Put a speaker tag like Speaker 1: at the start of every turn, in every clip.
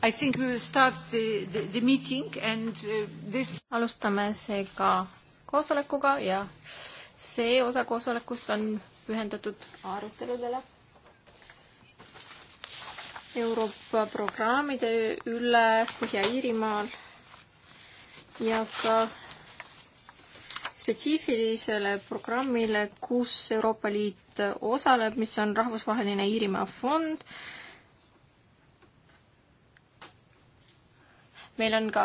Speaker 1: The, the, the meeting and uh, this... alustame seega koosolekuga ja see osa koosolekust on pühendatud aruteludele Euroopa programmide üle Põhja-Iirimaal ja ka spetsiifilisele programmile, kus Euroopa Liit osaleb, mis on rahvusvaheline Iirimaa fond meil on ka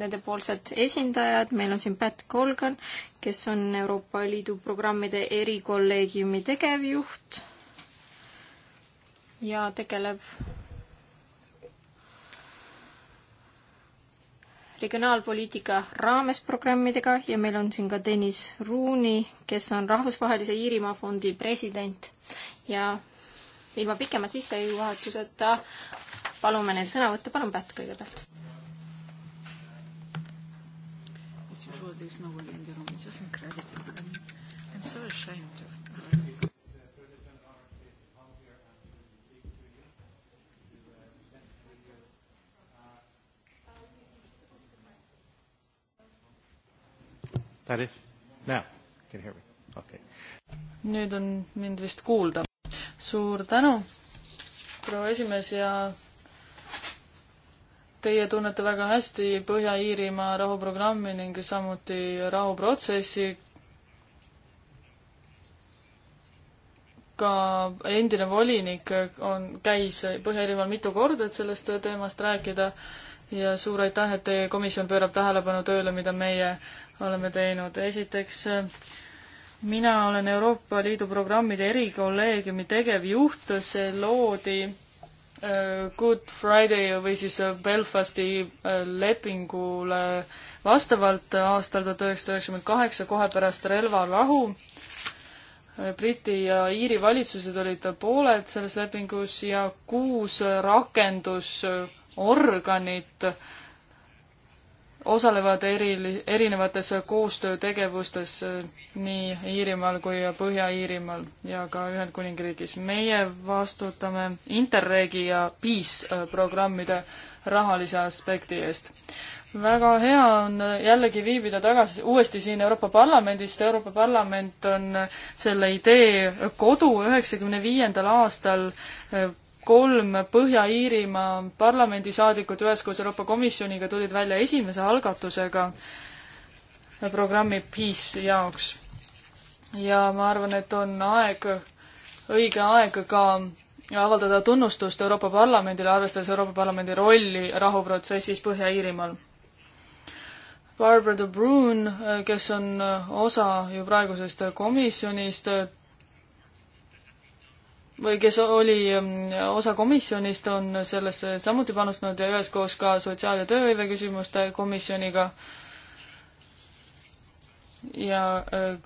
Speaker 1: nendepoolsed esindajad, meil on siin Pat Colgan, kes on Euroopa Liidu programmide erikolleegiumi tegevjuht ja tegeleb regionaalpoliitika raames programmidega ja meil on siin ka Tõnis Ruuni, kes on Rahvusvahelise Iirimaa fondi president ja ilma pikema sissejuhatuseta palume neil sõna võtta, palun Pätt kõigepealt
Speaker 2: is no Änderung. It's just incredible. I'm,
Speaker 1: I'm so ashamed of that.
Speaker 2: That it? Now, can you hear me? Okay. nüüd on mind vist kuulda. suur tänu, proua esimees ja Teie tunnete väga hästi Põhja-Iirimaa rahuprogrammi ning samuti rahuprotsessi. ka endine volinik on, käis Põhja-Iirimaal mitu korda, et sellest teemast rääkida ja suur aitäh, et teie komisjon pöörab tähelepanu tööle, mida meie oleme teinud. esiteks, mina olen Euroopa Liidu programmide erikolleegiumi tegevjuht, see loodi Äh, Good Friday või siis äh, Belfasti äh, lepingule vastavalt aastal tuhat üheksasada üheksakümmend kaheksa, kohe pärast relvarahu. Briti ja Iiri valitsused olid pooled selles lepingus ja kuus rakendusorganit äh, osalevad eri, erinevates koostöötegevustes eh, nii Iirimaal kui Põhja-Iirimaal ja ka Ühendkuningriigis. meie vastutame Interregi ja Peace eh, programmide rahalise aspekti eest. väga hea on eh, jällegi viibida tagasi, uuesti siin Euroopa Parlamendist, Euroopa Parlament on selle idee kodu üheksakümne viiendal aastal kolm Põhja-Iirimaa parlamendisaadikut üheskoos Euroopa Komisjoniga tulid välja esimese algatusega programmi Peace jaoks. ja ma arvan, et on aeg, õige aeg ka avaldada tunnustust Euroopa Parlamendile, arvestades Euroopa Parlamendi rolli rahuprotsessis Põhja-Iirimaal. Barbara de Bruun, kes on osa ju praegusest komisjonist, või kes oli mm, osa komisjonist, on sellesse samuti panustanud ja üheskoos ka sotsiaal- ja tööhõive küsimuste komisjoniga. ja äh,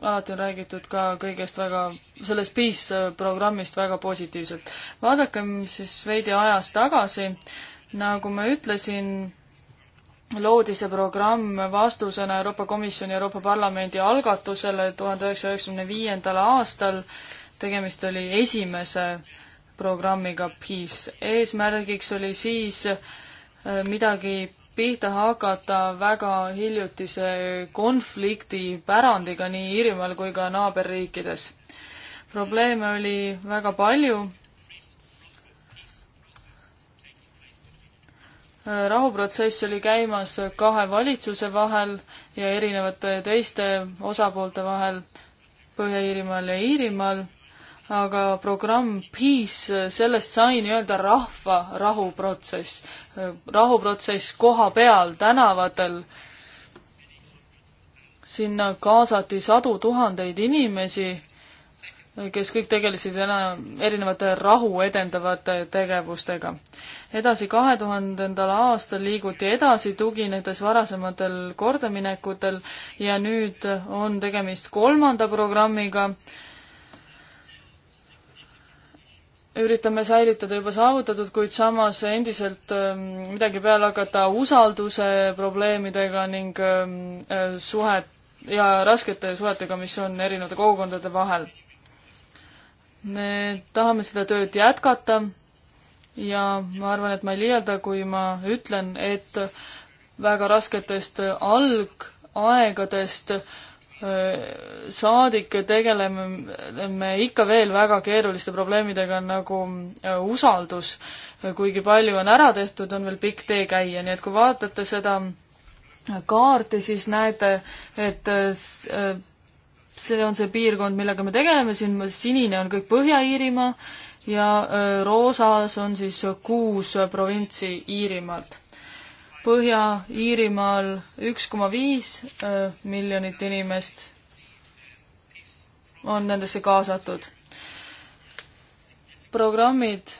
Speaker 2: alati on räägitud ka kõigest väga, sellest PEACE äh, programmist väga positiivselt. vaadakem siis veidi ajas tagasi, nagu ma ütlesin, loodi see programm vastusena Euroopa Komisjoni ja Euroopa Parlamendi algatusele tuhande üheksasaja üheksakümne viiendal aastal äh, tegemist oli esimese programmiga Peace. eesmärgiks oli siis äh, midagi pihta hakata väga hiljutise konflikti pärandiga nii Iirimaal kui ka naaberriikides. probleeme oli väga palju. Äh, rahuprotsess oli käimas kahe valitsuse vahel ja erinevate teiste osapoolte vahel Põhja-Iirimaal ja Iirimaal aga programm Peace, sellest sai nii-öelda rahva rahuprotsess, rahuprotsess koha peal, tänavatel. sinna kaasati sadu tuhandeid inimesi, kes kõik tegelesid enam erinevate rahu edendavate tegevustega. edasi, kahe tuhandendal aastal liiguti edasi, tuginedes varasematel kordaminekutel ja nüüd on tegemist kolmanda programmiga, üritame säilitada juba saavutatud, kuid samas endiselt ähm, midagi peale hakata usalduse probleemidega ning ähm, äh, suhet ja raskete suhetega, mis on erinevate kogukondade vahel. me tahame seda tööd jätkata ja ma arvan, et ma ei liialda, kui ma ütlen, et väga rasketest algaegadest saadik tegeleme me ikka veel väga keeruliste probleemidega nagu usaldus. kuigi palju on ära tehtud, on veel pikk tee käia, nii et kui vaatate seda kaarti, siis näete, et see on see piirkond, millega me tegeleme, siin sinine on kõik Põhja-Iirimaa ja roosas on siis kuus provintsi Iirimaalt Põhja-Iirimaal üks koma viis äh, miljonit inimest on nendesse kaasatud. programmid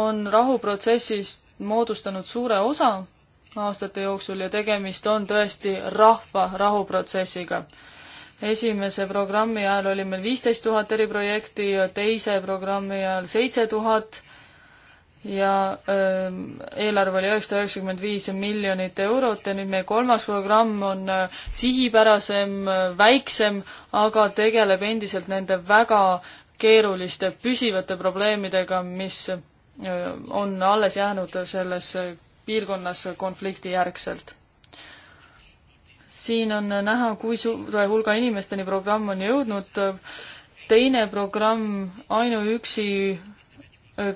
Speaker 2: on rahuprotsessist moodustanud suure osa aastate jooksul ja tegemist on tõesti rahva rahuprotsessiga esimese programmi ajal oli meil viisteist tuhat eriprojekti, teise programmi ajal seitse tuhat ja öö, ähm, eelarve oli üheksasada üheksakümmend viis miljonit eurot ja nüüd meie kolmas programm on äh, sihipärasem, äh, väiksem, aga tegeleb endiselt nende väga keeruliste püsivate probleemidega, mis öö, äh, on alles jäänud selles piirkonnas konflikti järgselt. siin on näha, kui suure hulga inimesteni programm on jõudnud, teine programm ainuüksi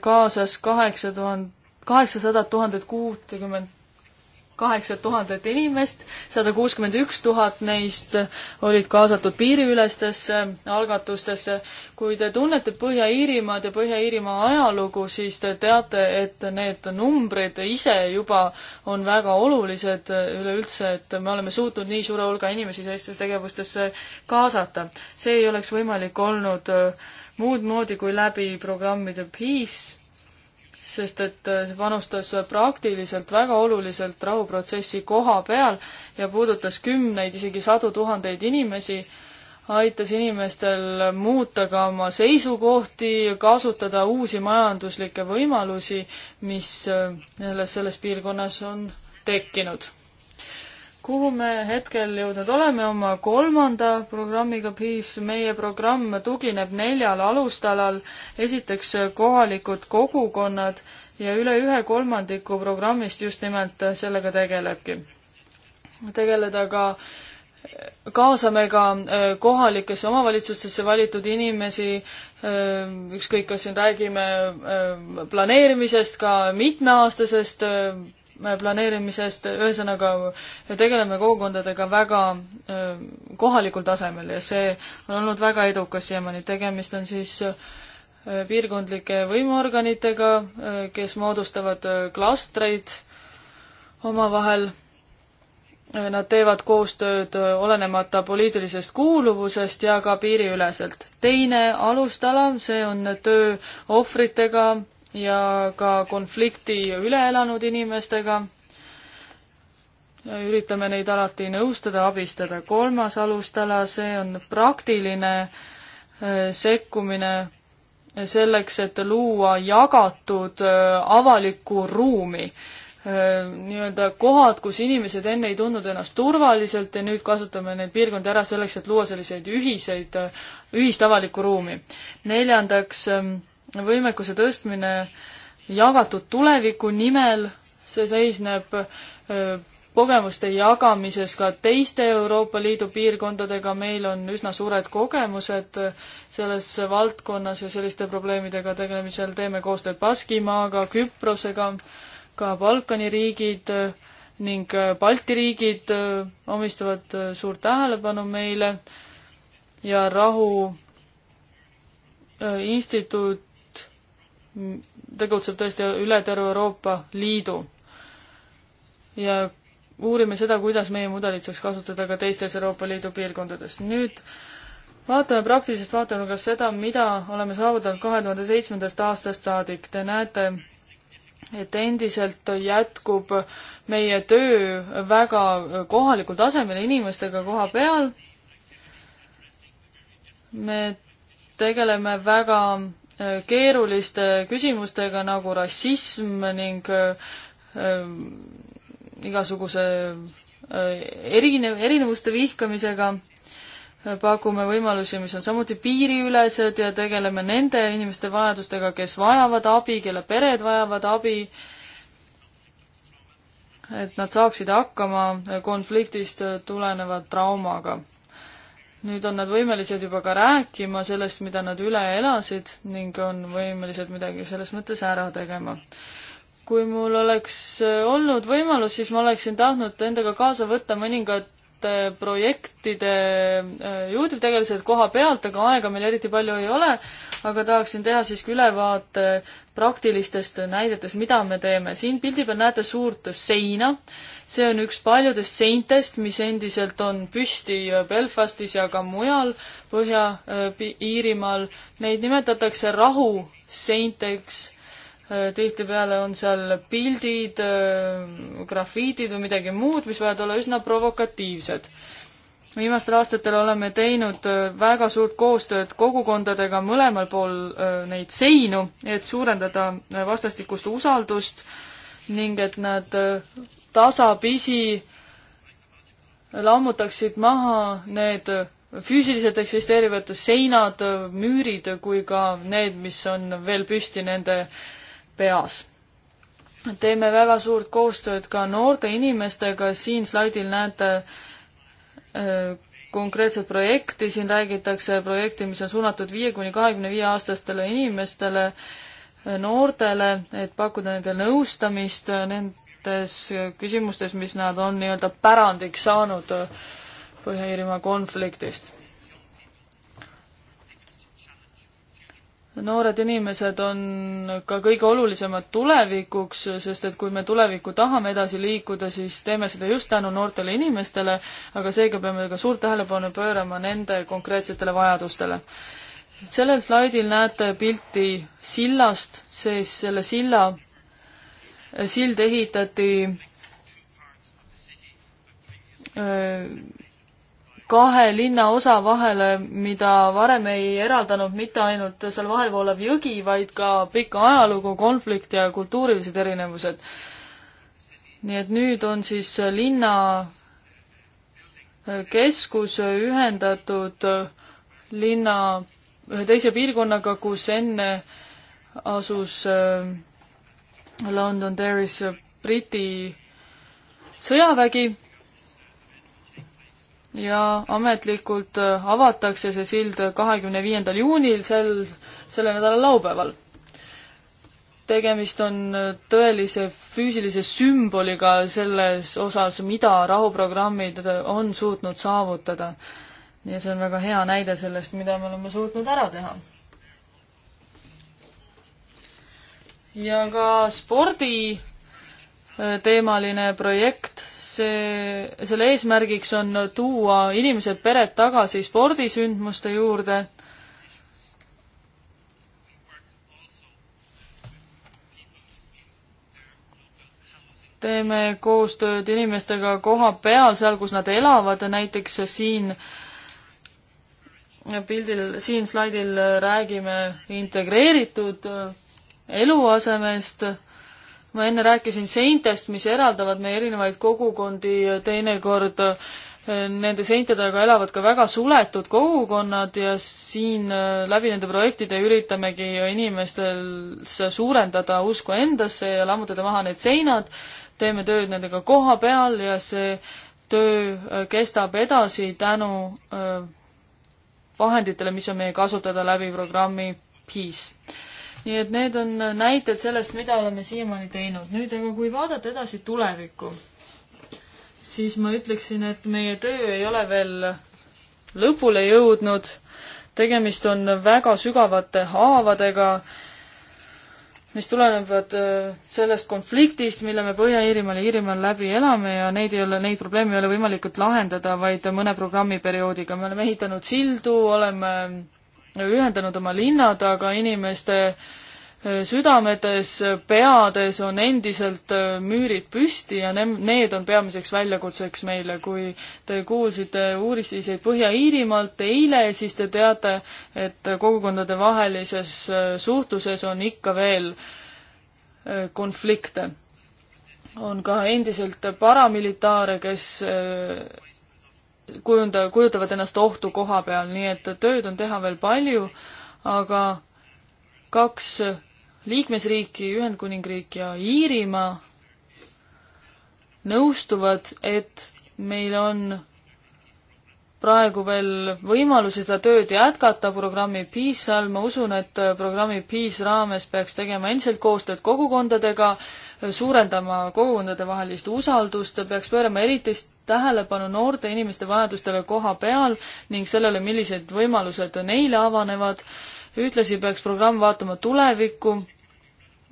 Speaker 2: kaasas kaheksa tuhat, kaheksasadat tuhandet kuutekümmend kaheksa tuhandet inimest, sada kuuskümmend üks tuhat neist olid kaasatud piiriülestesse algatustesse. kui te tunnete Põhja-Iirimaad ja Põhja-Iirimaa ajalugu, siis te teate, et need numbrid ise juba on väga olulised üleüldse, et me oleme suutnud nii suure hulga inimesi sellistesse tegevustesse kaasata. see ei oleks võimalik olnud äh, muud moodi kui läbi programmide Peace, sest et äh, see panustas äh, praktiliselt väga oluliselt rahuprotsessi koha peal ja puudutas kümneid, isegi sadu tuhandeid inimesi, aitas inimestel muuta ka oma seisukohti, kasutada uusi majanduslikke võimalusi, mis äh, selles, selles piirkonnas on tekkinud kuhu me hetkel jõudnud oleme oma kolmanda programmiga Peace. meie programm tugineb neljal alustalal. esiteks kohalikud kogukonnad ja üle ühe kolmandiku programmist just nimelt sellega tegelebki. tegeleda ka kaasame ka äh, kohalikesse omavalitsustesse valitud inimesi, äh, ükskõik, kas siin räägime äh, planeerimisest, ka mitmeaastasest planeerimisest, ühesõnaga tegeleme kogukondadega väga kohalikul tasemel ja see on olnud väga edukas siiamaani, tegemist on siis piirkondlike võimuorganitega, kes moodustavad klastreid omavahel nad teevad koostööd olenemata poliitilisest kuuluvusest ja ka piiriüleselt. teine alustala, see on töö ohvritega, ja ka konflikti üle elanud inimestega. üritame neid alati nõustada, abistada. kolmas alustala, see on praktiline äh, sekkumine selleks, et luua jagatud äh, avalikku ruumi. Äh, nii-öelda kohad, kus inimesed enne ei tundnud ennast turvaliselt ja nüüd kasutame neid piirkondi ära selleks, et luua selliseid ühiseid, ühist avalikku ruumi. neljandaks ähm, võimekuse tõstmine jagatud tuleviku nimel, see seisneb kogemuste jagamises ka teiste Euroopa Liidu piirkondadega, meil on üsna suured kogemused selles valdkonnas ja selliste probleemidega tegelemisel teeme koostööd Baskimaaga, Küprosega, ka Balkani riigid ning Balti riigid omistavad suurt tähelepanu meile ja rahu instituut tegutseb tõesti üle terve Euroopa Liidu. ja uurime seda, kuidas meie mudelit saaks kasutada ka teistes Euroopa Liidu piirkondades. nüüd vaatame praktilisest vaatenurgast seda, mida oleme saavutanud kahe tuhande seitsmendast aastast saadik. Te näete, et endiselt jätkub meie töö väga kohalikul tasemel inimestega koha peal. me tegeleme väga keeruliste küsimustega nagu rassism ning äh, äh, igasuguse äh, erinev, erinevuste vihkamisega pakume võimalusi, mis on samuti piiriülesed ja tegeleme nende inimeste vajadustega, kes vajavad abi, kelle pered vajavad abi, et nad saaksid hakkama konfliktist tuleneva traumaga nüüd on nad võimelised juba ka rääkima sellest, mida nad üle elasid ning on võimelised midagi selles mõttes ära tegema. kui mul oleks äh, olnud võimalus, siis ma oleksin tahtnud endaga kaasa võtta mõningate projektide äh, juhtivtegelased koha pealt, aga aega meil eriti palju ei ole, aga tahaksin teha siiski ülevaate praktilistest näidetest, mida me teeme. siin pildi peal näete suurt seina, see on üks paljudest seintest, mis endiselt on püsti Belfastis ja ka mujal Põhja-Iirimaal. Äh, Neid nimetatakse rahuseinteks äh, tihtipeale on seal pildid, äh, grafiidid või midagi muud, mis võivad olla üsna provokatiivsed viimastel aastatel oleme teinud äh, väga suurt koostööd kogukondadega mõlemal pool äh, neid seinu, et suurendada äh, vastastikust usaldust ning et nad tasapisi lammutaksid maha need füüsiliselt eksisteerivad seinad, müürid kui ka need, mis on veel püsti nende peas. teeme väga suurt koostööd ka noorte inimestega, siin slaidil näete äh, konkreetset projekti, siin räägitakse projekti, mis on suunatud viie kuni kahekümne viie aastastele inimestele, noortele, et pakkuda nendele nõustamist nendes küsimustes, mis nad on nii-öelda pärandiks saanud Põhja-Iirimaa konfliktist noored inimesed on ka kõige olulisemad tulevikuks, sest et kui me tulevikku tahame edasi liikuda, siis teeme seda just tänu noortele inimestele, aga seega peame ka suurt tähelepanu pöörama nende konkreetsetele vajadustele. sellel slaidil näete pilti sillast, siis selle silla, sild ehitati öö, äh, kahe linnaosa vahele, mida varem ei eraldanud mitte ainult seal vahel voolav jõgi, vaid ka pika ajalugu, konflikt ja kultuurilised erinevused. nii et nüüd on siis linna keskus ühendatud linna ühe teise piirkonnaga, kus enne asus äh, London Dairy's Briti sõjavägi ja ametlikult äh, avatakse see sild kahekümne viiendal juunil, sel, selle nädala laupäeval. tegemist on äh, tõelise füüsilise sümboliga selles osas, mida rahuprogrammid äh, on suutnud saavutada. ja see on väga hea näide sellest, mida me oleme suutnud ära teha. ja ka spordi teemaline projekt, see, selle eesmärgiks on tuua inimesed, pered tagasi spordisündmuste juurde. teeme koostööd inimestega koha peal, seal, kus nad elavad, näiteks siin pildil, siin slaidil räägime integreeritud eluasemest ma enne rääkisin seintest, mis eraldavad meie erinevaid kogukondi, teinekord äh, nende seinte taga elavad ka väga suletud kogukonnad ja siin äh, läbi nende projektide üritamegi inimestel suurendada usku endasse ja lammutada maha need seinad, teeme tööd nendega koha peal ja see töö äh, kestab edasi tänu vahenditele, mis on meie kasutada läbi programmi Peace nii et need on näited sellest, mida oleme siiamaani teinud. nüüd aga kui vaadata edasi tulevikku, siis ma ütleksin, et meie töö ei ole veel lõpule jõudnud. tegemist on väga sügavate haavadega, mis tulenevad äh, sellest konfliktist, mille me Põhja-Iirimaal ja Iirimaal läbi elame ja neid ei ole, neid probleeme ei ole võimalik lahendada vaid mõne programmiperioodiga. me oleme ehitanud sildu, oleme ühendanud oma linnad, aga inimeste äh, südametes, peades on endiselt äh, müürid püsti ja ne-, need on peamiseks väljakutseks meile. kui te kuulsite uudiseid Põhja-Iirimaalt eile, siis te teate, et kogukondadevahelises äh, suhtluses on ikka veel konflikte. on ka endiselt paramilitaare, kes kujunda, kujutavad ennast ohtu koha peal, nii et tööd on teha veel palju, aga kaks liikmesriiki, Ühendkuningriik ja Iirimaa, nõustuvad, et meil on praegu veel võimalusi seda tööd jätkata programmi PEACE all, ma usun, et programmi PEACE raames peaks tegema endiselt koostööd kogukondadega, suurendama kogukondade vahelist usaldust, peaks pöörama eriti tähelepanu noorte inimeste vajadustele koha peal ning sellele, millised võimalused neile avanevad, ühtlasi peaks programm vaatama tulevikku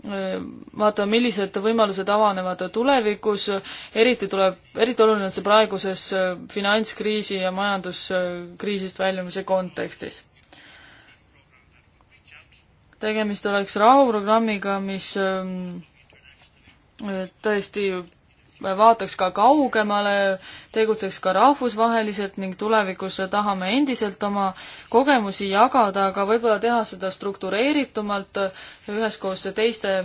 Speaker 2: vaatame, millised võimalused avanevad tulevikus, eriti tuleb, eriti oluline on see praeguses äh, finantskriisi ja majanduskriisist väljumise kontekstis. tegemist oleks rahuprogrammiga, mis ähm, tõesti vaataks ka kaugemale, tegutseks ka rahvusvaheliselt ning tulevikus tahame endiselt oma kogemusi jagada, aga võib-olla teha seda struktureeritumalt üheskoos teiste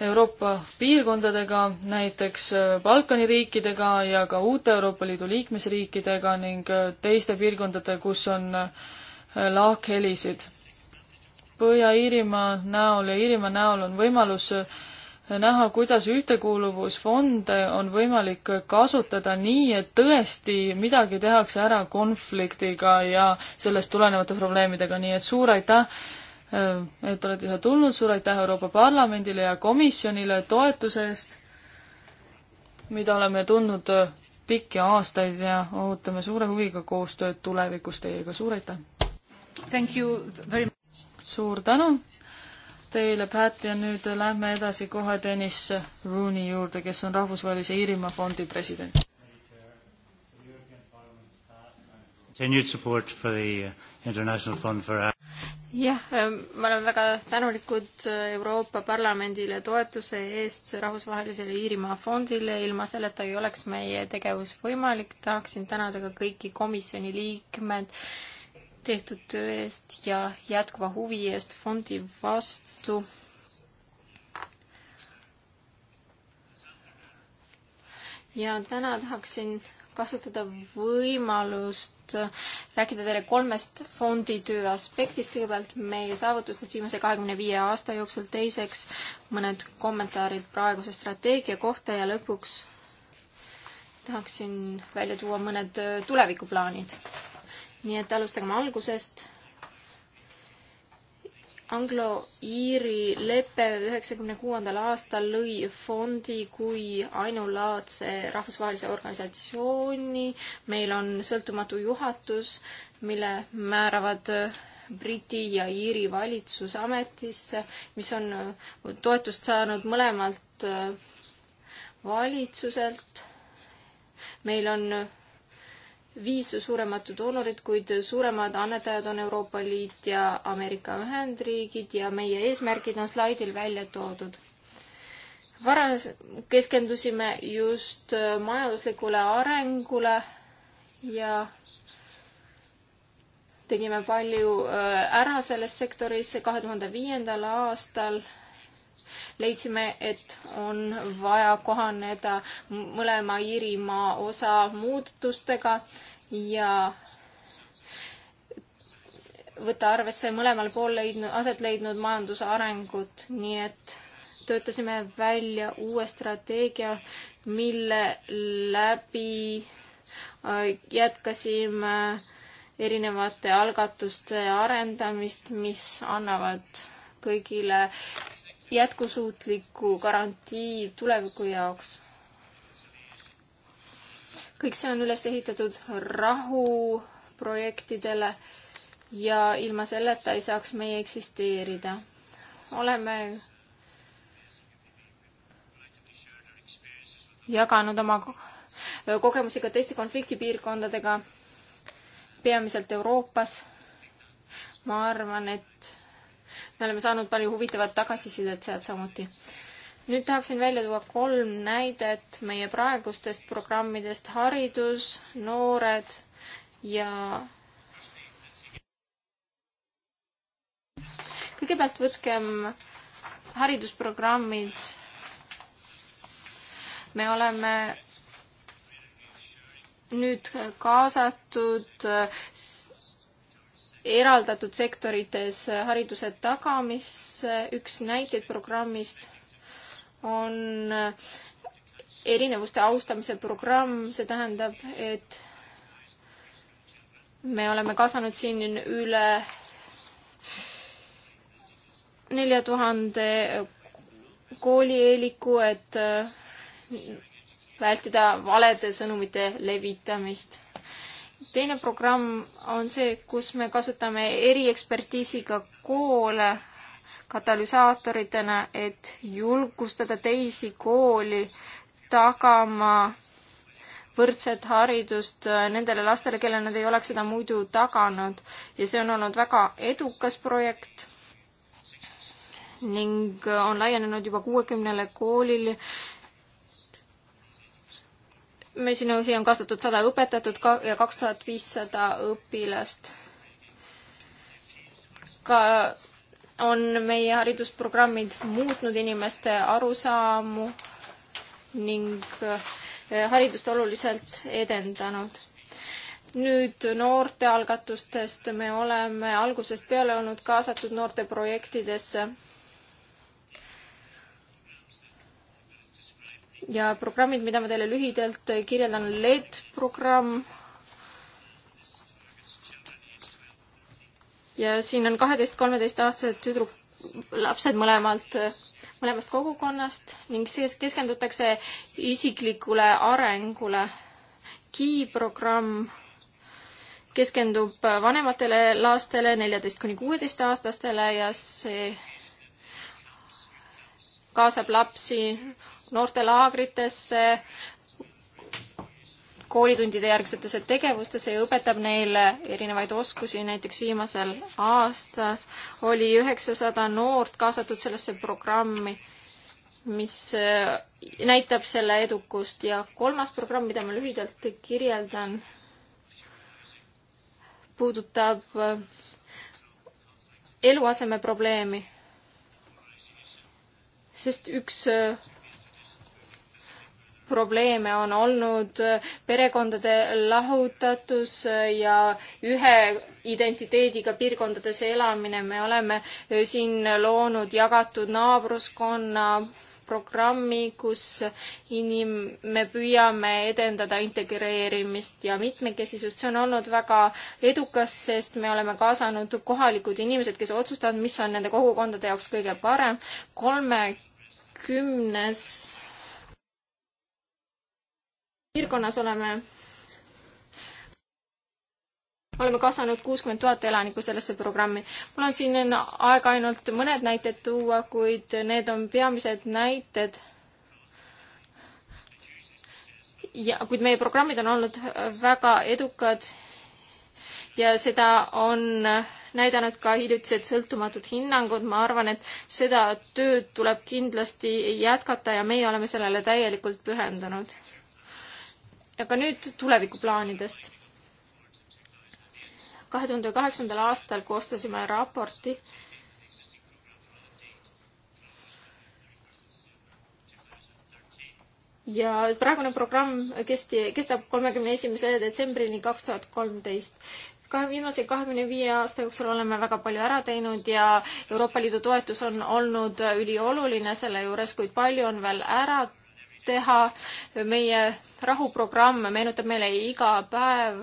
Speaker 2: Euroopa piirkondadega, näiteks Balkani riikidega ja ka uute Euroopa Liidu liikmesriikidega ning teiste piirkondade, kus on lahkhelisid Põhja-Iirimaa näol ja Iirimaa näol on võimalus näha, kuidas ühtekuuluvusfonde on võimalik kasutada nii, et tõesti midagi tehakse ära konfliktiga ja sellest tulenevate probleemidega, nii et suur aitäh, äh, et olete siia tulnud, suur aitäh Euroopa Parlamendile ja komisjonile toetuse eest, mida oleme tundnud pikki aastaid ja ootame suure huviga koostööd tulevikus teiega, suur aitäh! suur tänu! teile, Pat, ja nüüd lähme edasi kohe Dennis Rooney juurde, kes on Rahvusvahelise Iirimaa fondi president.
Speaker 3: Uh,
Speaker 1: jah, me ähm, oleme väga tänulikud äh, Euroopa Parlamendile toetuse eest Rahvusvahelisele Iirimaa fondile, ilma selleta ei oleks meie tegevus võimalik, tahaksin tänada ka kõiki komisjoni liikmed, tehtud töö eest ja jätkuva huvi eest fondi vastu. ja täna tahaksin kasutada võimalust rääkida teile kolmest fondi töö aspektist. kõigepealt meie saavutustest viimase kahekümne viie aasta jooksul, teiseks mõned kommentaarid praeguse strateegia kohta ja lõpuks tahaksin välja tuua mõned tulevikuplaanid nii et alustagem algusest. Anglo-Iiri lepe üheksakümne kuuendal aastal lõi fondi kui ainulaadse rahvusvahelise organisatsiooni. meil on sõltumatu juhatus, mille määravad Briti ja Iiri valitsus ametisse, mis on toetust saanud mõlemalt valitsuselt. meil on viis suuremat doonorit, kuid suuremad annetajad on Euroopa Liit ja Ameerika Ühendriigid ja meie eesmärgid on slaidil välja toodud. varas keskendusime just majanduslikule arengule ja tegime palju äh, ära selles sektoris kahe tuhande viiendal aastal leidsime, et on vaja kohaneda mõlema Iirimaa osa muutustega ja võtta arvesse mõlemal pool leidnud, aset leidnud majanduse arengut, nii et töötasime välja uue strateegia, mille läbi äh, jätkasime erinevate algatuste arendamist, mis annavad kõigile jätkusuutliku garantii tuleviku jaoks. kõik see on üles ehitatud rahuprojektidele ja ilma selleta ei saaks meie eksisteerida. oleme jaganud oma kogemusi ka teiste konfliktipiirkondadega, peamiselt Euroopas. ma arvan, et me oleme saanud palju huvitavat tagasisidet sealt samuti. nüüd tahaksin välja tuua kolm näidet meie praegustest programmidest Haridus, noored ja kõigepealt võtkem haridusprogrammid. me oleme nüüd kaasatud eraldatud sektorites hariduse tagamisse. üks näiteid programmist on erinevuste austamise programm, see tähendab, et me oleme kaasanud siin üle nelja tuhande koolieeliku, et vältida valede sõnumite levitamist teine programm on see, kus me kasutame eriekspertiisiga koole katalüsaatoritena, et julgustada teisi kooli tagama võrdset haridust äh, nendele lastele, kellel nad ei oleks seda muidu taganud ja see on olnud väga edukas projekt ning äh, on laienenud juba kuuekümnele koolile mesinõusi on kaasatud sada õpetatud ka ja kaks tuhat viissada õpilast. ka on meie haridusprogrammid muutnud inimeste arusaamu ning eh, haridust oluliselt edendanud. nüüd noortealgatustest me oleme algusest peale olnud kaasatud noorteprojektidesse ja programmid, mida ma teile lühidalt kirjeldan, LED programm. ja siin on kaheteist, kolmeteistaastased tüdruk, lapsed mõlemalt, mõlemast kogukonnast ning siis keskendutakse isiklikule arengule. Key programm keskendub vanematele lastele, neljateist kuni kuueteistaastastele ja see kaasab lapsi, noortelaagritesse, koolitundide järgsetesse tegevustesse ja õpetab neile erinevaid oskusi. näiteks viimasel aastal oli üheksasada noort kaasatud sellesse programmi, mis äh, näitab selle edukust ja kolmas programm, mida ma lühidalt kirjeldan, puudutab äh, eluasemeprobleemi. sest üks äh, probleeme on olnud perekondade lahutatus ja ühe identiteediga piirkondades elamine. me oleme eh, siin loonud jagatud naabruskonna programmi, kus inim-, me püüame edendada integreerimist ja mitmekesisust. see on olnud väga edukas, sest me oleme kaasanud kohalikud inimesed, kes otsustavad, mis on nende kogukondade jaoks kõige parem. kolmekümnes piirkonnas oleme oleme kaasanud kuuskümmend tuhat elanikku sellesse programmi. mul on siin aega ainult mõned näited tuua, kuid need on peamised näited. ja, kuid meie programmid on olnud väga edukad ja seda on näidanud ka hiljutised sõltumatud hinnangud, ma arvan, et seda tööd tuleb kindlasti jätkata ja meie oleme sellele täielikult pühendunud aga nüüd tulevikuplaanidest. kahe tuhande kaheksandal aastal koostasime raporti, ja praegune programm kesti, kestab kolmekümne esimese detsembrini kaks tuhat kolmteist. kahe, viimase kahekümne viie aasta jooksul oleme väga palju ära teinud ja Euroopa Liidu toetus on olnud ülioluline selle juures, kuid palju on veel ära teha. meie rahuprogramm meenutab meile iga päev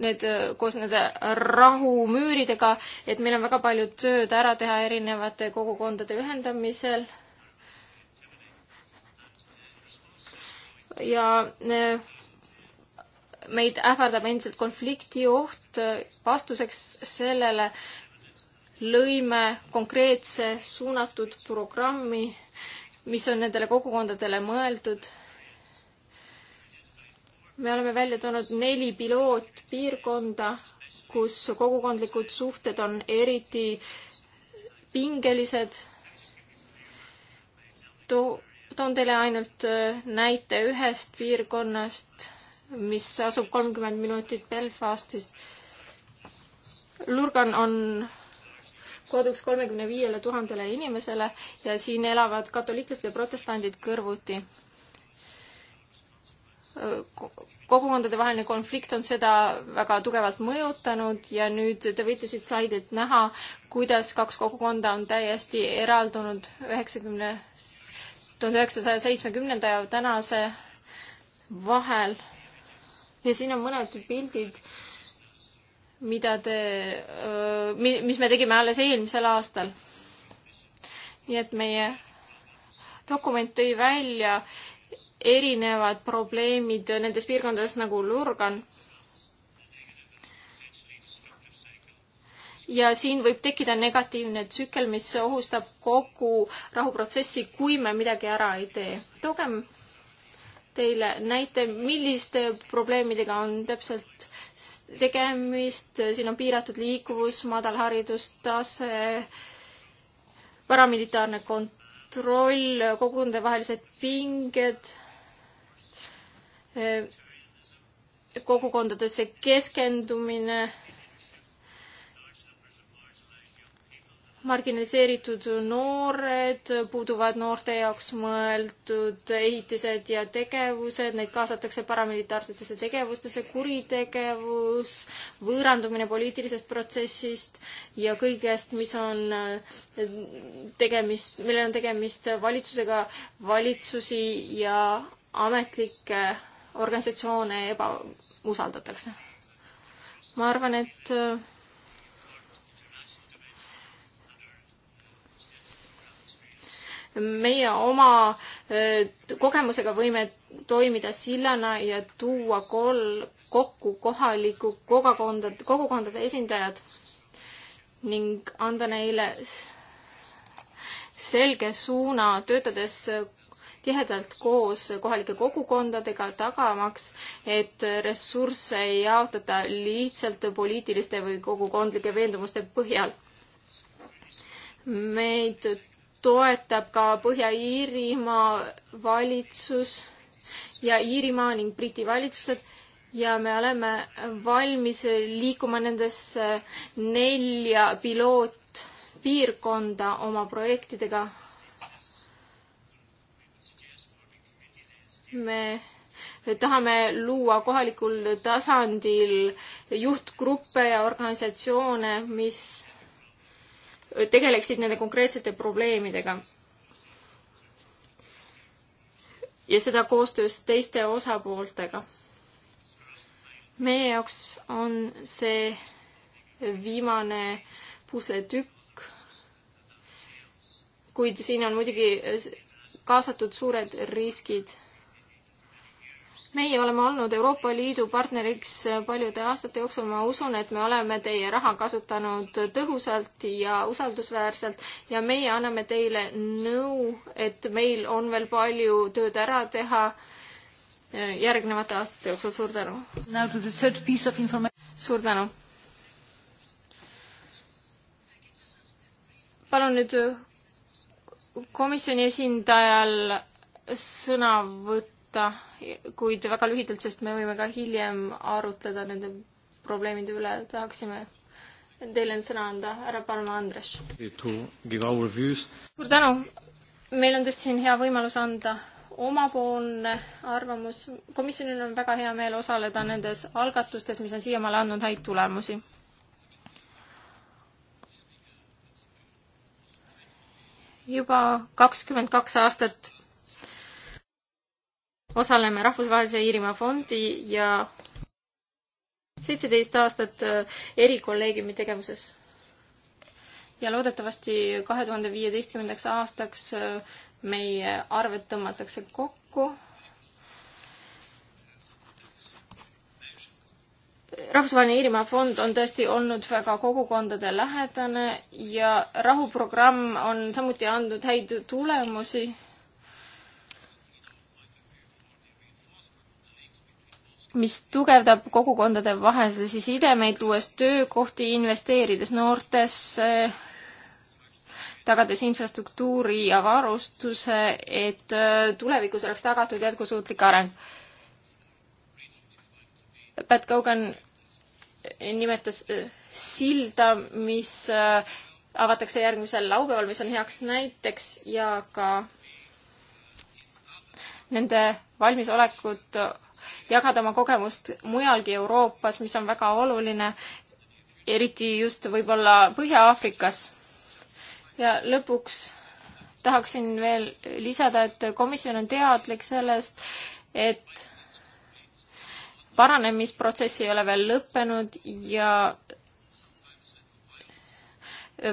Speaker 1: need, koos nende rahumüüridega, et meil on väga palju tööd ära teha erinevate kogukondade ühendamisel. ja eh, meid ähvardab endiselt konflikti oht. vastuseks sellele lõime konkreetse suunatud programmi mis on nendele kogukondadele mõeldud. me oleme välja toonud neli pilootpiirkonda, kus kogukondlikud suhted on eriti pingelised. too, toon teile ainult äh, näite ühest piirkonnast, mis asub kolmkümmend minutit Belfastist. Lurgan on koduks kolmekümne viiele tuhandele inimesele ja siin elavad katoliiklased ja protestandid kõrvuti. kogukondade vaheline konflikt on seda väga tugevalt mõjutanud ja nüüd te võite siit slaidilt näha, kuidas kaks kogukonda on täiesti eraldunud üheksakümne, tuhande üheksasaja seitsmekümnenda ja tänase vahel. ja siin on mõned pildid äh, mida te, mis me tegime alles eelmisel aastal. nii et meie dokument tõi välja erinevad probleemid nendes piirkondades nagu Lurgan. ja siin võib tekkida negatiivne tsükkel, mis ohustab kogu rahuprotsessi, kui me midagi ära ei tee. toogem teile näite, milliste probleemidega on täpselt tegemist, siin on piiratud liikuvus, madal haridustase, paramilitaarne kontroll, kogukondadevahelised pinged, eh, kogukondadesse keskendumine marginaliseeritud noored, puuduvad noorte jaoks mõeldud ehitised ja tegevused, neid kaasatakse paramilitaarsetesse tegevustesse, kuritegevus, võõrandumine poliitilisest protsessist ja kõigest, mis on eh, tegemist, millel on tegemist valitsusega, valitsusi ja ametlikke organisatsioone ebausaldatakse. ma arvan, et meie oma kogemusega võime toimida sillana ja tuua kol-, kokku kohaliku kogukondade, kogukondade esindajad ning anda neile selge suuna, töötades tihedalt koos kohalike kogukondadega, tagamaks, et ressursse ei jaotata lihtsalt poliitiliste või kogukondlike veendumuste põhjal. meid toetab ka Põhja-Iirimaa valitsus ja Iirimaa ning Briti valitsused ja me oleme valmis liikuma nendesse nelja pilootpiirkonda oma projektidega. me tahame luua kohalikul tasandil juhtgruppe ja organisatsioone, mis tegeleksid nende konkreetsete probleemidega. ja seda koostöös teiste osapooltega. meie jaoks on see viimane pusletükk, kuid siin on muidugi kaasatud suured riskid meie oleme olnud Euroopa Liidu partneriks paljude aastate jooksul, ma usun, et me oleme teie raha kasutanud tõhusalt ja usaldusväärselt ja meie anname teile nõu, et meil on veel palju tööd ära teha järgnevate aastate jooksul, suur tänu! suur tänu! palun nüüd komisjoni esindajal sõna võtta kuid väga lühidalt, sest me võime ka hiljem arutleda nende probleemide üle, tahaksime teile nüüd sõna anda, härra Palma Andres. suur tänu, meil on tõesti siin hea võimalus anda omapoolne arvamus, komisjonil on väga hea meel osaleda nendes algatustes, mis on siiamaale andnud häid tulemusi juba kakskümmend kaks aastat osaleme Rahvusvahelise Iirimaa fondi ja seitseteist aastat äh, erikolleegiumi tegevuses. ja loodetavasti kahe tuhande viieteistkümnendaks aastaks äh, meie arved tõmmatakse kokku. rahvusvaheline Iirimaa fond on tõesti olnud väga kogukondade lähedane ja rahuprogramm on samuti andnud häid tulemusi mis tugevdab kogukondade vahelisi sidemeid, luues töökohti, investeerides noortesse, tagades infrastruktuuri ja varustuse, et äh, tulevikus oleks tagatud jätkusuutlik areng. Pat Kogan nimetas äh, silda, mis äh, avatakse järgmisel laupäeval, mis on heaks näiteks ja ka nende valmisolekut jagada oma kogemust mujalgi Euroopas, mis on väga oluline, eriti just võib-olla Põhja-Aafrikas. ja lõpuks tahaksin veel lisada, et komisjon on teadlik sellest, et paranemisprotsess ei ole veel lõppenud ja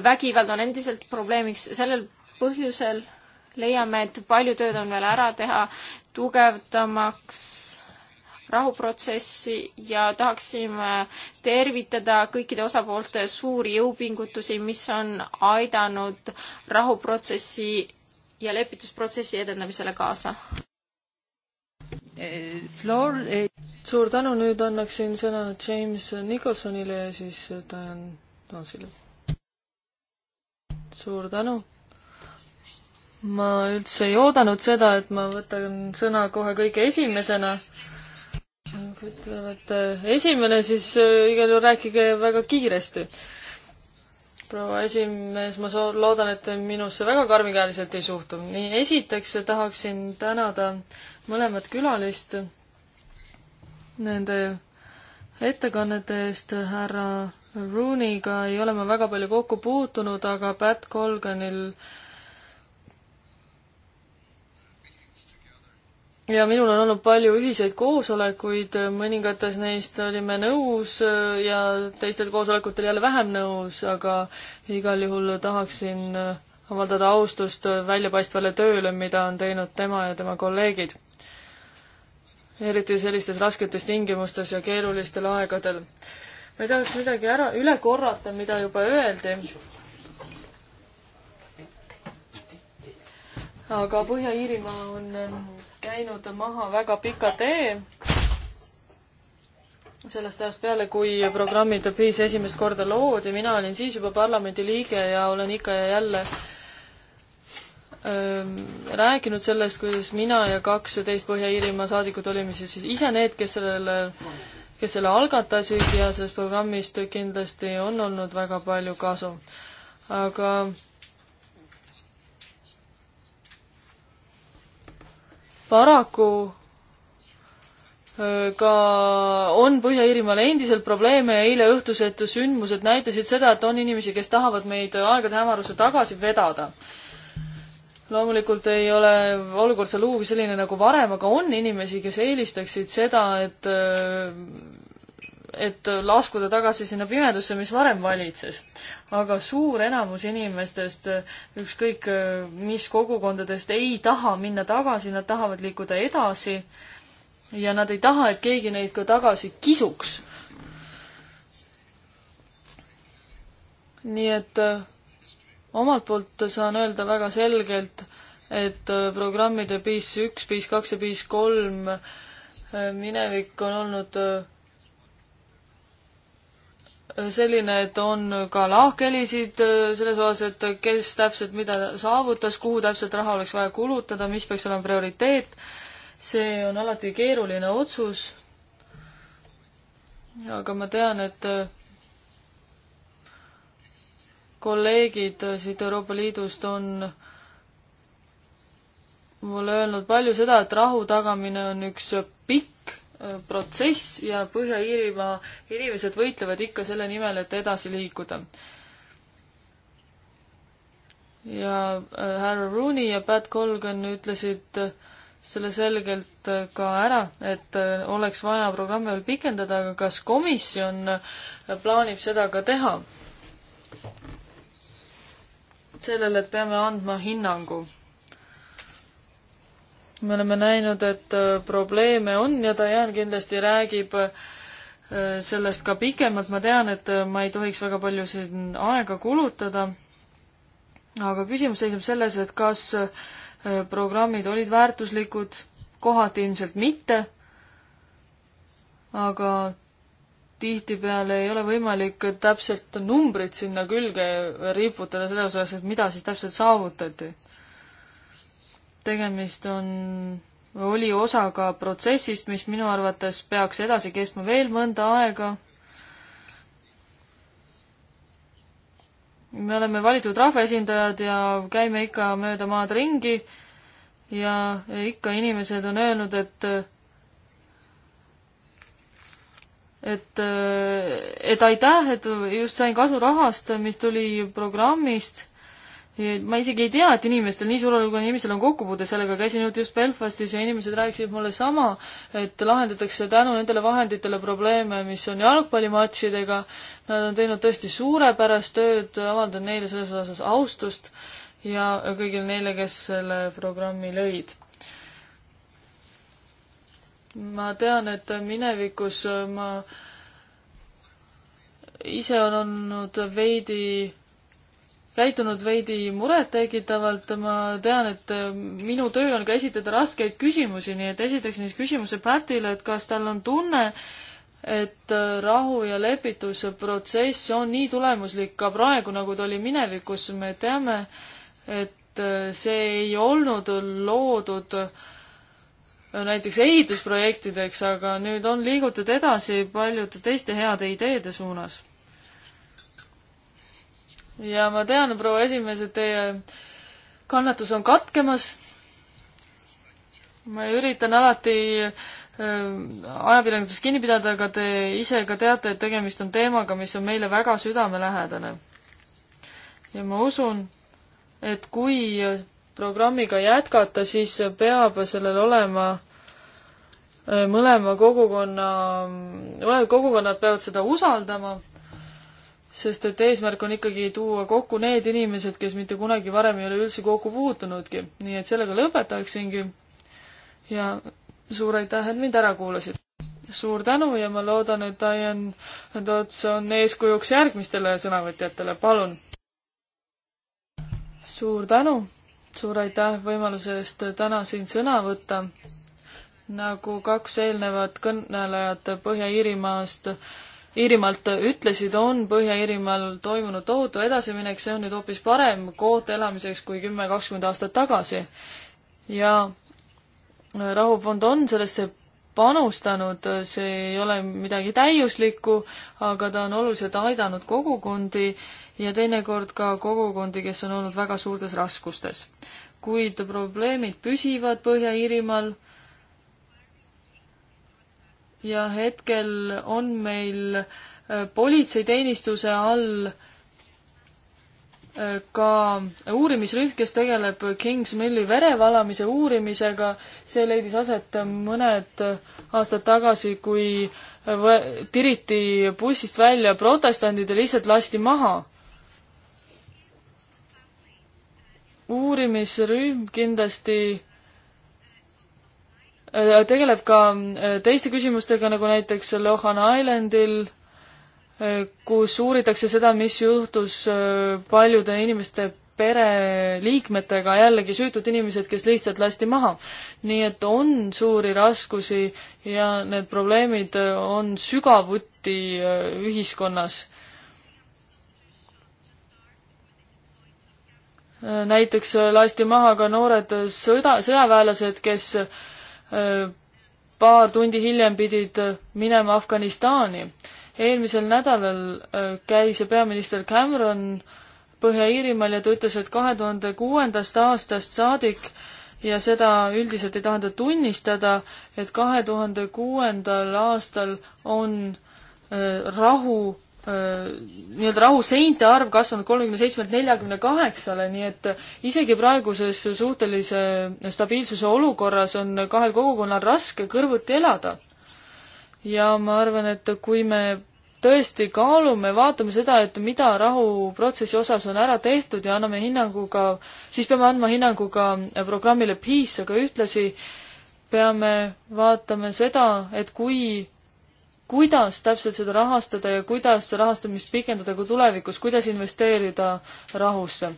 Speaker 1: vägivald on endiselt probleemiks. sellel põhjusel leiame, et palju tööd on veel ära teha, tugevdamaks rahuprotsessi ja tahaksime tervitada kõikide osapoolte suuri jõupingutusi, mis on aidanud rahuprotsessi ja lepitusprotsessi edendamisele kaasa.
Speaker 2: Floor eh.... suur tänu, nüüd annaksin sõna James Nicholsonile ja siis Dan Tansile. suur tänu ma üldse ei oodanud seda, et ma võtan sõna kohe kõige esimesena, ütlevad eh, esimene, siis eh, igal juhul rääkige väga kiiresti. proua esimees, ma soo-, loodan, et te minusse väga karmikäeliselt ei suhtu. nii, esiteks tahaksin tänada mõlemat külalist nende ettekannete eest, härra Rooney'ga ei ole ma väga palju kokku puutunud, aga Pat Colganil äh, ja minul on olnud palju ühiseid koosolekuid, mõningates neist olime nõus ja teistel koosolekutel jälle vähem nõus, aga igal juhul tahaksin avaldada austust väljapaistvale tööle, mida on teinud tema ja tema kolleegid. eriti sellistes rasketes tingimustes ja keerulistel aegadel. ma ei tahaks midagi ära, üle korrata, mida juba öeldi, aga Põhja-Iirimaa on käinud maha väga pika tee sellest ajast peale, kui programmi The Peace esimest korda loodi, mina olin siis juba parlamendi liige ja olen ikka ja jälle ähm, rääkinud sellest, kuidas mina ja kaks teist Põhja-Iirimaa saadikut olime siis ise need, kes sellele, kes selle algatasid ja sellest programmist kindlasti on olnud väga palju kasu. aga äh, paraku äh, ka on Põhja-Iirimaal endiselt probleeme ja eile õhtused sündmused näitasid seda, et on inimesi, kes tahavad meid aegade hämarusse tagasi vedada. loomulikult ei ole olukord seal sugugi selline nagu varem, aga on inimesi, kes eelistaksid seda, et äh, et laskuda tagasi sinna pimedusse, mis varem valitses. aga suur enamus inimestest, ükskõik äh, mis kogukondadest, ei taha minna tagasi, nad tahavad liikuda edasi ja nad ei taha, et keegi neid ka tagasi kisuks. nii et äh, omalt poolt saan öelda väga selgelt, et äh, programmide PIS üks, PIS kaks ja PIS kolm minevik on olnud selline, et on ka lahkhelisid äh, selles osas, et kes täpselt mida saavutas, kuhu täpselt raha oleks vaja kulutada, mis peaks olema prioriteet. see on alati keeruline otsus. aga ma tean, et äh, kolleegid siit Euroopa Liidust on mulle öelnud palju seda, et rahu tagamine on üks protsess ja Põhja-Iirimaa inimesed võitlevad ikka selle nimel, et edasi liikuda. ja äh, härra Rooney ja Pat Colgan ütlesid äh, selle selgelt äh, ka ära, et oleks vaja programme veel pikendada, aga kas komisjon plaanib seda ka teha? sellele, et peame andma hinnangu me oleme näinud, et äh, probleeme on ja Diane kindlasti räägib äh, sellest ka pikemalt, ma tean, et äh, ma ei tohiks väga palju siin aega kulutada, aga küsimus seisneb selles, et kas programmid olid väärtuslikud, kohati ilmselt mitte, aga tihtipeale ei ole võimalik täpselt numbrit sinna külge riputada selles osas, et mida siis täpselt saavutati tegemist on, oli osaga protsessist, mis minu arvates peaks edasi kestma veel mõnda aega. me oleme valitud rahvaesindajad ja käime ikka mööda maad ringi ja ikka inimesed on öelnud, et et, et aitäh, et just sain kasu rahast, mis tuli programmist ma isegi ei tea, et inimestel, nii suurel hulgal inimestel on kokkupuude sellega, käisin nüüd just Belfastis ja inimesed rääkisid mulle sama, et lahendatakse tänu nendele vahenditele probleeme, mis on jalgpallimatšidega, nad on teinud tõesti suurepärast tööd, avaldan neile selles osas austust ja kõigile neile, kes selle programmi lõid. ma tean, et minevikus ma ise olen olnud veidi käitunud veidi murettekitavalt, ma tean, et äh, minu töö on ka esitada raskeid küsimusi, nii et esiteks siis küsimuse Pärdile, et kas tal on tunne, et äh, rahu ja lepituse protsess on nii tulemuslik ka praegu, nagu ta oli minevikus, me teame, et äh, see ei olnud loodud näiteks ehitusprojektideks, aga nüüd on liigutud edasi paljude teiste heade ideede suunas ja ma tean, proua esimees, et teie kannatus on katkemas. ma üritan alati äh, ajakirjandusest kinni pidada, aga te ise ka teate, et tegemist on teemaga, mis on meile väga südamelähedane. ja ma usun, et kui programmiga jätkata, siis peab sellel olema äh, mõlema kogukonna, mõlemad kogukonnad peavad seda usaldama sest et eesmärk on ikkagi tuua kokku need inimesed, kes mitte kunagi varem ei ole üldse kokku puutunudki. nii et sellega lõpetaksingi ja suur aitäh, et mind ära kuulasid! suur tänu ja ma loodan, et Diane Tots on eeskujuks järgmistele sõnavõtjatele, palun! suur tänu, suur aitäh võimaluse eest täna siin sõna võtta. nagu kaks eelnevat kõnelejat Põhja-Iirimaast äh, Iirimaalt ütlesid, on Põhja-Iirimaal toimunud tohutu edasiminek, see on nüüd hoopis parem koht elamiseks kui kümme, kakskümmend aastat tagasi. ja äh, rahufond on sellesse panustanud, see ei ole midagi täiuslikku, aga ta on oluliselt aidanud kogukondi ja teinekord ka kogukondi, kes on olnud väga suurtes raskustes. kuid probleemid püsivad Põhja-Iirimaal ja hetkel on meil äh, politseiteenistuse all äh, ka uurimisrühm, kes tegeleb Kings Milli verevalamise uurimisega. see leidis aset mõned aastad tagasi, kui äh, tiriti bussist välja protestandid ja lihtsalt lasti maha. uurimisrühm kindlasti Äh, tegeleb ka äh, teiste küsimustega, nagu näiteks Lohan Islandil, äh, kus uuritakse seda, mis juhtus paljude inimeste pereliikmetega, jällegi süütud inimesed, kes lihtsalt lasti maha. nii et on suuri raskusi ja need probleemid on sügavuti ühiskonnas. näiteks lasti maha ka noored sõda, sõjaväelased, kes Äh, paar tundi hiljem pidid äh, minema Afganistani. eelmisel nädalal äh, käis peaminister Cameron Põhja-Iirimaal ja ta ütles, et kahe tuhande kuuendast aastast saadik ja seda üldiselt ei taheta tunnistada, et kahe tuhande kuuendal aastal on rahu nii-öelda rahuseinte arv kasvanud kolmekümne seitsmelt neljakümne kaheksale, nii et isegi praeguses suhtelise stabiilsuse olukorras on kahel kogukonnal raske kõrvuti elada. ja ma arvan, et kui me tõesti kaalume, vaatame seda, et mida rahuprotsessi osas on ära tehtud ja anname hinnangu ka, siis peame andma hinnangu ka programmile Peace, aga ühtlasi peame vaatama seda, et kui kuidas täpselt seda rahastada ja kuidas rahastamist pikendada ka tulevikus, kuidas investeerida rahusse?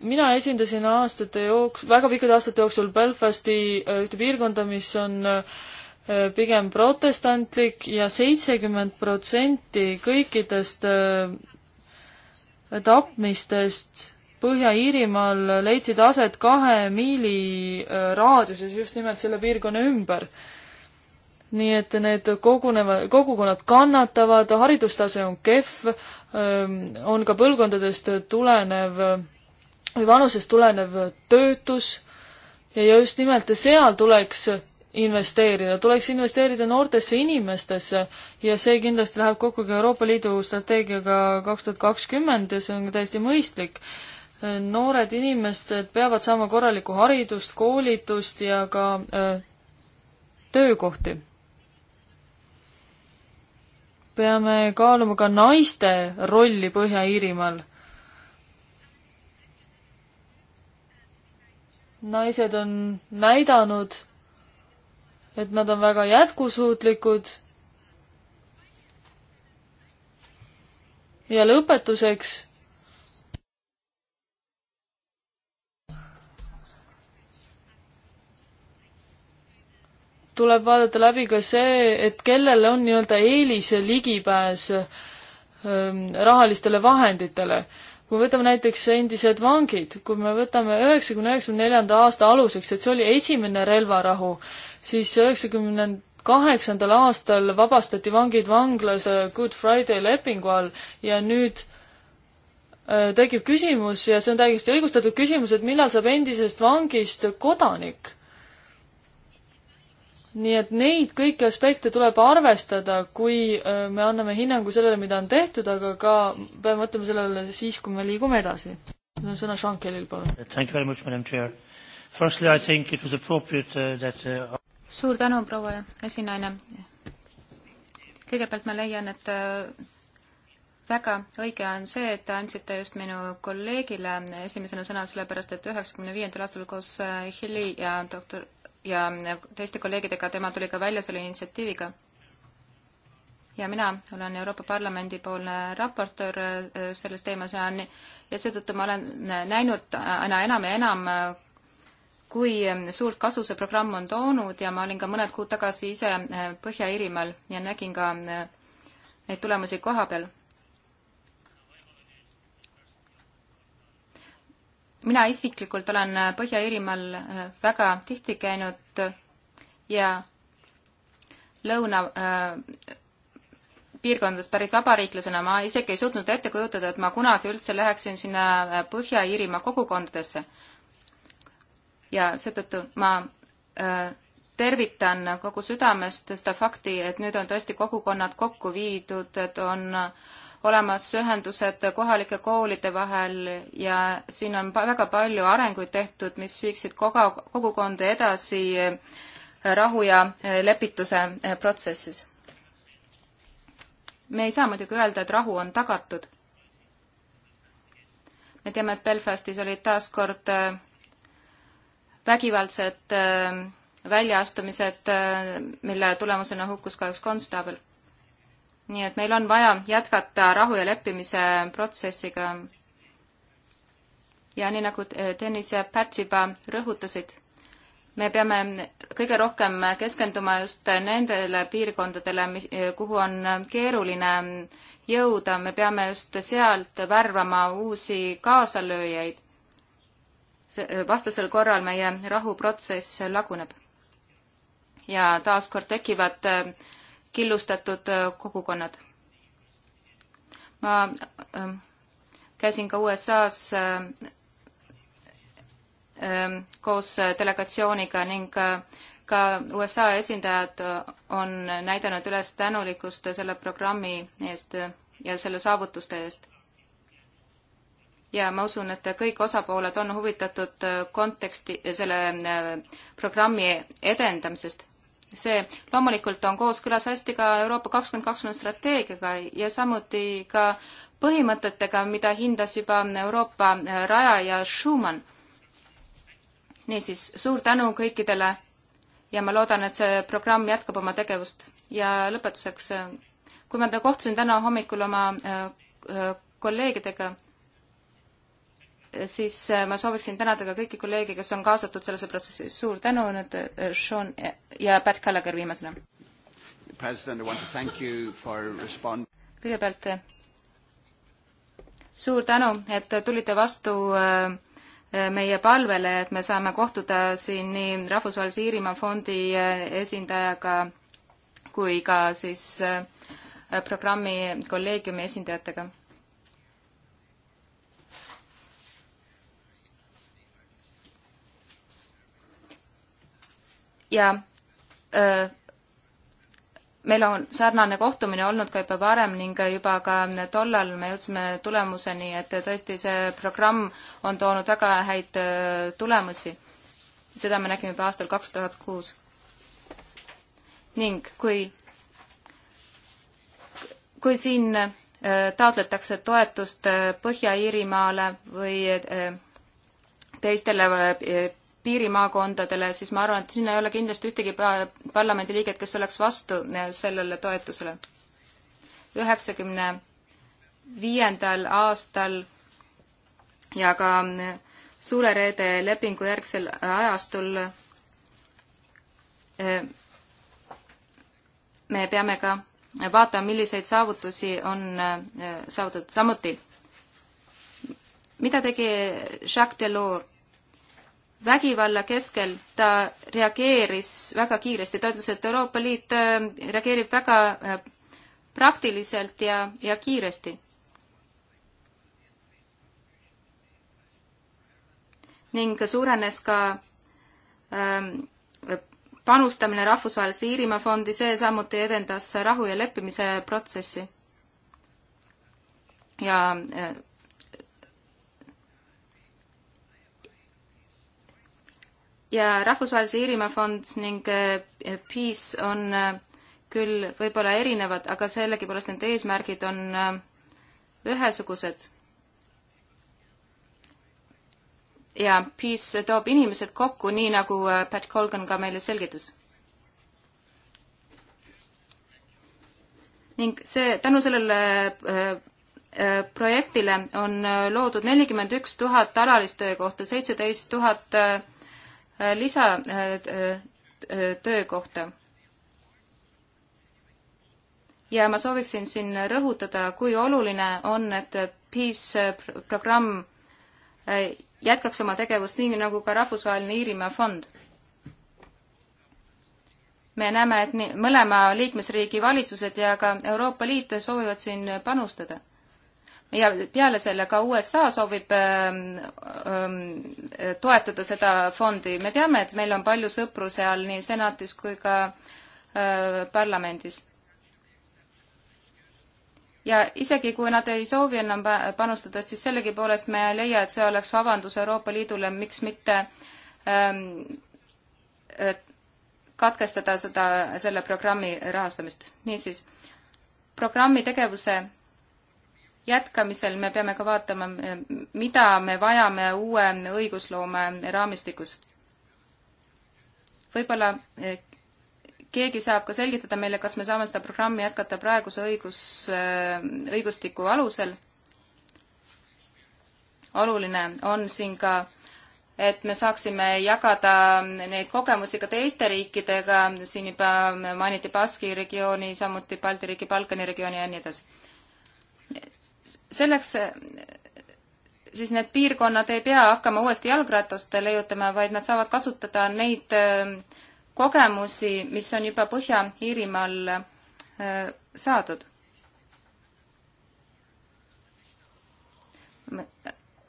Speaker 2: mina esindasin aastate jooks-, väga pikkade aastate jooksul Belfasti äh, ühte piirkonda, mis on äh, pigem protestantlik ja seitsekümmend protsenti kõikidest äh, tapmistest Põhja-Iirimaal leidsid aset kahe miili raadiuses just nimelt selle piirkonna ümber nii et need kogunevad, kogukonnad kannatavad, haridustase on kehv, on ka põlvkondadest tulenev või vanusest tulenev töötus ja just nimelt seal tuleks investeerida, tuleks investeerida noortesse inimestesse ja see kindlasti läheb kokku ka Euroopa Liidu strateegiaga kaks tuhat kakskümmend ja see on täiesti mõistlik. noored inimesed peavad saama korralikku haridust, koolitust ja ka öö, töökohti peame kaaluma ka naiste rolli Põhja-Iirimaal. naised on näidanud, et nad on väga jätkusuutlikud. ja lõpetuseks tuleb vaadata läbi ka see, et kellel on nii-öelda eelis ligipääs ähm, rahalistele vahenditele. kui võtame näiteks endised vangid, kui me võtame üheksakümne üheksakümne neljanda aasta aluseks, et see oli esimene relvarahu, siis üheksakümnend kaheksandal aastal vabastati vangid vanglas äh, Good Friday lepingu all ja nüüd äh, tekib küsimus ja see on täiesti õigustatud küsimus, et millal saab endisest vangist kodanik nii et neid kõiki aspekte tuleb arvestada, kui äh, me anname hinnangu sellele, mida on tehtud, aga ka peame mõtlema sellele siis, kui me liigume edasi.
Speaker 3: nüüd on sõna Sean Kellil, palun. Uh, uh, suur tänu, proua esinaine. kõigepealt ma leian, et äh, väga õige on see, et te andsite just minu kolleegile esimesena sõna, sellepärast et üheksakümne viiendal aastal koos äh, Hilli ja doktor ja teiste kolleegidega, tema tuli ka välja selle initsiatiiviga. ja mina olen Euroopa Parlamendi poolne raportöör äh, selles teemas ja on, ja seetõttu ma olen äh, näinud aina enam ja enam, äh, kui ähm, suurt kasu see programm on toonud ja ma olin ka mõned kuud tagasi ise Põhja-Iirimaal ja nägin ka neid tulemusi koha peal mina isiklikult olen Põhja-Iirimaal äh, väga tihti käinud ja lõuna äh, piirkondadest pärit vabariiklasena ma isegi ei suutnud ette kujutada, et ma kunagi üldse läheksin sinna äh, Põhja-Iirimaa kogukondadesse. ja seetõttu ma äh, tervitan kogu südamest seda fakti, et nüüd on tõesti kogukonnad kokku viidud, et on äh, olemas ühendused kohalike koolide vahel ja siin on väga palju arenguid tehtud, mis viiksid koga, kogukonda edasi eh, rahu ja eh, lepituse eh, protsessis. me ei saa muidugi öelda, et rahu on tagatud. me teame, et Belfastis olid taas kord vägivaldsed väljaastumised, mille tulemusena hukkus ka üks konstaabel nii et meil on vaja jätkata rahu ja leppimise protsessiga. ja nii nagu Tõnis ja Pärt juba rõhutasid, me peame kõige rohkem keskenduma just nendele piirkondadele, mis, kuhu on keeruline jõuda, me peame just sealt värvama uusi kaasalööjaid. vastasel korral meie rahuprotsess laguneb. ja taaskord tekivad äh, killustatud äh, kogukonnad. ma ähm, käisin ka USA-s äh, ähm, koos äh, delegatsiooniga ning ka USA esindajad on näidanud üles tänulikkust selle programmi eest ja selle saavutuste eest. ja ma usun, et kõik osapooled on huvitatud konteksti, selle programmi edendamisest see loomulikult on kooskõlas hästi ka Euroopa kakskümmend kakskümmend strateegiaga ja samuti ka põhimõtetega, mida hindas juba Euroopa äh, Raja ja Schumann. niisiis, suur tänu kõikidele ja ma loodan, et see programm jätkab oma tegevust ja lõpetuseks, äh, kui ma kohtusin täna hommikul oma äh, kolleegidega, siis äh, ma sooviksin tänada ka kõiki kolleege, kes on kaasatud sellesse protsessi. suur tänu nüüd äh, Sean ja Pat Gallagher viimasena. kõigepealt äh, suur tänu, et tulite vastu meie palvele, et me saame kohtuda siin nii Rahvusvahelise Iirimaa fondi esindajaga kui ka siis programmi kolleegiumi esindajatega ja öö, meil on sarnane kohtumine olnud ka juba varem ning juba ka tollal me jõudsime tulemuseni, et tõesti see programm on toonud väga häid tulemusi. seda me nägime juba aastal kaks tuhat kuus. ning kui, kui siin taotletakse toetust Põhja-Iirimaale või teistele piirimaakondadele, siis ma arvan, et siin ei ole kindlasti ühtegi parlamendiliiget, kes oleks vastu eh, sellele toetusele. üheksakümne viiendal aastal ja ka eh, Suure Reede lepingu järgsel ajastul eh, me peame ka vaatama, milliseid saavutusi on saavutatud. samuti, mida tegi Jacques Delors vägivalla keskel ta reageeris väga kiiresti, ta ütles, et Euroopa Liit äh, reageerib väga äh, praktiliselt ja, ja kiiresti. ning suurenes ka ähm, panustamine rahvusvahelise Iirimaa fondi, see samuti edendas rahu ja leppimise protsessi. ja äh, ja Rahvusvahelise Iirimaa fond ning eh, Peace on eh, küll võib-olla erinevad, aga sellegipoolest need eesmärgid on eh, ühesugused. ja Peace toob inimesed kokku, nii nagu Pat Colgan ka meile selgitas. ning see, tänu sellele projektile on loodud nelikümmend üks tuhat alalist töökohta, seitseteist tuhat lisatöökohta. Äh, äh, ja ma sooviksin siin rõhutada, kui oluline on, et Peace programm äh, jätkaks oma tegevust nii, nagu ka Rahvusvaheline Iirimaa fond. me näeme, et nii, mõlema liikmesriigi valitsused ja ka Euroopa Liit soovivad siin panustada ja peale selle ka USA soovib ähm, ähm, toetada seda fondi. me teame, et meil on palju sõpru seal nii senatis kui ka äh, parlamendis. ja isegi, kui nad ei soovi enam panustada, siis sellegipoolest me ei leia, et see oleks vabandus Euroopa Liidule, miks mitte ähm, katkestada seda, selle programmi rahastamist. niisiis, programmi tegevuse jätkamisel me peame ka vaatama, mida me vajame uue õigusloome raamistikus. võib-olla eh, keegi saab ka selgitada meile, kas me saame seda programmi jätkata praeguse õigus, eh, õigustiku alusel. oluline on siin ka et me saaksime jagada neid kogemusi ka teiste riikidega, siin juba mainiti Baski regiooni, samuti Balti riigi, Balkani regiooni ja nii edasi selleks siis need piirkonnad ei pea hakkama uuesti jalgratast leiutama, vaid nad saavad kasutada neid ähm, kogemusi, mis on juba Põhja-Iirimaal äh, saadud.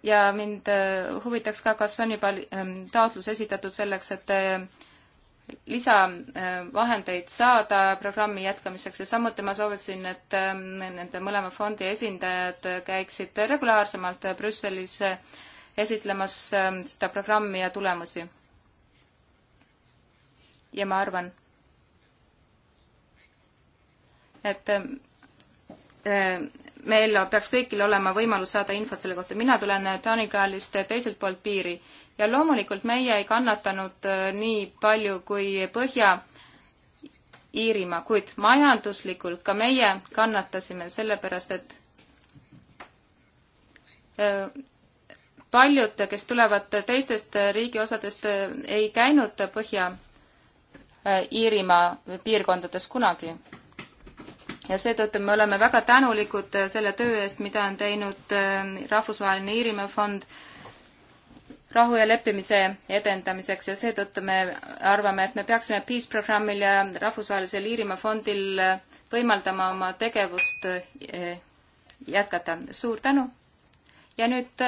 Speaker 3: ja mind äh, huvitaks ka, kas on juba ähm, taotlus esitatud selleks, et äh, lisavahendeid saada programmi jätkamiseks ja samuti ma soovitasin, et ähm, nende mõlema fondi esindajad käiksid regulaarsemalt Brüsselis äh, esitlemas ähm, seda programmi ja tulemusi. ja ma arvan, et äh, meil peaks kõigil olema võimalus saada infot selle kohta. mina tulen äh, Taanikalist äh, teiselt poolt piiri ja loomulikult meie ei kannatanud äh, nii palju kui Põhja Iirimaa, kuid majanduslikult ka meie kannatasime, sellepärast et paljud, kes tulevad teistest riigiosadest, ei käinud Põhja Iirimaa piirkondades kunagi ja seetõttu me oleme väga tänulikud äh, selle töö eest, mida on teinud äh, Rahvusvaheline Iirimaa Fond rahu ja leppimise edendamiseks ja seetõttu me arvame, et me peaksime Peace programmil ja Rahvusvahelisel Iirimaa Fondil äh, võimaldama oma tegevust jätkata. suur tänu! ja nüüd,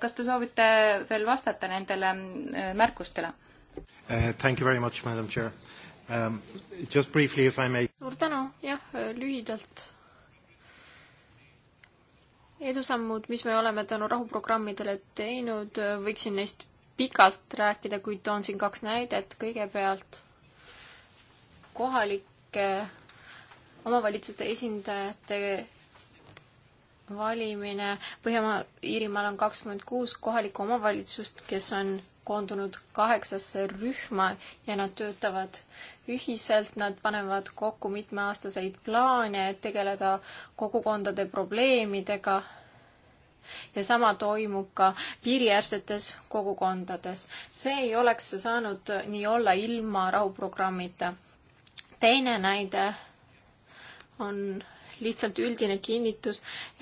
Speaker 3: kas te soovite veel vastata nendele märkustele
Speaker 1: uh,? Thank you very much, madam chair uh, um,. Just briefly if I may.
Speaker 3: suur tänu, jah, lühidalt.
Speaker 1: edusammud, mis me oleme tänu rahuprogrammidele teinud, võiksin neist pikalt rääkida, kuid toon siin kaks näidet. kõigepealt kohalike omavalitsuste esindajate valimine. Põhjamaa, Iirimaal on kakskümmend kuus kohalikku omavalitsust, kes on koondunud kaheksasse rühma ja nad töötavad ühiselt, nad panevad kokku mitmeaastaseid plaane, et tegeleda kogukondade probleemidega. ja sama toimub ka piiriäärsetes kogukondades. see ei oleks saanud nii olla ilma rahuprogrammita. teine näide on lihtsalt üldine kinnitus,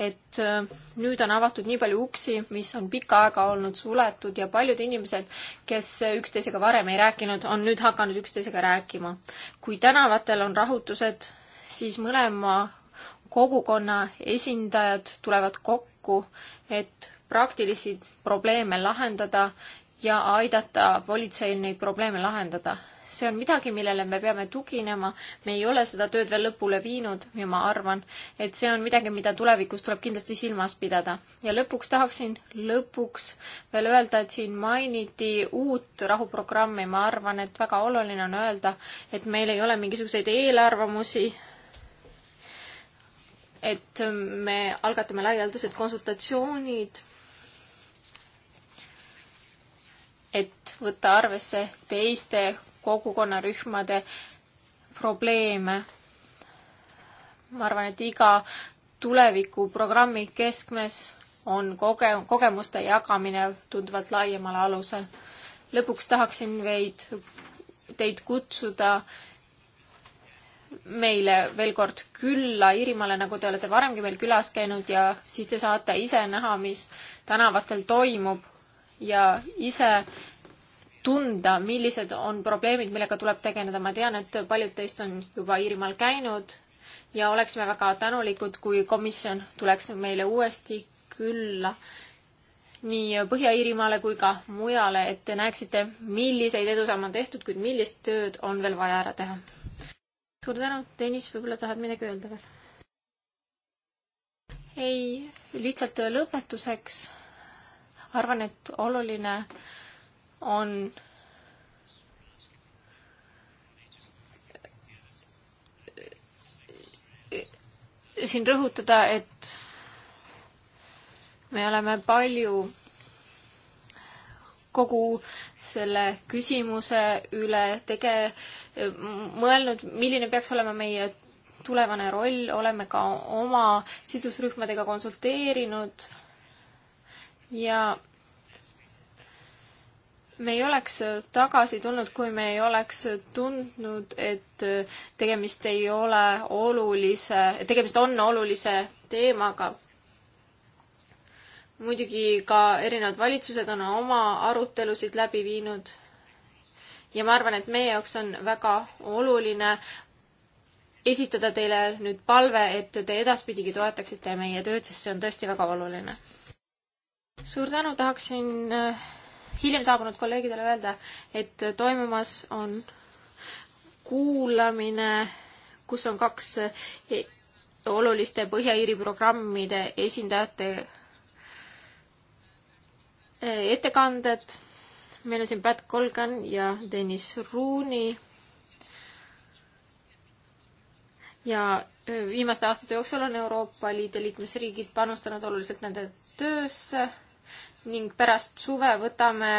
Speaker 1: et äh, nüüd on avatud nii palju uksi, mis on pikka aega olnud suletud ja paljud inimesed, kes üksteisega varem ei rääkinud, on nüüd hakanud üksteisega rääkima. kui tänavatel on rahutused, siis mõlema kogukonna esindajad tulevad kokku, et praktilisi probleeme lahendada ja aidata politseil neid probleeme lahendada see on midagi, millele me peame tuginema, me ei ole seda tööd veel lõpule viinud ja ma arvan, et see on midagi, mida tulevikus tuleb kindlasti silmas pidada. ja lõpuks tahaksin lõpuks veel öelda, et siin mainiti uut rahuprogrammi, ma arvan, et väga oluline on öelda, et meil ei ole mingisuguseid eelarvamusi, et me algatame laialdased konsultatsioonid et võtta arvesse teiste kogukonnarühmade probleeme. ma arvan, et iga tulevikuprogrammi keskmes on koge-, kogemuste jagamine tunduvalt laiemal alusel. lõpuks tahaksin veid, teid kutsuda meile veel kord külla Iirimaale, nagu te olete varemgi meil külas käinud ja siis te saate ise näha, mis tänavatel toimub ja ise tunda, millised on probleemid, millega tuleb tegeleda. ma tean, et paljud teist on juba Iirimaal käinud ja oleksime väga tänulikud, kui komisjon tuleks meile uuesti külla nii Põhja-Iirimaale kui ka mujale, et te näeksite, milliseid edusamme on tehtud, kuid millist tööd on veel vaja ära teha. suur tänu, Tõnis, võib-olla tahad midagi öelda veel? ei, lihtsalt lõpetuseks arvan, et oluline on siin rõhutada, et me oleme palju kogu selle küsimuse üle tege-, mõelnud, milline peaks olema meie tulevane roll, oleme ka oma sidusrühmadega konsulteerinud ja me ei oleks äh, tagasi tulnud, kui me ei oleks äh, tundnud, et äh, tegemist ei ole olulise, tegemist on olulise teemaga. muidugi ka erinevad valitsused on oma arutelusid läbi viinud. ja ma arvan, et meie jaoks on väga oluline esitada teile nüüd palve, et te edaspidigi toetaksite meie tööd, sest see on tõesti väga oluline. suur tänu, tahaksin hiljem saabunud kolleegidele öelda, et toimumas on kuulamine, kus on kaks e, oluliste Põhja-Iiri programmide esindajate e, ettekanded. meil on siin Pat Colgan ja Deniss Ruuni. ja e, viimaste aastate jooksul on Euroopa Liidu liikmesriigid panustanud oluliselt nende töösse ning pärast suve võtame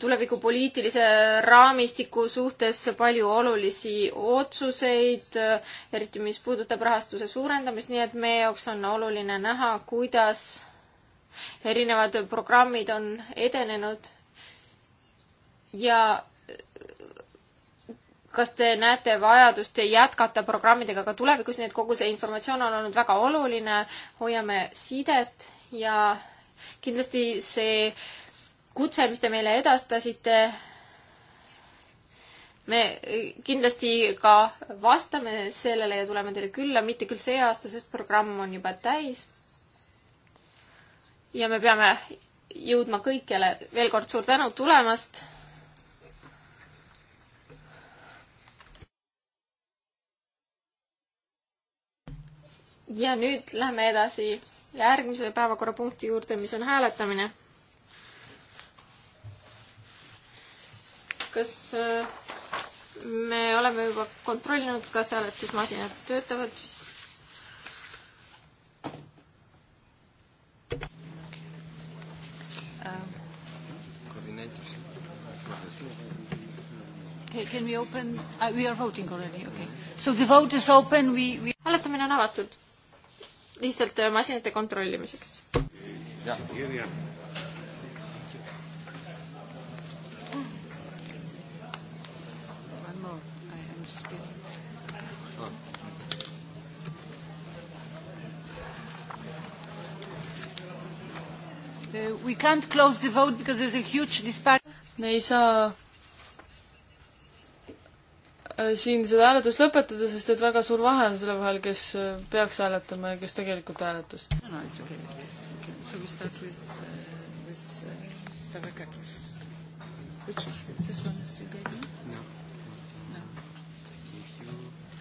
Speaker 1: tuleviku poliitilise raamistiku suhtes palju olulisi otsuseid, eriti mis puudutab rahastuse suurendamist, nii et meie jaoks on oluline näha, kuidas erinevad programmid on edenenud ja kas te näete vajadust jätkata programmidega ka tulevikus, nii et kogu see informatsioon on olnud väga oluline, hoiame sidet ja kindlasti see kutse, mis te meile edastasite, me kindlasti ka vastame sellele ja tuleme teile külla, mitte küll see aasta, sest programm on juba täis. ja me peame jõudma kõikjale. veel kord suur tänu tulemast ja nüüd lähme edasi järgmise päevakorrapunkti juurde, mis on hääletamine. kas äh, me oleme juba kontrollinud, kas hääletusmasinad töötavad? Okay, can we open uh,? We are voting already, okay. So the vote is open, we, we. hääletamine on avatud lihtsalt äh, masinate kontrollimiseks. Uh,
Speaker 2: me ei saa Äh, siin seda hääletust lõpetada, sest et väga suur vahe on selle vahel, kes äh, peaks hääletama ja kes tegelikult hääletas no,. No, okay. So we start with uh,, with uh, Stavrakakis. Which is this one is you gave me? No. No.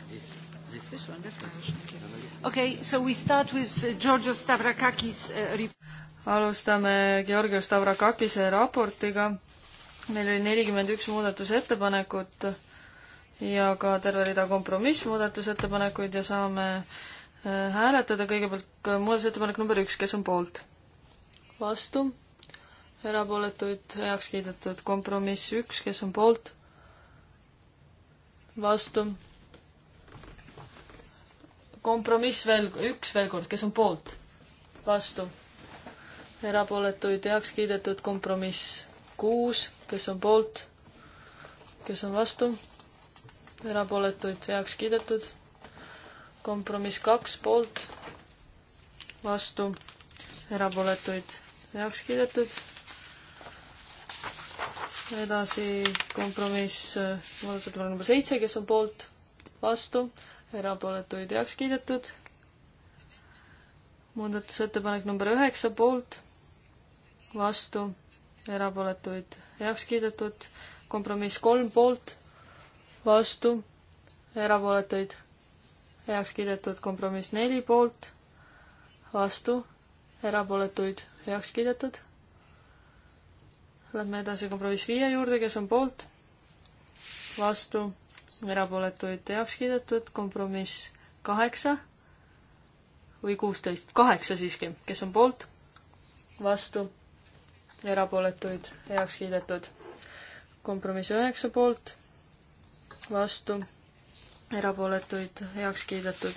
Speaker 2: This, this. this one, definitely. Okay. okay, so we start with uh, Georgios Stavrakakis uh, report. alustame Georgios Stavrakakise raportiga. meil oli nelikümmend üks muudatusettepanekut ja ka terve rida kompromissmuudatusettepanekuid ja saame äh, hääletada kõigepealt muudatusettepanek number üks, kes on poolt? vastu, erapooletuid heaks kiidetud, kompromiss üks, kes on poolt? vastu, kompromiss veel, üks veel kord, kes on poolt? vastu, erapooletuid heaks kiidetud, kompromiss kuus, kes on poolt? kes on vastu? erapooletuid heaks kiidetud. kompromiss kaks poolt, vastu, erapooletuid heaks kiidetud. edasi kompromiss muudatusettepanek number seitse, kes on poolt, vastu, erapooletuid heaks kiidetud. muudatusettepanek number üheksa poolt, vastu, erapooletuid heaks kiidetud. kompromiss kolm poolt vastu, erapooletuid heaks kiidetud kompromiss neli poolt, vastu, erapooletuid heaks kiidetud. Lähme edasi kompromiss viie juurde, kes on poolt, vastu, erapooletuid heaks kiidetud, kompromiss kaheksa või kuusteist, kaheksa siiski, kes on poolt, vastu, erapooletuid heaks kiidetud. kompromiss üheksa poolt vastu, erapooletuid heaks kiidetud.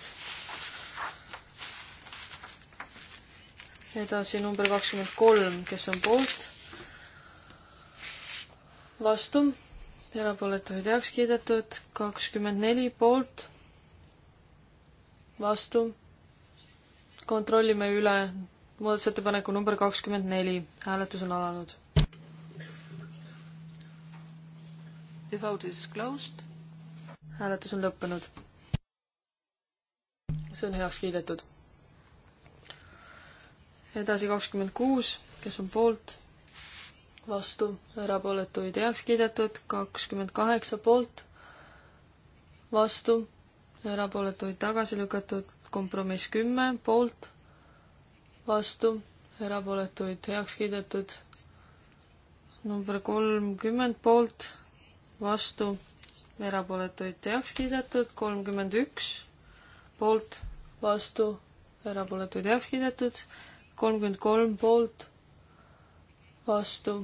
Speaker 2: edasi number kakskümmend kolm, kes on poolt, vastu, erapooletuid heaks kiidetud, kakskümmend neli poolt, vastu, kontrollime üle muudatusettepaneku number kakskümmend neli, hääletus on alanud. The vote is closed hääletus on lõppenud. see on heaks kiidetud. edasi kakskümmend kuus, kes on poolt, vastu, erapooletuid heaks kiidetud, kakskümmend kaheksa poolt, vastu, erapooletuid tagasi lükatud, kompromiss kümme poolt, vastu, erapooletuid heaks kiidetud, number kolmkümmend poolt, vastu erapooletuid heaks kiidetud, kolmkümmend üks poolt, vastu, erapooletuid heaks kiidetud, kolmkümmend kolm poolt, vastu,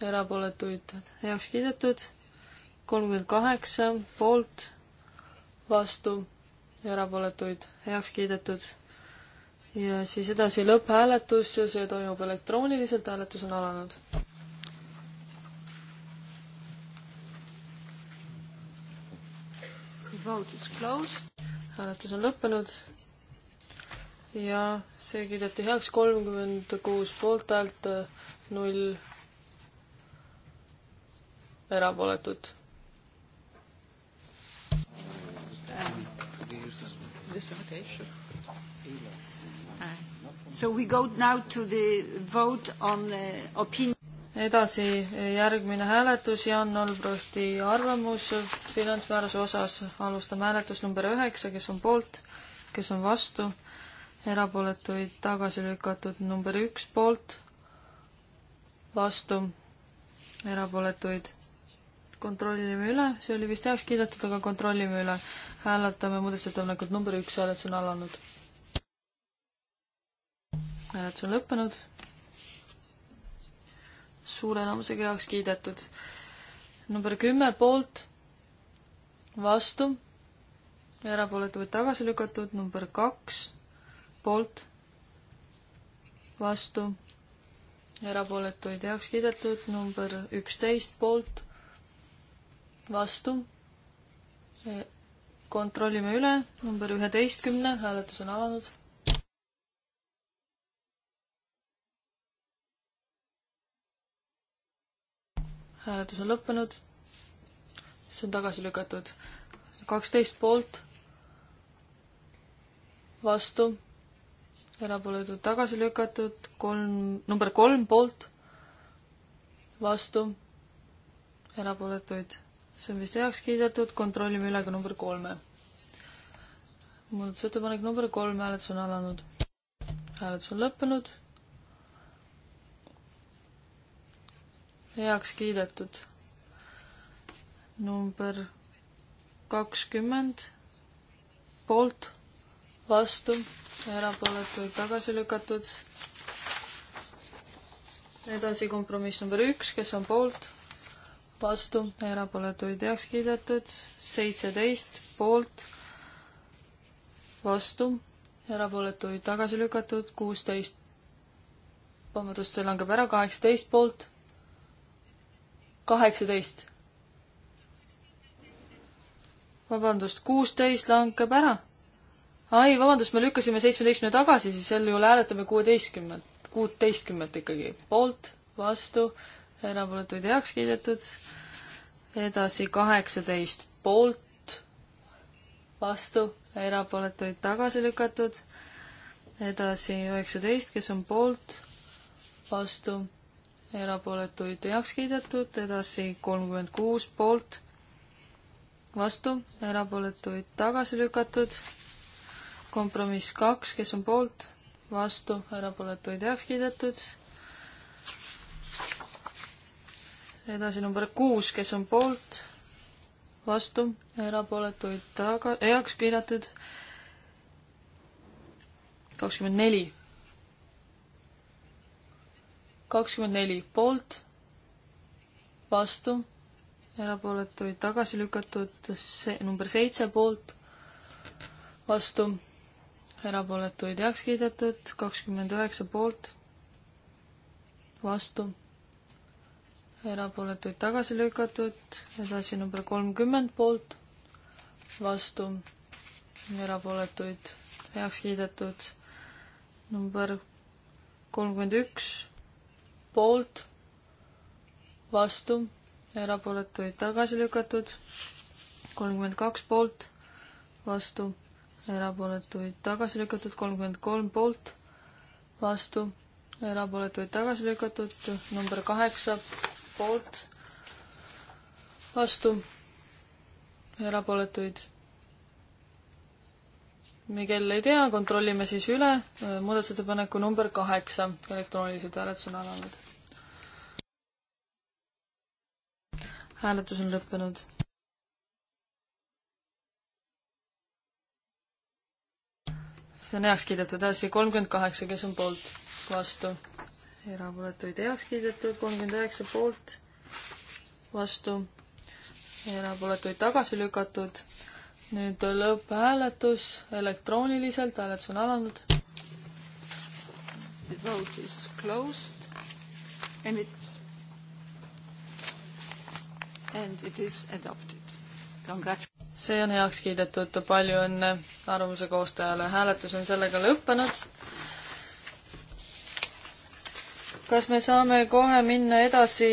Speaker 2: erapooletuid heaks kiidetud, kolmkümmend kaheksa poolt, vastu, erapooletuid heaks kiidetud. ja siis edasi lõpphääletus, see toimub elektrooniliselt, hääletus on alanud hääletus on lõppenud ja see kiideti heaks kolmkümmend kuus poolthäält, null erapooletut. So we go now to the vote on the opinion edasi järgmine hääletus, Jan Olbrechti arvamus finantsmääruse osas. alustame hääletust number üheksa, kes on poolt, kes on vastu, erapooletuid tagasi lükatud number üks poolt, vastu, erapooletuid. kontrollime üle, see oli vist heaks kiidetud, aga kontrollime üle. hääletame muudatusettepanekut number üks, hääletus on alanud. hääletus on lõppenud suure enamusega heaks kiidetud. number kümme poolt, vastu, erapooletuid tagasi lükatud, number kaks poolt, vastu, erapooletuid heaks kiidetud, number üksteist poolt, vastu, e, kontrollime üle, number üheteistkümne, hääletus on alanud hääletus on lõppenud. see on tagasi lükatud. kaksteist poolt, vastu, erapooletud tagasi lükatud, kolm, number kolm poolt, vastu, erapooletuid. see on vist heaks kiidetud, kontrollime üle ka number kolme. muudatusettepanek number kolm, hääletus on alanud. hääletus on lõppenud heaks kiidetud. number kakskümmend poolt, vastu, erapooletuid tagasi lükatud. edasi kompromiss number üks, kes on poolt, vastu, erapooletuid heaks kiidetud, seitseteist poolt, vastu, erapooletuid tagasi lükatud, kuusteist, vabandust, see langeb ära, kaheksateist poolt kaheksateist. vabandust, kuusteist langeb ära. ai, vabandust, me lükkasime seitsmeteistkümne tagasi, siis sel juhul hääletame kuueteistkümmet, kuuteistkümmet ikkagi. poolt, vastu, erapooletuid heaks kiidetud. edasi kaheksateist poolt, vastu, erapooletuid tagasi lükatud. edasi üheksateist, kes on poolt, vastu erapooletuid heaks kiidetud, edasi kolmkümmend kuus poolt, vastu, erapooletuid tagasi lükatud, kompromiss kaks, kes on poolt, vastu, erapooletuid heaks kiidetud, edasi number kuus, kes on poolt, vastu, erapooletuid taga, heaks kiidetud, kakskümmend neli kakskümmend neli poolt, vastu, erapooletuid tagasi lükatud, see number seitse poolt, vastu, erapooletuid heaks kiidetud, kakskümmend üheksa poolt, vastu, erapooletuid tagasi lükatud, edasi number kolmkümmend poolt, vastu, erapooletuid heaks kiidetud, number kolmkümmend üks poolt, vastu, erapooletuid tagasi lükatud, kolmkümmend kaks poolt, vastu, erapooletuid tagasi lükatud, kolmkümmend kolm poolt, vastu, erapooletuid tagasi lükatud, number kaheksa poolt, vastu, erapooletuid Miguel ei tea, kontrollime siis üle äh, muudatusettepaneku number kaheksa, elektroonilised hääletused on alanud. hääletus on lõppenud. see on heaks kiidetud, edasi kolmkümmend kaheksa, kes on poolt, vastu? erapooletuid heaks kiidetud, kolmkümmend üheksa poolt, vastu, erapooletuid tagasi lükatud nüüd lõpphääletus elektrooniliselt, hääletus on alanud. The vote is closed and it and it is adopted. see on heaks kiidetud, palju õnne arvamuse koostajale, hääletus on sellega lõppenud. kas me saame kohe minna edasi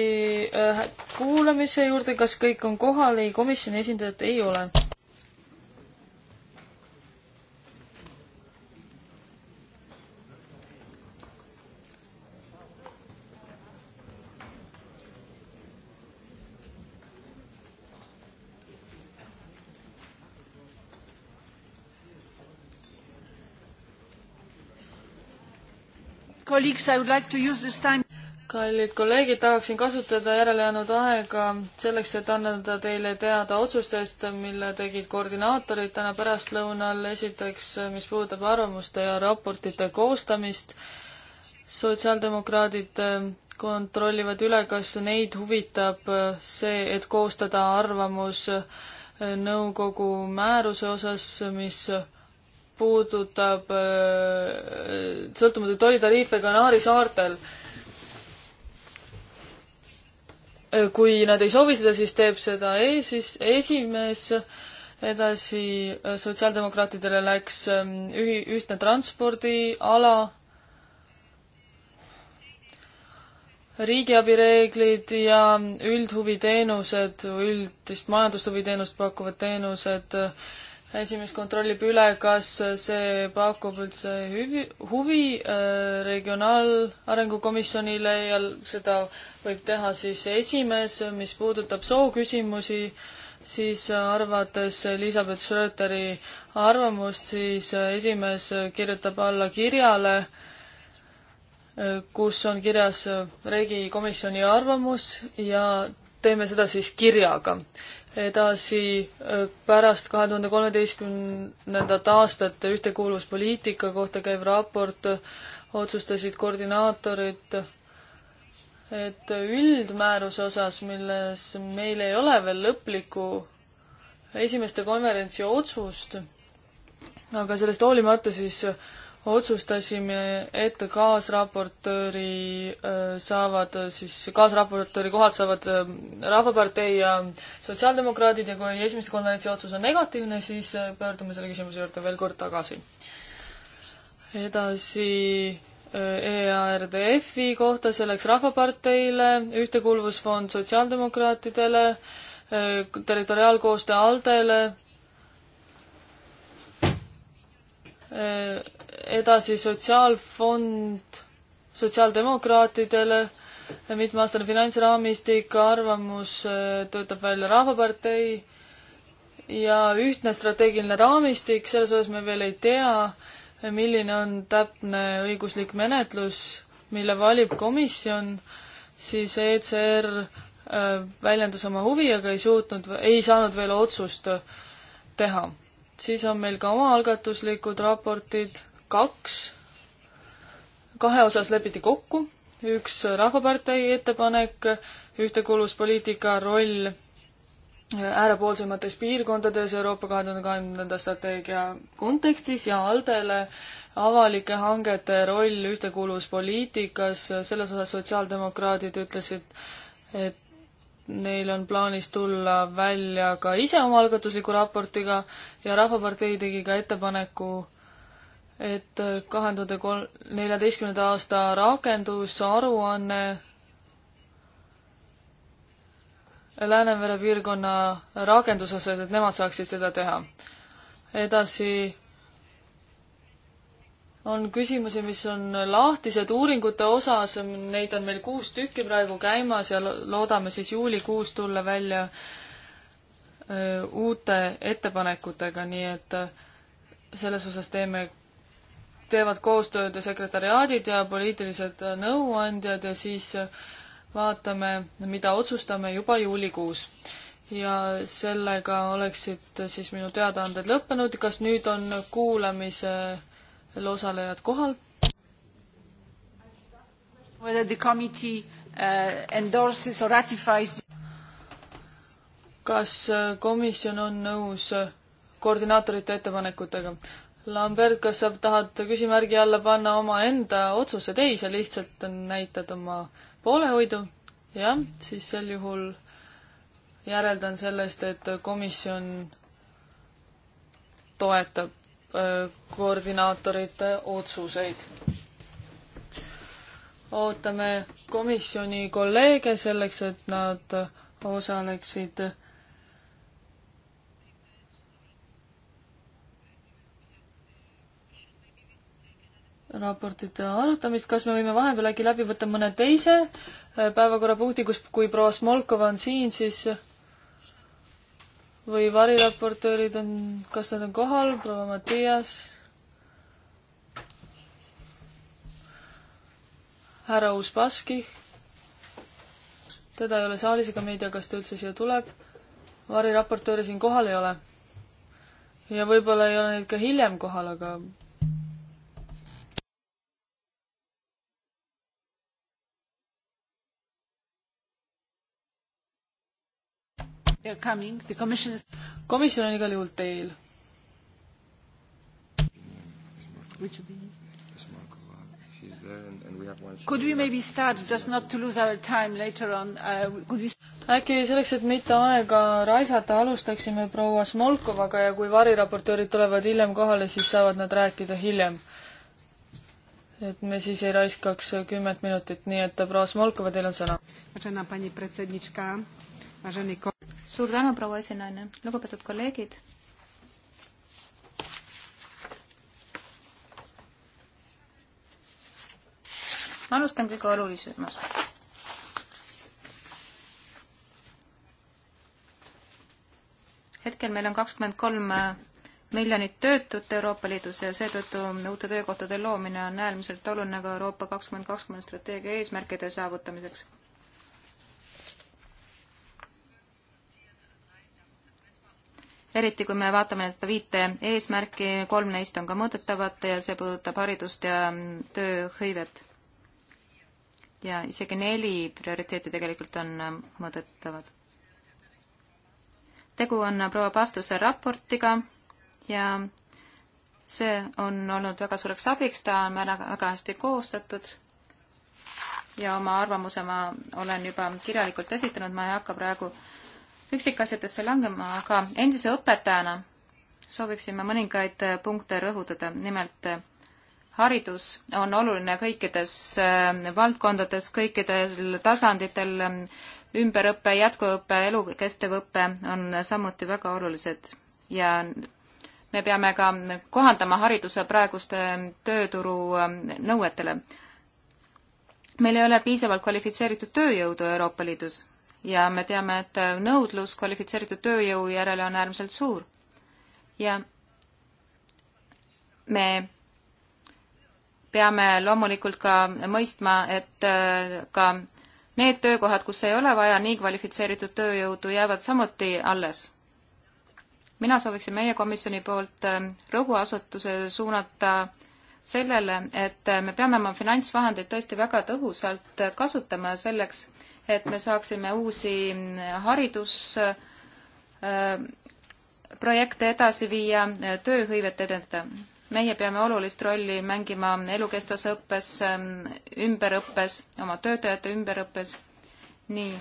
Speaker 2: äh, kuulamise juurde, kas kõik on kohal, ei, komisjoni esindajat ei ole kallid kolleegid, tahaksin kasutada järelejäänud aega selleks, et anda teile teada otsustest, mille tegid koordinaatorid täna pärastlõunal. esiteks, mis puudutab arvamuste ja raportite koostamist, sotsiaaldemokraadid äh, kontrollivad üle, kas neid huvitab äh, see, et koostada arvamus äh, nõukogu määruse osas, mis puudutab äh, sõltumatuid tollitariife Kanaari saartel. Äh, kui nad ei soovi seda, siis teeb seda eesis-, esimees edasi äh, sotsiaaldemokraatidele läks ähm, ühi-, ühtne transpordiala, riigiabireeglid ja üldhuviteenused, üldist majandushuviteenust pakuvad teenused, esimees kontrollib üle, kas see pakub üldse hüvi, huvi äh, Regionaalarengu Komisjonile ja seda võib teha siis esimees, mis puudutab sooküsimusi, siis arvates Elizabeth Schröteri arvamust, siis esimees kirjutab alla kirjale, äh, kus on kirjas Regi komisjoni arvamus ja teeme seda siis kirjaga edasi äh, pärast kahe tuhande kolmeteistkümnendat aastat ühtekuuluvuspoliitika kohta käiv raport, äh, otsustasid koordinaatorid, et üldmääruse osas, milles meil ei ole veel lõplikku esimeste konverentsi otsust, aga sellest hoolimata siis äh, otsustasime, et kaasraportööri äh, saavad äh, siis, kaasraportööri kohad saavad äh, Rahvapartei ja sotsiaaldemokraadid ja kui esimese konverentsi otsus on negatiivne, siis pöördume selle küsimuse juurde veel kord tagasi. edasi EARDF-i kohta, selleks Rahvaparteile, Ühtekuuluvusfond sotsiaaldemokraatidele, territoriaalkoostöö ALDE-le Äh, edasi Sotsiaalfond sotsiaaldemokraatidele, mitmeaastane finantsraamistik, arvamus äh, töötab välja Rahvapartei ja ühtne strateegiline raamistik, selles osas me veel ei tea, milline on täpne õiguslik menetlus, mille valib komisjon, siis ECR äh, väljendas oma huvi, aga ei suutnud, ei saanud veel otsust teha siis on meil ka omaalgatuslikud raportid, kaks, kahe osas lepiti kokku, üks Rahvapartei ettepanek, ühtekuuluvuspoliitika roll äärepoolsemates piirkondades Euroopa kahe tuhande kahekümnenda strateegia kontekstis ja ALDE-le avalike hangete roll ühtekuuluvuspoliitikas, selles osas sotsiaaldemokraadid ütlesid, et neil on plaanis tulla välja ka ise omaalgatusliku raportiga ja Rahvapartei tegi ka ettepaneku, et kahe tuhande kolm, neljateistkümnenda aasta rakendusaruanne Läänemere piirkonna rakenduses, et nemad saaksid seda teha. edasi on küsimusi, mis on lahtised uuringute osas, neid on meil kuus tükki praegu käimas ja loodame siis juulikuus tulla välja öö, uute ettepanekutega, nii et äh, selles osas teeme, teevad koostööd ja sekretäriaadid ja poliitilised äh, nõuandjad ja siis äh, vaatame, mida otsustame juba juulikuus ja sellega oleksid siis minu teadaanded lõppenud. kas nüüd on kuulamise osalejad kohal. Uh, kas äh, komisjon on nõus äh, koordinaatorite ettepanekutega? Lambert, kas sa tahad küsimärgi alla panna omaenda otsused? ei, sa lihtsalt näitad oma poolehoidu. jah, siis sel juhul järeldan sellest, et komisjon toetab Äh, koordinaatorite otsuseid. ootame komisjoni kolleege selleks, et nad osaleksid raportite arutamist, kas me võime vahepeal äkki läbi võtta mõne teise äh, päevakorrapunkti, kus, kui proua Smolkova on siin, siis või variraportöörid on, kas nad on kohal, proua Mattias? härra Uspaski? teda ei ole saalis ega me ei tea, kas ta üldse siia tuleb. variraportööre siin kohal ei ole. ja võib-olla ei ole neid ka hiljem kohal, aga They are coming, the commission is komisjon on igal juhul teel. Could we maybe start just not to lose our time later on uh,? Could we äkki selleks, et mitte aega raisata, alustaksime proua Smolkovaga ja kui variraportöörid tulevad hiljem kohale, siis saavad nad rääkida hiljem. et me siis ei raiskaks kümmet minutit, nii et proua Smolkova, teil on sõna
Speaker 3: suur tänu, proua esinaine, lugupeetud kolleegid. ma alustan kõige olulisemast. hetkel meil on kakskümmend kolm miljonit töötut Euroopa Liidus ja seetõttu uute töökohtade loomine on äärmiselt oluline ka Euroopa kakskümmend kakskümmend strateegia eesmärkide saavutamiseks eriti kui me vaatame seda viite eesmärki, kolm neist on ka mõõdetavad ja see puudutab haridust ja tööhõivet. ja isegi neli prioriteeti tegelikult on mõõdetavad. tegu on proua Pastuse raportiga ja see on olnud väga suureks abiks, ta on väga hästi koostatud ja oma arvamuse ma olen juba kirjalikult esitanud, ma ei hakka praegu äh, üksikasjadesse langema, aga endise õpetajana sooviksin ma mõningaid punkte rõhutada, nimelt haridus on oluline kõikides äh, valdkondades, kõikidel tasanditel, ümberõpe, jätkuõpe, elukestev õpe on samuti väga olulised ja me peame ka kohandama hariduse praeguste tööturu äh, nõuetele. meil ei ole piisavalt kvalifitseeritud tööjõudu Euroopa Liidus ja me teame, et nõudlus kvalifitseeritud tööjõu järele on äärmiselt suur. ja me peame loomulikult ka mõistma, et äh, ka need töökohad, kus ei ole vaja nii kvalifitseeritud tööjõudu, jäävad samuti alles. mina sooviksin meie komisjoni poolt äh, rõhuasutuse suunata sellele, et äh, me peame oma finantsvahendeid tõesti väga tõhusalt kasutama selleks, et me saaksime uusi äh, haridusprojekte äh, edasi viia, äh, tööhõivet edendada. meie peame olulist rolli mängima elukestvas õppes, ähm, ümberõppes, oma töötajate ümberõppes, nii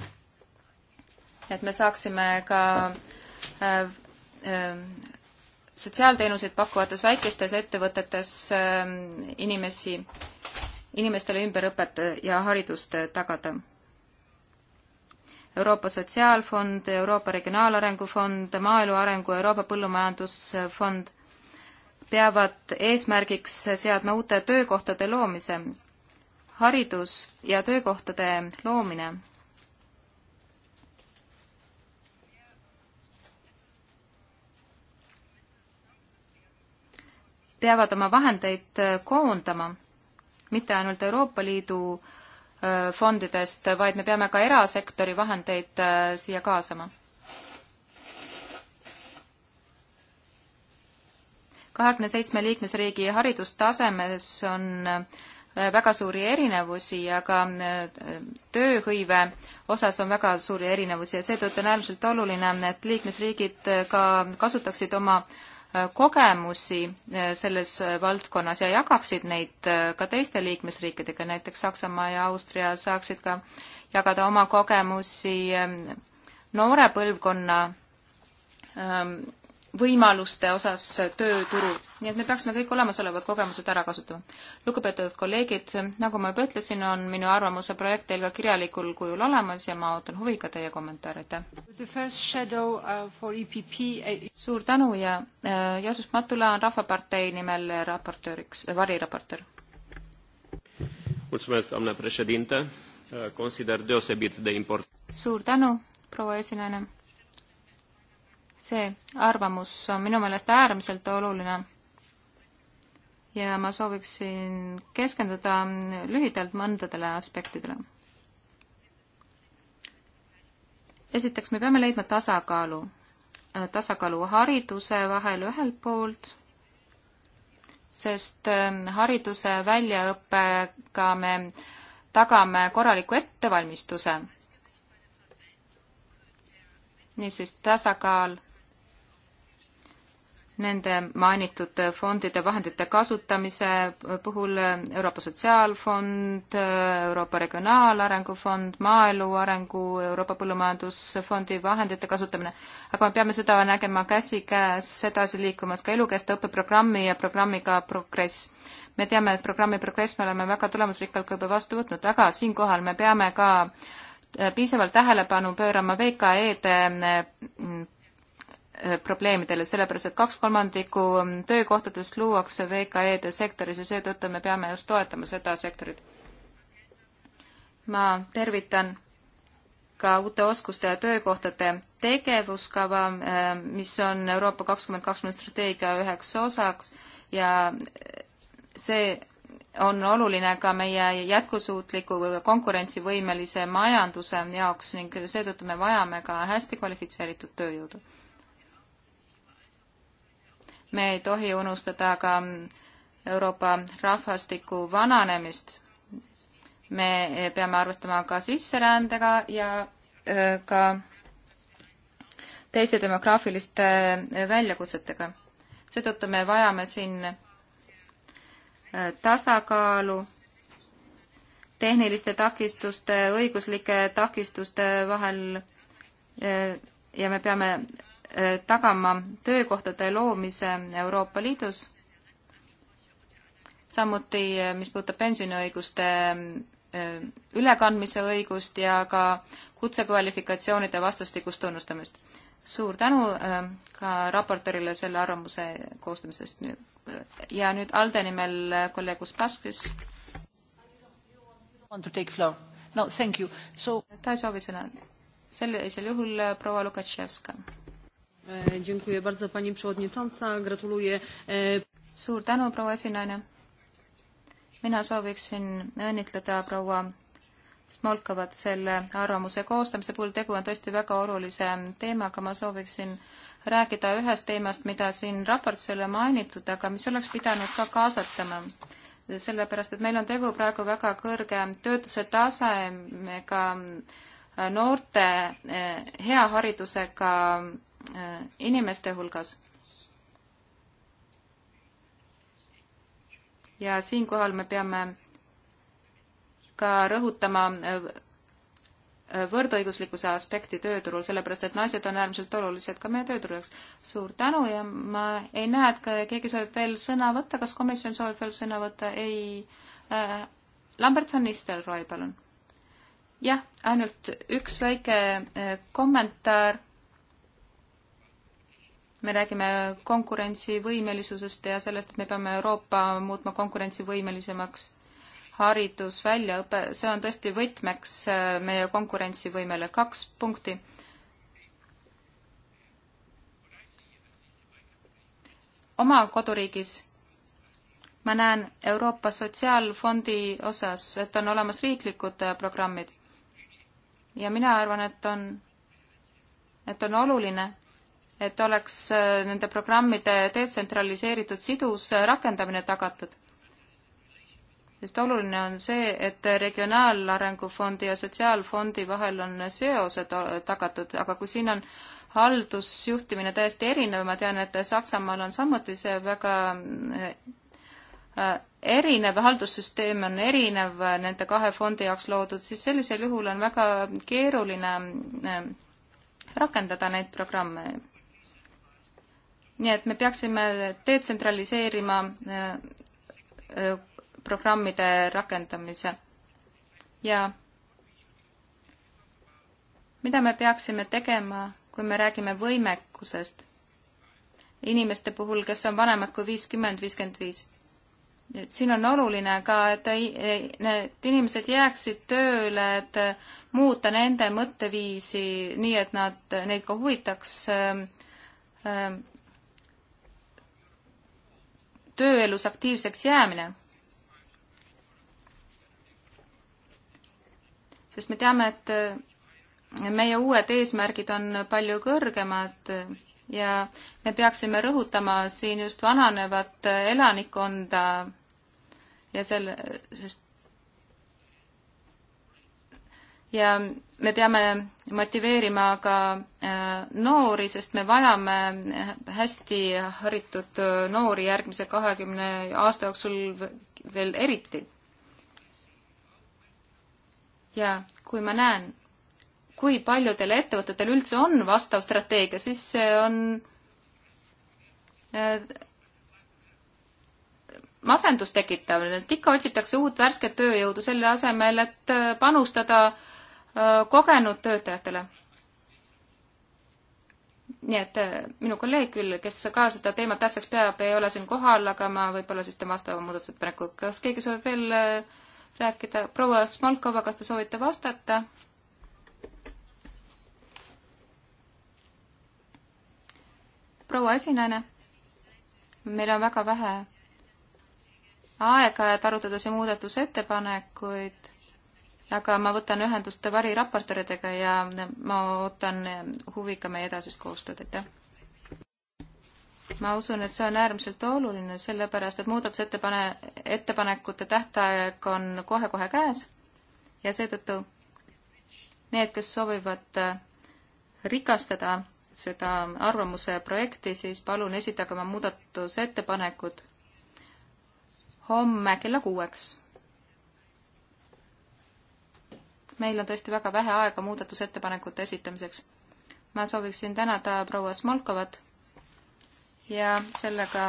Speaker 3: et me saaksime ka äh, äh, sotsiaalteenuseid pakkuvates väikestes ettevõtetes äh, inimesi, inimestele ümberõpet ja haridust tagada Euroopa Sotsiaalfond, Euroopa Regionaalarengu Fond, Maaelu Arengu, Euroopa Põllumajandusfond peavad eesmärgiks seadma uute töökohtade loomise. haridus ja töökohtade loomine peavad oma vahendeid koondama, mitte ainult Euroopa Liidu äh, Äh, fondidest, vaid me peame ka erasektori vahendeid äh, siia kaasama. kahekümne seitsme liikmesriigi haridustasemes on äh, väga suuri erinevusi ja ka tööhõive osas on väga suuri erinevusi ja seetõttu on äärmiselt oluline, et liikmesriigid ka kasutaksid oma äh, kogemusi eh, selles eh, valdkonnas ja jagaksid neid eh, ka teiste liikmesriikidega, näiteks Saksamaa ja Austria saaksid ka jagada oma kogemusi noore põlvkonna ehm, võimaluste osas tööturul. nii et me peaksime kõik olemasolevad kogemused ära kasutama. lugupeetud kolleegid, nagu ma juba ütlesin, on minu arvamuse projekt teil ka kirjalikul kujul olemas ja ma ootan huviga teie kommentaare, aitäh! Uh, e suur tänu ja äh, Joosep Matula on Rahvapartei nimel raportööriks, äh, variraportöör. suur tänu, proua esinaine! see arvamus on minu meelest äärmiselt oluline. ja ma sooviksin keskenduda lühidalt mõndadele aspektidele. esiteks, me peame leidma tasakaalu, tasakaalu hariduse vahel ühelt poolt, sest ähm, hariduse väljaõppega me tagame korraliku ettevalmistuse niisiis tasakaal nende mainitud fondide vahendite kasutamise puhul Euroopa Sotsiaalfond, Euroopa Regionaalarengu Fond, Maaelu Arengu, Euroopa Põllumajandusfondi vahendite kasutamine, aga me peame seda nägema käsikäes edasi liikumas ka elukestva õppeprogrammi ja programmiga Progress. me teame, et programmi Progress me oleme väga tulemusrikkalt ka juba vastu võtnud, aga siinkohal me peame ka piisavalt tähelepanu pöörama VKE-de Äh, probleemidele, sellepärast et kaks kolmandikku mm, töökohtadest luuakse VKE-de sektoris ja seetõttu me peame just toetama seda sektorit. ma tervitan ka uute oskuste ja töökohtade tegevuskava, äh, mis on Euroopa kakskümmend kakskümmend strateegia üheks osaks ja see on oluline ka meie jätkusuutliku konkurentsivõimelise majanduse jaoks ning seetõttu me vajame ka hästi kvalifitseeritud tööjõudu me ei tohi unustada ka Euroopa rahvastiku vananemist. me peame arvestama ka sisserändega ja äh, ka teiste demograafiliste äh, väljakutsetega. seetõttu me vajame siin äh, tasakaalu tehniliste takistuste, õiguslike takistuste vahel ja me peame Äh, tagama töökohtade loomise Euroopa Liidus, samuti äh, mis puudutab pensioniõiguste äh, ülekandmise õigust ja ka kutsekvalifikatsioonide vastastikust tunnustamist. suur tänu ka raportöörile selle arvamuse koostamisest. ja nüüd ALDE nimel kolleeg Uspaskis. No, thank you. So... Ta ei soovi sõna. sellisel juhul proua Lukatševska E, dziękuję bardzo, pani przewodnicząca, gratuluję. E, suur tänu, proua esinaine. mina sooviksin õnnitleda proua Smolkovat selle arvamuse koostamise puhul, tegu on tõesti väga olulise teemaga, ma sooviksin rääkida ühest teemast, mida siin raportis ei ole mainitud, aga mis oleks pidanud ka kaasatama. sellepärast, et meil on tegu praegu väga kõrge töötuse tasemega noorte eh, hea haridusega Äh, inimeste hulgas. ja siinkohal me peame ka rõhutama äh, äh, võrdõiguslikkuse aspekti tööturul, sellepärast et naised on äärmiselt olulised ka meie tööturu jaoks. suur tänu ja ma ei näe, et keegi soovib veel sõna võtta, kas komisjon soovib veel sõna võtta? ei. Lambert van Nistelrooy, palun. jah, ainult üks väike kommentaar me räägime konkurentsivõimelisusest ja sellest, et me peame Euroopa muutma konkurentsivõimelisemaks. haridus, väljaõpe, see on tõesti võtmeks äh, meie konkurentsivõimele. kaks punkti. oma koduriigis ma näen Euroopa Sotsiaalfondi osas, et on olemas riiklikud äh, programmid. ja mina arvan, et on, et on oluline, et oleks äh, nende programmide detsentraliseeritud sidus äh, rakendamine tagatud. sest oluline on see, et Regionaalarengu Fondi ja Sotsiaalfondi vahel on seosed äh, tagatud, aga kui siin on haldusjuhtimine täiesti erinev, ma tean, et Saksamaal on samuti see väga erinev haldussüsteem on erinev nende kahe fondi jaoks loodud, siis sellisel juhul on väga keeruline rakendada neid programme nii et me peaksime detsentraliseerima äh, äh, programmide rakendamise ja mida me peaksime tegema, kui me räägime võimekusest inimeste puhul, kes on vanemad kui viiskümmend, viiskümmend viis. et siin on oluline ka, et need inimesed jääksid tööle, et äh, muuta nende mõtteviisi nii, et nad, neid ka huvitaks äh, äh, tööelus aktiivseks jäämine. sest me teame, et äh, meie uued eesmärgid on palju kõrgemad ja me peaksime rõhutama siin just vananevat äh, elanikkonda ja selle, äh, sest ja me peame motiveerima ka äh, noori, sest me vajame hästi haritud äh, noori järgmise kahekümne aasta jooksul veel eriti. ja kui ma näen, kui paljudel ettevõtetel üldse on vastav strateegia, siis see on äh, masendust tekitav, et ikka otsitakse uut värsket tööjõudu selle asemel, et panustada äh, kogenud töötajatele. nii et äh, minu kolleeg küll, kes ka seda teemat tähtsaks peab, ei ole siin kohal, aga ma võib-olla siis teen vastava muudatusettepaneku. kas keegi soovib veel äh, rääkida? proua Smolkova, kas te soovite vastata? proua esinaine, meil on väga vähe aega, et arutada siin muudatusettepanekuid aga ma võtan ühendust variraportööridega ja ma ootan huviga meie edasist koostööd, aitäh! ma usun, et see on äärmiselt oluline, sellepärast et muudatusettepane-, ettepanekute tähtaeg on kohe-kohe käes ja seetõttu need, kes soovivad rikastada seda arvamuse projekti, siis palun esitage oma muudatusettepanekud homme kella kuueks meil on tõesti väga vähe aega muudatusettepanekute esitamiseks. ma sooviksin tänada proua Smolkovat ja sellega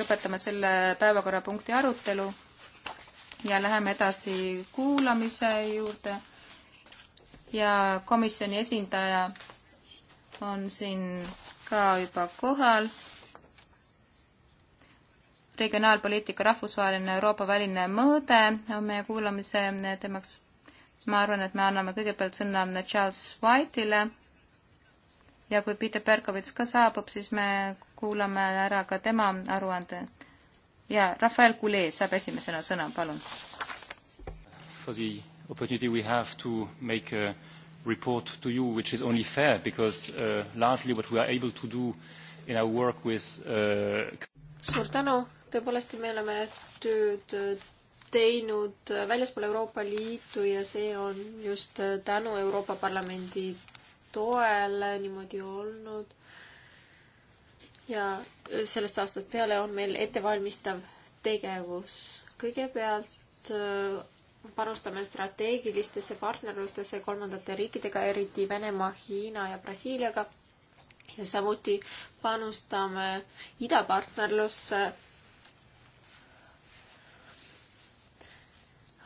Speaker 3: lõpetame selle päevakorrapunkti arutelu ja läheme edasi kuulamise juurde. ja komisjoni esindaja on siin ka juba kohal regionaalpoliitika rahvusvaheline Euroopa väline mõõde on meie kuulamise teemaks ma arvan, et me anname kõigepealt sõna Charles White'ile ja kui Peter Berkovits ka saabub, siis me kuulame ära ka tema aruande. ja Rafael Kulee saab esimesena sõna, palun.
Speaker 2: For the opportunity we have to make a report to you which is only fair because uh, largely what we are able to do in our work with uh...
Speaker 1: suur tänu, tõepoolest me oleme tööd teinud väljaspool Euroopa Liitu ja see on just tänu Euroopa Parlamendi toele niimoodi olnud. ja sellest aastast peale on meil ettevalmistav tegevus. kõigepealt äh, panustame strateegilistesse partnerlustesse kolmandate riikidega, eriti Venemaa, Hiina ja Brasiiliaga. ja samuti panustame idapartnerlusse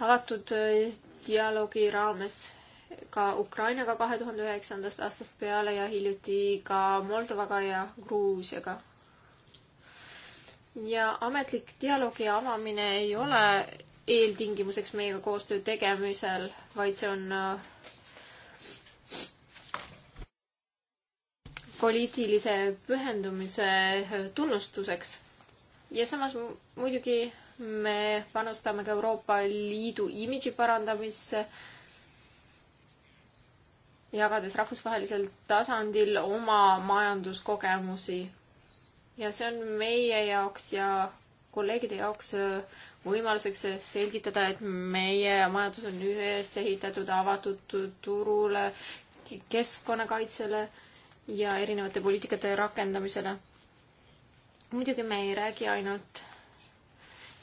Speaker 1: avatud äh, dialoogi raames ka Ukrainaga kahe tuhande üheksandast aastast peale ja hiljuti ka Moldovaga ja Gruusiaga. ja ametlik dialoogi avamine ei ole eeltingimuseks meiega koostöö tegemisel, vaid see on äh, poliitilise pühendumise tunnustuseks ja samas muidugi me panustame ka Euroopa Liidu imidži parandamisse, jagades rahvusvahelisel tasandil oma majanduskogemusi. ja see on meie jaoks ja kolleegide jaoks äh, võimaluseks äh, selgitada, et meie majandus on üles ehitatud avatud turule, keskkonnakaitsele ja erinevate poliitikate rakendamisele muidugi me ei räägi ainult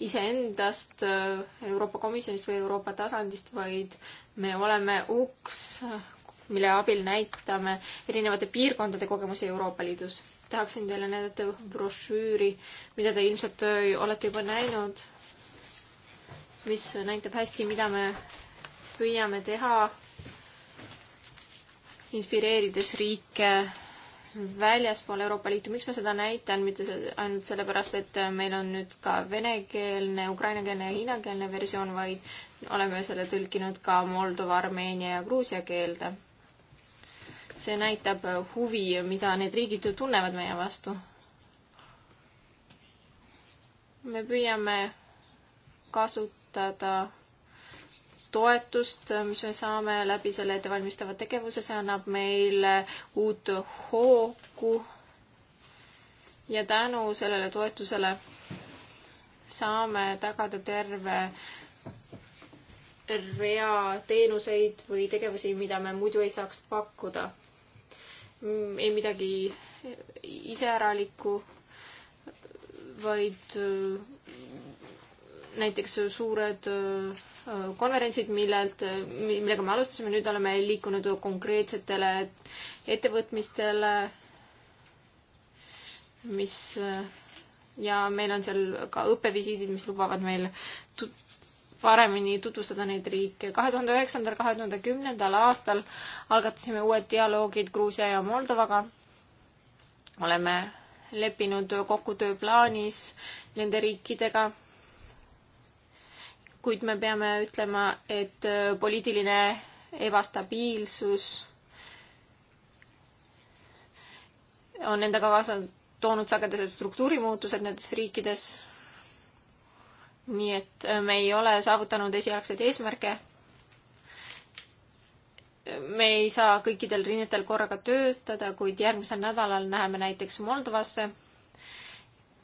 Speaker 1: iseendast, äh, Euroopa Komisjonist või Euroopa tasandist, vaid me oleme uks, mille abil näitame erinevate piirkondade kogemusi Euroopa Liidus. tahaksin teile näidata brošüüri, mida te ilmselt äh, olete juba näinud, mis näitab hästi, mida me püüame teha, inspireerides riike väljaspool Euroopa Liitu, miks ma seda näitan, mitte ainult sellepärast, et meil on nüüd ka venekeelne, ukrainakeelne ja hiinakeelne versioon, vaid oleme selle tõlkinud ka Moldova, Armeenia ja Gruusia keelde. see näitab huvi, mida need riigid tunnevad meie vastu. me püüame kasutada toetust, mis me saame läbi selle ettevalmistava tegevuse, see annab meile uut hoogu. ja tänu sellele toetusele saame tagada terve rea teenuseid või tegevusi, mida me muidu ei saaks pakkuda. Mm, ei midagi iseäralikku, vaid näiteks suured konverentsid, millelt, millega me alustasime, nüüd oleme liikunud konkreetsetele ettevõtmistele, mis ja meil on seal ka õppevisiidid, mis lubavad meil tut-, paremini tutvustada neid riike. kahe tuhande üheksandal, kahe tuhande kümnendal aastal algatasime uued dialoogid Gruusia ja Moldovaga. oleme leppinud kokku tööplaanis nende riikidega kuid me peame ütlema, et äh, poliitiline ebastabiilsus on endaga kaasa toonud sagedased struktuurimuutused nendes riikides. nii et äh, me ei ole saavutanud esialgseid eesmärke. me ei saa kõikidel rinnetel korraga töötada, kuid järgmisel nädalal läheme näiteks Moldovasse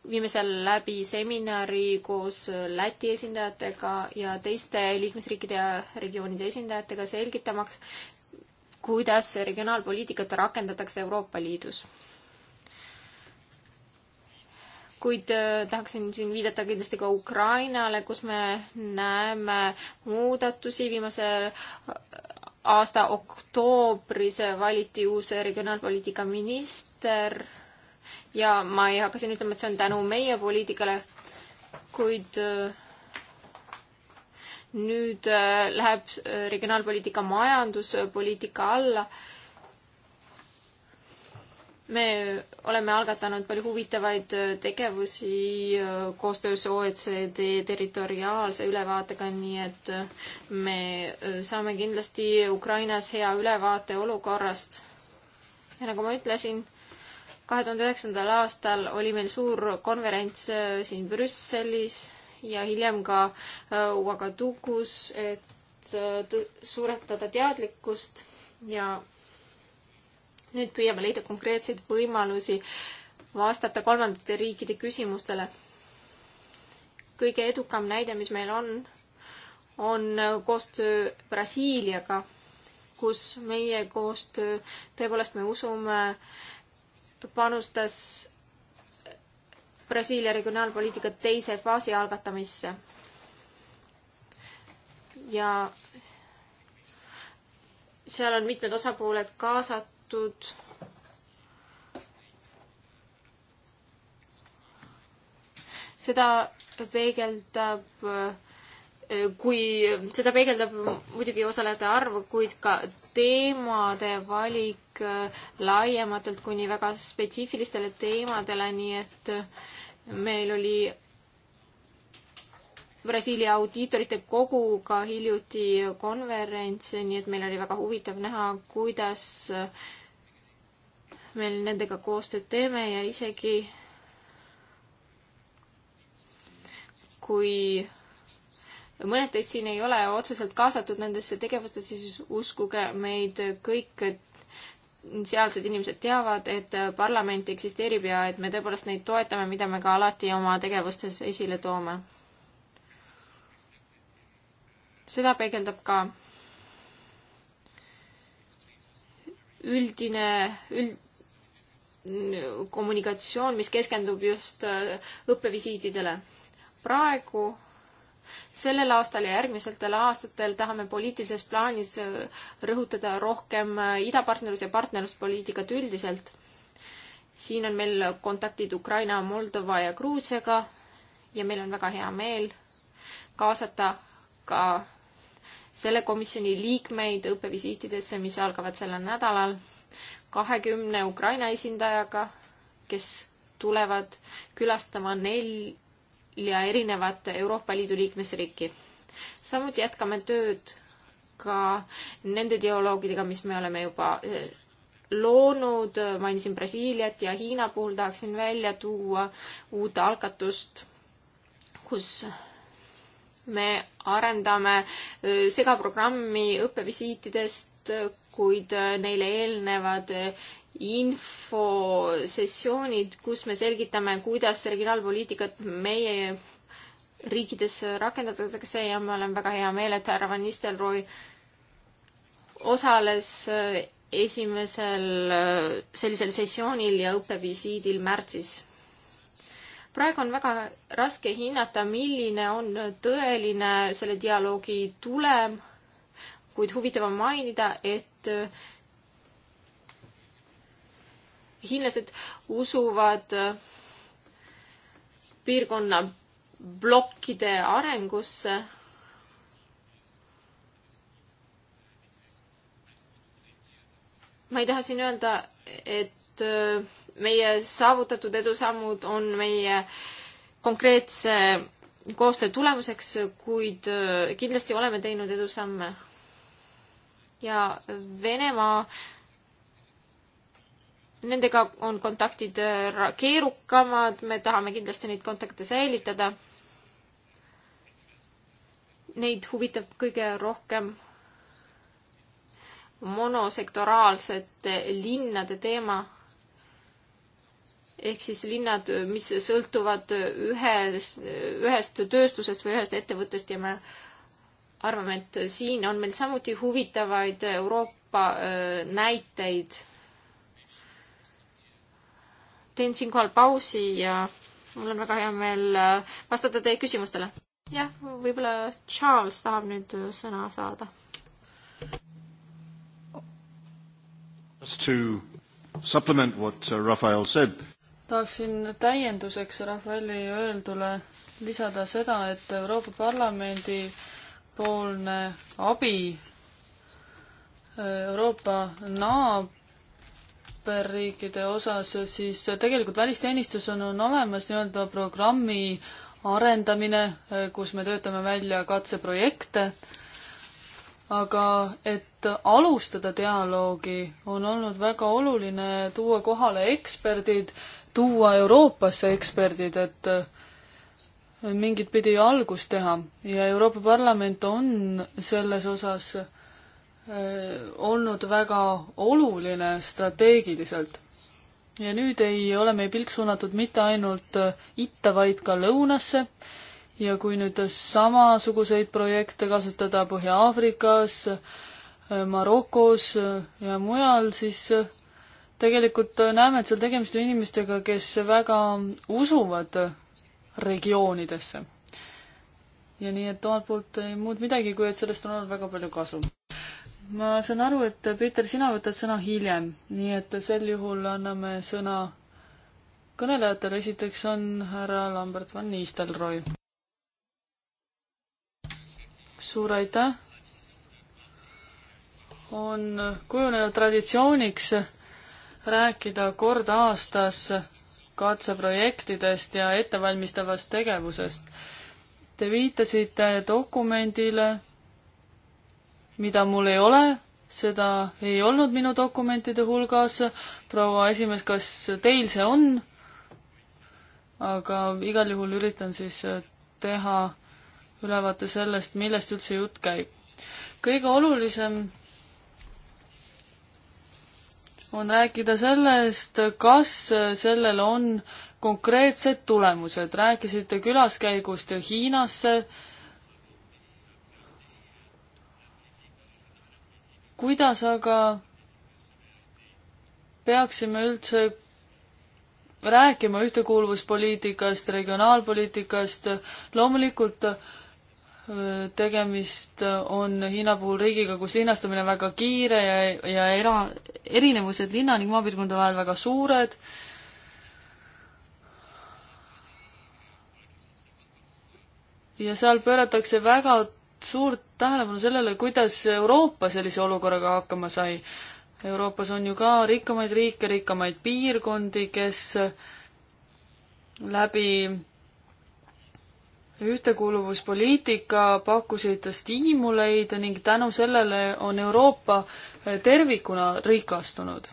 Speaker 1: viime seal läbi seminari koos Läti esindajatega ja teiste liikmesriikide ja regioonide esindajatega, selgitamaks, kuidas regionaalpoliitikat rakendatakse Euroopa Liidus kuid äh, tahaksin siin viidata kindlasti ka Ukrainale, kus me näeme muudatusi viimase äh, aasta oktoobris valiti uus regionaalpoliitika minister ja ma ei hakka siin ütlema, et see on tänu meie poliitikale, kuid äh, nüüd äh, läheb äh, regionaalpoliitika majanduspoliitika alla. me oleme algatanud palju huvitavaid tegevusi koostöös OECD territoriaalse ülevaatega, nii et me saame kindlasti Ukrainas hea ülevaate olukorrast. ja nagu ma ütlesin kahe tuhande üheksandal aastal oli meil suur konverents äh, siin Brüsselis ja hiljem ka äh, Ouagadougous, et äh, suuretada teadlikkust ja nüüd püüame leida konkreetseid võimalusi vastata kolmandate riikide küsimustele. kõige edukam näide, mis meil on, on koostöö Brasiiliaga, kus meie koostöö, tõepoolest me usume äh, panustas Brasiilia regionaalpoliitika teise faasi algatamisse. ja seal on mitmed osapooled kaasatud. seda peegeldab, kui, seda peegeldab muidugi osalejate arv, kuid ka teemade valik kõik äh, laiematelt kuni väga spetsiifilistele teemadele, nii et äh, meil oli Brasiilia audiitorite koguga hiljuti konverents, nii et meil oli väga huvitav näha, kuidas äh, meil nendega koostööd teeme ja isegi kui mõned teist siin ei ole otseselt kaasatud nendesse tegevustesse, siis uskuge meid, kõik sealsed inimesed teavad, et parlament eksisteerib ja et me tõepoolest neid toetame, mida me ka alati oma tegevustes esile toome. seda peegeldab ka üldine, üld-, kommunikatsioon, mis keskendub just õppevisiitidele. praegu sellel aastal ja järgmisetel aastatel tahame poliitilises plaanis äh, rõhutada rohkem äh, idapartnerlus- ja partnerluspoliitikat üldiselt. siin on meil kontaktid Ukraina, Moldova ja Gruusiaga ja meil on väga hea meel kaasata ka selle komisjoni liikmeid õppevisiitidesse, mis algavad sellel nädalal kahekümne Ukraina esindajaga, kes tulevad külastama nel-, ja erinevat Euroopa Liidu liikmesriiki. samuti jätkame tööd ka nende dialoogidega, mis me oleme juba eh, loonud, mainisin Brasiiliat ja Hiina puhul tahaksin välja tuua uut algatust, kus me arendame eh, segaprogrammi õppevisiitidest, kuid eh, neile eelnevad infosessioonid, kus me selgitame, kuidas regionaalpoliitikat meie riikides rakendatakse ja ma olen väga hea meel, et härra Van Nistelrooy osales äh, esimesel äh, sellisel sessioonil ja õppevisiidil märtsis. praegu on väga raske hinnata, milline on tõeline selle dialoogi tulem, kuid huvitav on mainida, et äh, hiinlased usuvad äh, piirkonna plokkide arengusse. ma ei taha siin öelda, et äh, meie saavutatud edusammud on meie konkreetse koostöö tulemuseks, kuid äh, kindlasti oleme teinud edusamme. ja Venemaa nendega on kontaktid äh, keerukamad, me tahame kindlasti neid kontakte säilitada. Neid huvitab kõige rohkem monosektoraalsete linnade teema. ehk siis linnad, mis sõltuvad ühest, ühest tööstusest või ühest ettevõttest ja me arvame, et siin on meil samuti huvitavaid Euroopa äh, näiteid teen siinkohal pausi ja mul on väga hea meel äh, vastata teie küsimustele. jah, võib-olla Charles tahab nüüd äh, sõna saada.
Speaker 3: Just to supplement what uh, Rafael said.
Speaker 2: tahaksin täienduseks Rafaeli öeldule lisada seda, et Euroopa Parlamendi poolne abi äh, Euroopa naab-, naaberriikide osas, siis tegelikult välisteenistus on, on olemas nii-öelda programmi arendamine, kus me töötame välja katseprojekte, aga et alustada dialoogi, on olnud väga oluline tuua kohale eksperdid, tuua Euroopasse eksperdid, et mingit pidi algust teha ja Euroopa Parlament on selles osas Äh, olnud väga oluline strateegiliselt. ja nüüd ei ole meie pilk suunatud mitte ainult äh, itta, vaid ka lõunasse ja kui nüüd samasuguseid projekte kasutada Põhja-Aafrikas, äh, Marokos ja mujal, siis tegelikult näeme, et seal tegemist on inimestega, kes väga usuvad regioonidesse. ja nii, et omalt poolt ei muud midagi, kui et sellest on olnud väga palju kasu ma saan aru, et Peeter, sina võtad sõna hiljem, nii et sel juhul anname sõna kõnelejatele. esiteks on härra Lambert van Nistelrooy. suur aitäh! on kujunenud traditsiooniks rääkida kord aastas katseprojektidest ja ettevalmistavast tegevusest. Te viitasite dokumendile, mida mul ei ole, seda ei olnud minu dokumentide hulgas. proua esimees, kas teil see on? aga igal juhul üritan siis äh, teha ülevaate sellest, millest üldse jutt käib. kõige olulisem on rääkida sellest, kas sellel on konkreetsed tulemused. rääkisite külaskäigust Hiinasse äh, kuidas aga peaksime üldse rääkima ühtekuuluvuspoliitikast, regionaalpoliitikast, loomulikult äh, tegemist on Hiina puhul riigiga, kus linnastumine on väga kiire ja, ja era-, erinevused linna ning maapiirkonda vahel väga suured. ja seal pööratakse väga suurt tähelepanu sellele, kuidas Euroopa sellise olukorraga hakkama sai. Euroopas on ju ka rikkamaid riike, rikkamaid piirkondi, kes läbi ühtekuuluvuspoliitika pakkusid stiimuleid ning tänu sellele on Euroopa tervikuna rikastunud.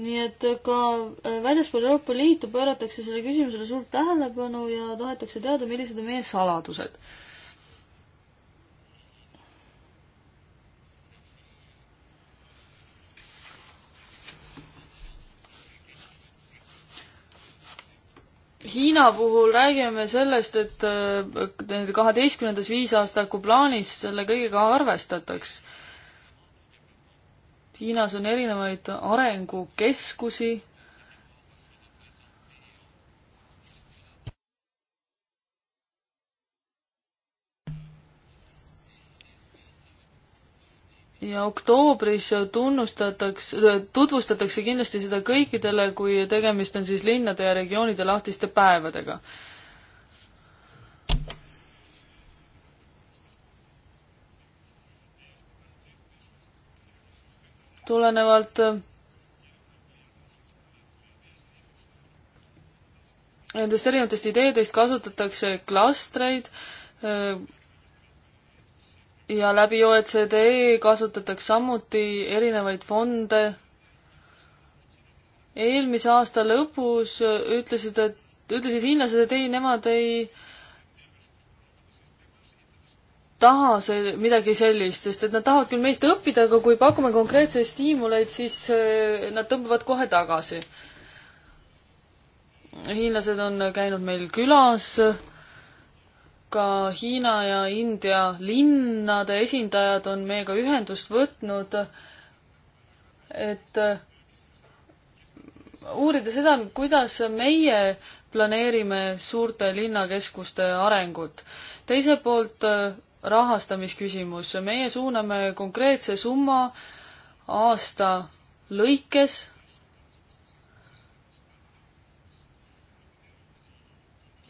Speaker 2: nii et ka äh, väljaspool Euroopa Liitu pööratakse selle küsimusele suurt tähelepanu ja tahetakse teada, millised on meie saladused. Hiina puhul räägime sellest, et äh, kaheteistkümnendas viisaastaku plaanis selle kõigega arvestataks Hiinas on erinevaid arengukeskusi, ja oktoobris tunnustatakse, tutvustatakse kindlasti seda kõikidele, kui tegemist on siis linnade ja regioonide lahtiste päevadega. tulenevalt äh, nendest erinevatest ideedest kasutatakse klastreid äh, ja läbi OECD kasutatakse samuti erinevaid fonde. eelmise aasta lõpus äh, ütlesid, et, ütlesid hiinlased, et ei, nemad ei äh, taha see, midagi sellist, sest et nad tahavad küll meist õppida, aga kui pakume konkreetseid stiimuleid, siis äh, nad tõmbavad kohe tagasi. hiinlased on käinud meil külas, ka Hiina ja India linnade esindajad on meiega ühendust võtnud, et äh, uurida seda, kuidas meie planeerime suurte linnakeskuste arengut. teiselt poolt äh, rahastamisküsimus. meie suuname konkreetse summa aasta lõikes.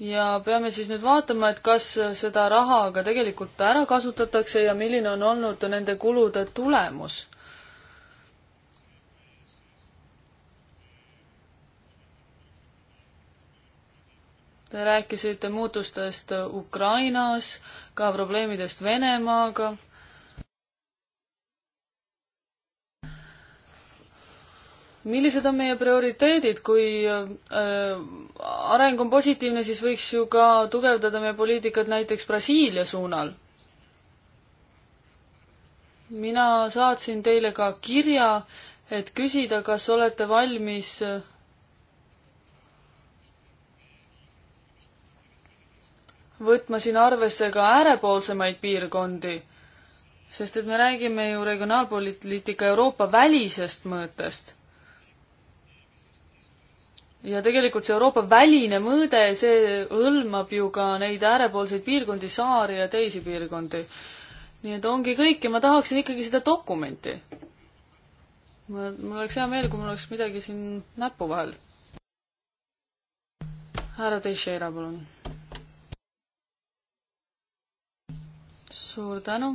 Speaker 2: ja peame siis nüüd vaatama, et kas seda raha ka tegelikult ära kasutatakse ja milline on olnud nende kulude tulemus Te rääkisite muutustest Ukrainas, ka probleemidest Venemaaga. millised on meie prioriteedid, kui äh, areng on positiivne, siis võiks ju ka tugevdada meie poliitikat näiteks Brasiilia suunal. mina saatsin teile ka kirja, et küsida, kas olete valmis äh, võtma siin arvesse ka äärepoolsemaid piirkondi, sest et me räägime ju regionaalpoliitika Euroopa välisest mõõtest. ja tegelikult see Euroopa väline mõõde, see hõlmab ju ka neid äärepoolseid piirkondi, saari ja teisi piirkondi. nii et ongi kõik ja ma tahaksin ikkagi seda dokumenti. mul oleks hea meel, kui mul oleks midagi siin näpu vahel. härra Teixeira, palun suur tänu.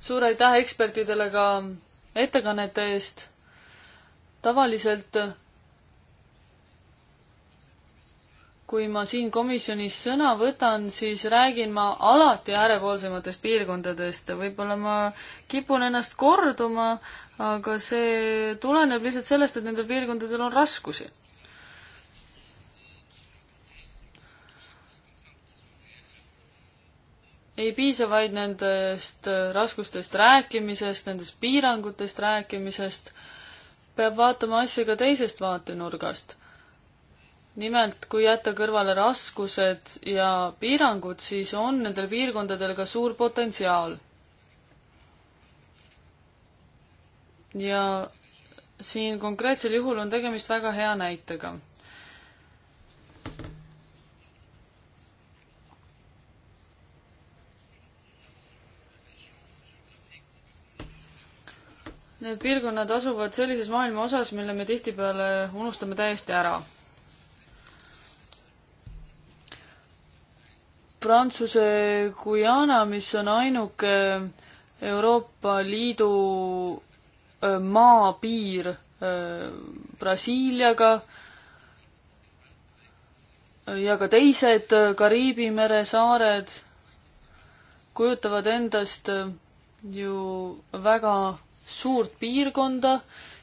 Speaker 2: suur aitäh ekspertidele ka ettekannete eest. tavaliselt kui ma siin komisjonis sõna võtan, siis räägin ma alati äärepoolsematest piirkondadest, võib-olla ma kipun ennast korduma, aga see tuleneb lihtsalt sellest, et nendel piirkondadel on raskusi. ei piisa vaid nendest raskustest rääkimisest, nendest piirangutest rääkimisest, peab vaatama asja ka teisest vaatenurgast nimelt, kui jätta kõrvale raskused ja piirangud, siis on nendel piirkondadel ka suur potentsiaal. ja siin konkreetsel juhul on tegemist väga hea näitega Need piirkonnad asuvad sellises maailma osas, mille me tihtipeale unustame täiesti ära. Prantsuse Guyana, mis on ainuke äh, Euroopa Liidu äh, maapiir äh, Brasiiliaga ja ka teised Kariibi mere saared kujutavad endast ju väga suurt piirkonda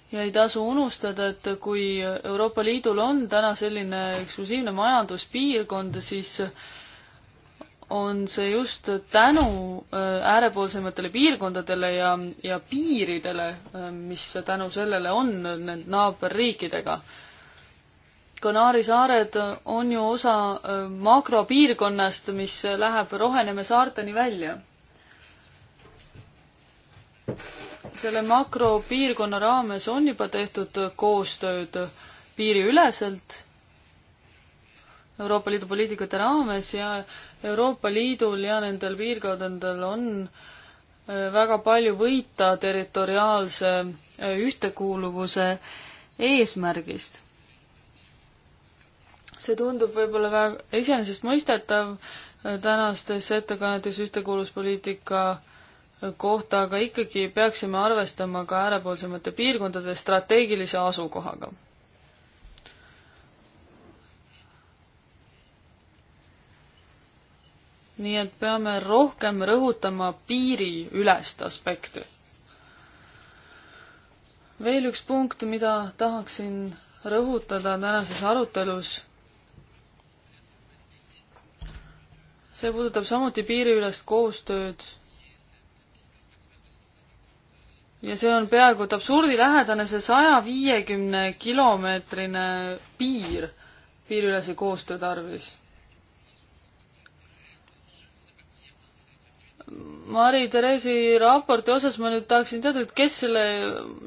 Speaker 2: ja ei tasu unustada, et kui Euroopa Liidul on täna selline eksklusiivne majanduspiirkond, siis äh, on see just tänu äh, äärepoolsematele piirkondadele ja, ja piiridele, äh, mis tänu sellele on need naaberriikidega. Kanaari saared on ju osa äh, makropiirkonnast, mis läheb Roheneme saarteni välja. selle makropiirkonna raames on juba tehtud koostööd piiriüleselt Euroopa Liidu poliitikate raames ja Euroopa Liidul ja nendel piirkondadel on äh, väga palju võita territoriaalse äh, ühtekuuluvuse eesmärgist. see tundub võib-olla väga iseenesestmõistetav äh, tänastes ettekannetes ühtekuuluvuspoliitika kohta, aga ikkagi peaksime arvestama ka äärepoolsemate piirkondade strateegilise asukohaga nii et peame rohkem rõhutama piiriülest aspekti. veel üks punkt, mida tahaksin rõhutada tänases arutelus. see puudutab samuti piiriülest koostööd ja see on peaaegu et absurdilähedane, see saja viiekümne kilomeetrine piir piiriülese koostöö tarvis. Mari-Theresi raporti osas ma nüüd tahaksin teada, et kes selle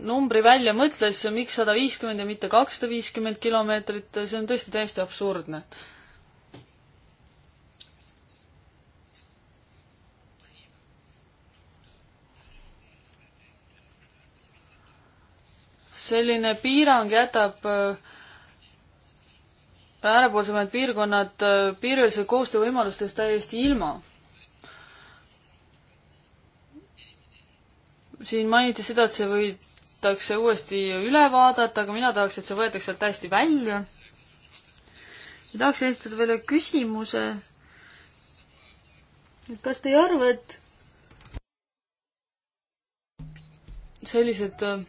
Speaker 2: numbri välja mõtles ja miks sada viiskümmend ja mitte kakssada viiskümmend kilomeetrit, see on tõesti täiesti absurdne. selline piirang jätab äh, äärepoolsemad piirkonnad äh, piiriülese koostöövõimalustest täiesti ilma siin mainiti seda, et see võidakse uuesti üle vaadata, aga mina tahaks, et see võetakse sealt hästi välja. ja tahaks esitada veel ühe küsimuse. et kas te ei arva, et sellised äh,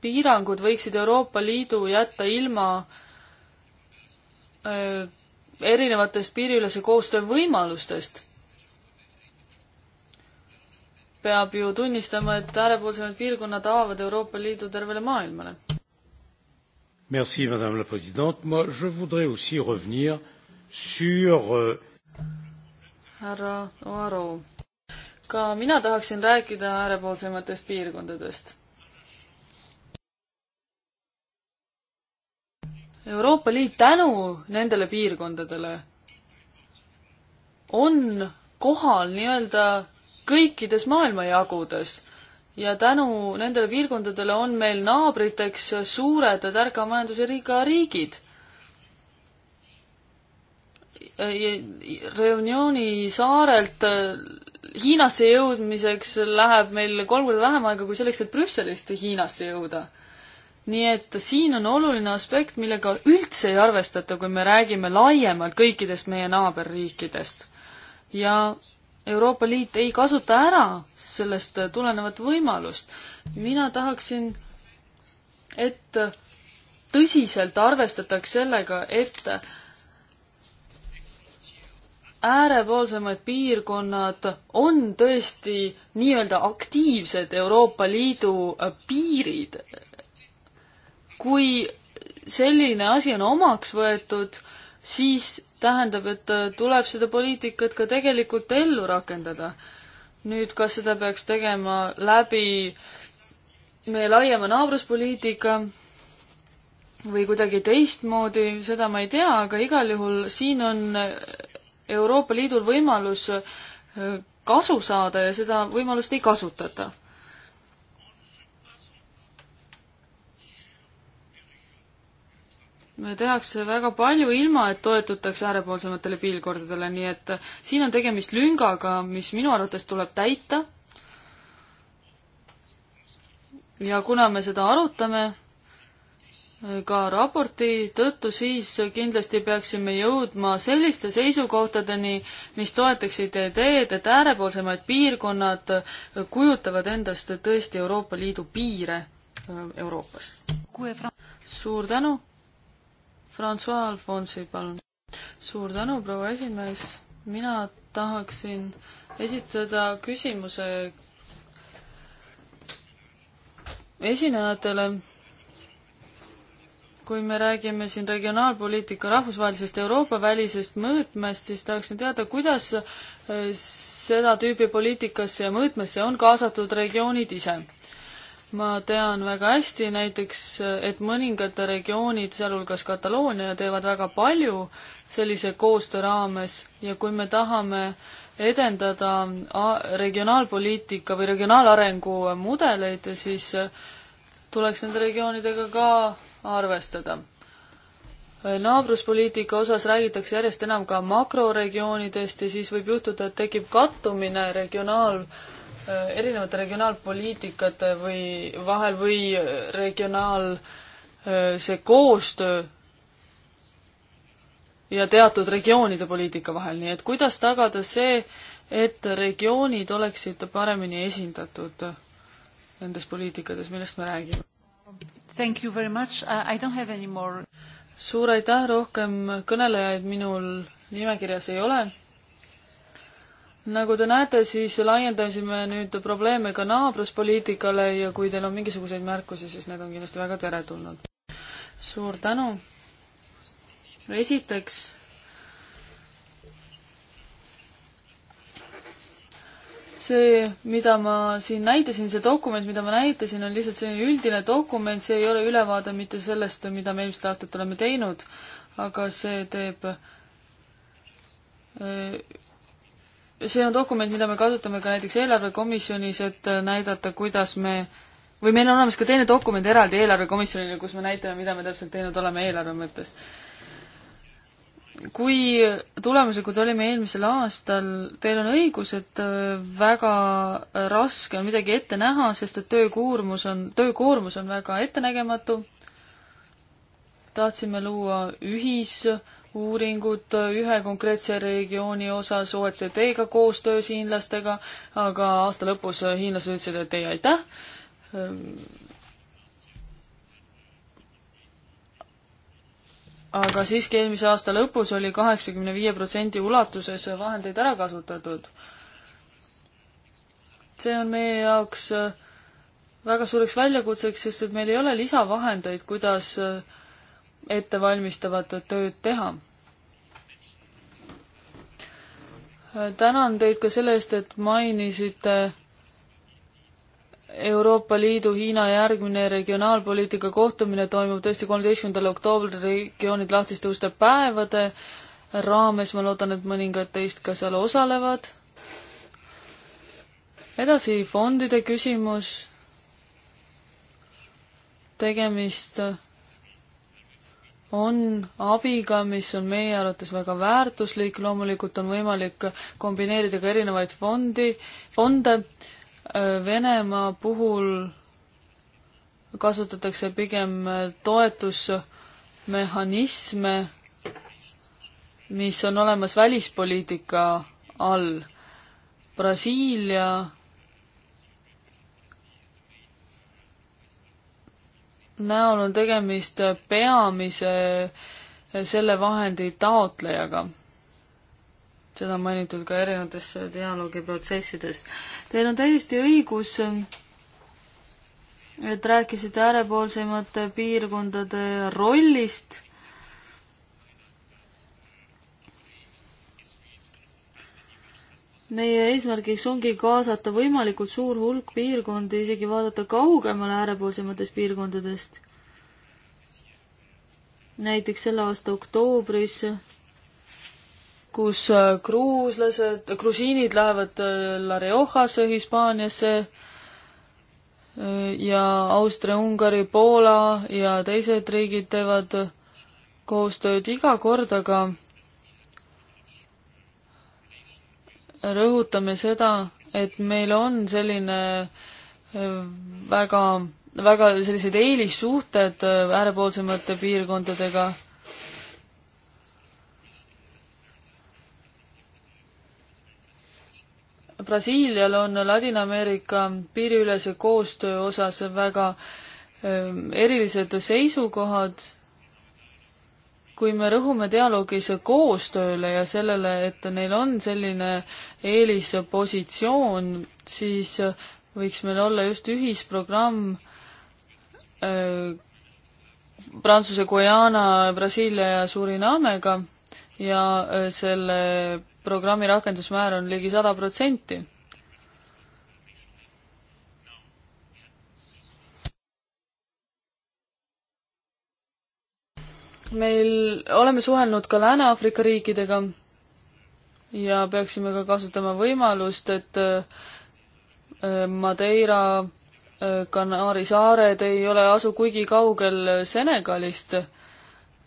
Speaker 2: piirangud võiksid Euroopa Liidu jätta ilma äh, erinevatest piiriülese koostöö võimalustest peab ju tunnistama, et äärepoolsemad piirkonnad avavad Euroopa Liidu tervele maailmale.
Speaker 3: Merci, madame la présidente. Moi, je voudrais aussi revenir sur euh,
Speaker 2: härra Oaro, ka mina tahaksin rääkida äärepoolsematest piirkondadest. Euroopa Liit tänu nendele piirkondadele on kohal nii-öelda kõikides maailmajagudes. ja tänu nendele piirkondadele on meil naabriteks suured targa majandusega riigid. Reunioni saarelt Hiinasse jõudmiseks läheb meil kolm korda vähem aega kui selleks, et Brüsselist Hiinasse jõuda. nii et siin on oluline aspekt, millega üldse ei arvestata, kui me räägime laiemalt kõikidest meie naaberriikidest. ja Euroopa Liit ei kasuta ära sellest tulenevat võimalust. mina tahaksin, et tõsiselt arvestataks sellega, et äärepoolsemad piirkonnad on tõesti nii-öelda aktiivsed Euroopa Liidu piirid. kui selline asi on omaks võetud, siis tähendab, et äh, tuleb seda poliitikat ka tegelikult ellu rakendada. nüüd, kas seda peaks tegema läbi meie laiema naabruspoliitika või kuidagi teistmoodi, seda ma ei tea, aga igal juhul siin on Euroopa Liidul võimalus äh, kasu saada ja seda võimalust ei kasutata tehakse väga palju, ilma et toetutakse äärepoolsematele piirkordadele, nii et siin on tegemist lüngaga, mis minu arvates tuleb täita. ja kuna me seda arutame äh, ka raporti tõttu, siis kindlasti peaksime jõudma selliste seisukohtadeni, mis toetaksid ideed, et äärepoolsemad piirkonnad äh, kujutavad endast tõesti Euroopa Liidu piire äh, Euroopas. suur tänu! Francois Alfonsi, palun. suur tänu, proua esimees. mina tahaksin esitada küsimuse esinejatele. kui me räägime siin regionaalpoliitika rahvusvahelisest Euroopa välisest mõõtmest, siis tahaksin teada, kuidas eh, seda tüüpi poliitikasse ja mõõtmesse on kaasatud regioonid ise ma tean väga hästi näiteks, et mõningad regioonid, sealhulgas Kataloonia, teevad väga palju sellise koostöö raames ja kui me tahame edendada regionaalpoliitika või regionaalarengu mudeleid, siis tuleks nende regioonidega ka arvestada. naabruspoliitika osas räägitakse järjest enam ka makroregioonidest ja siis võib juhtuda, et tekib kattumine regionaal- Äh, erinevate regionaalpoliitikate või vahel või äh, regionaal äh, see koostöö ja teatud regioonide poliitika vahel, nii et kuidas tagada see, et regioonid oleksid paremini esindatud nendes poliitikates, millest me räägime? Thank you very much, uh, I don't have any more suur aitäh, rohkem kõnelejaid minul nimekirjas ei ole nagu te näete, siis laiendasime nüüd probleeme ka naabruspoliitikale ja kui teil on mingisuguseid märkusi, siis need on kindlasti väga teretulnud. suur tänu. esiteks see, mida ma siin näitasin, see dokument, mida ma näitasin, on lihtsalt selline üldine dokument, see ei ole ülevaade mitte sellest, mida me eelmistel aastatel oleme teinud, aga see teeb see on dokument, mida me kasutame ka näiteks eelarvekomisjonis, et näidata, kuidas me või meil on olemas ka teine dokument eraldi eelarvekomisjonile, kus me näitame, mida me täpselt teinud oleme eelarve mõttes. kui tulemuslikud olime eelmisel aastal, teil on õigus, et äh, väga raske on midagi ette näha, sest et töökoormus on, töökoormus on väga ettenägematu. tahtsime luua ühis- uuringut ühe konkreetse regiooni osas OECD-ga koostöös hiinlastega, aga aasta lõpus hiinlased ütlesid, et ei, aitäh. aga siiski eelmise aasta lõpus oli kaheksakümne viie protsendi ulatuses vahendeid ära kasutatud. see on meie jaoks väga suureks väljakutseks, sest et meil ei ole lisavahendeid, kuidas äh, ettevalmistavat tööd teha. tänan teid ka selle eest, et mainisite Euroopa Liidu Hiina järgmine regionaalpoliitika kohtumine toimub tõesti kolmeteistkümnendal oktoobril regioonid lahtiste uste päevade raames, ma loodan, et mõningad teist ka seal osalevad. edasi fondide küsimus. tegemist on abiga, mis on meie arvates väga väärtuslik, loomulikult on võimalik kombineerida ka erinevaid fondi, fonde. Äh, Venemaa puhul kasutatakse pigem toetusmehhanisme, mis on olemas välispoliitika all. Brasiilia näol on tegemist peamise eh, selle vahendi taotlejaga. seda on mainitud ka erinevates dialoogiprotsessides. Teil on täiesti õigus, et rääkisite äärepoolsemate piirkondade rollist meie eesmärgiks ongi kaasata võimalikult suur hulk piirkondi, isegi vaadata kaugemale äärepoolsematest piirkondadest. näiteks selle aasta oktoobris, kus gruuslased, äh, grusiinid lähevad äh, La Riojasse Hispaaniasse äh, ja Austria-Ungari, Poola ja teised riigid teevad koostööd iga kord, aga rõhutame seda, et meil on selline äh, väga, väga sellised eelissuhted äh, äärepoolsemate piirkondadega. Brasiilial on Ladina-Ameerika piiriülese koostöö osas väga äh, erilised seisukohad kui me rõhume dialoogis koostööle ja sellele, et neil on selline eelispositsioon, siis võiks meil olla just ühisprogramm äh, Prantsuse Guyana, Brasiilia ja Surinamega ja äh, selle programmi rakendusmäär on ligi sada protsenti meil, oleme suhelnud ka Lääne-Aafrika riikidega ja peaksime ka kasutama võimalust, et äh, Madeira, äh, Kanaari saared ei ole, asu kuigi kaugel Senegalist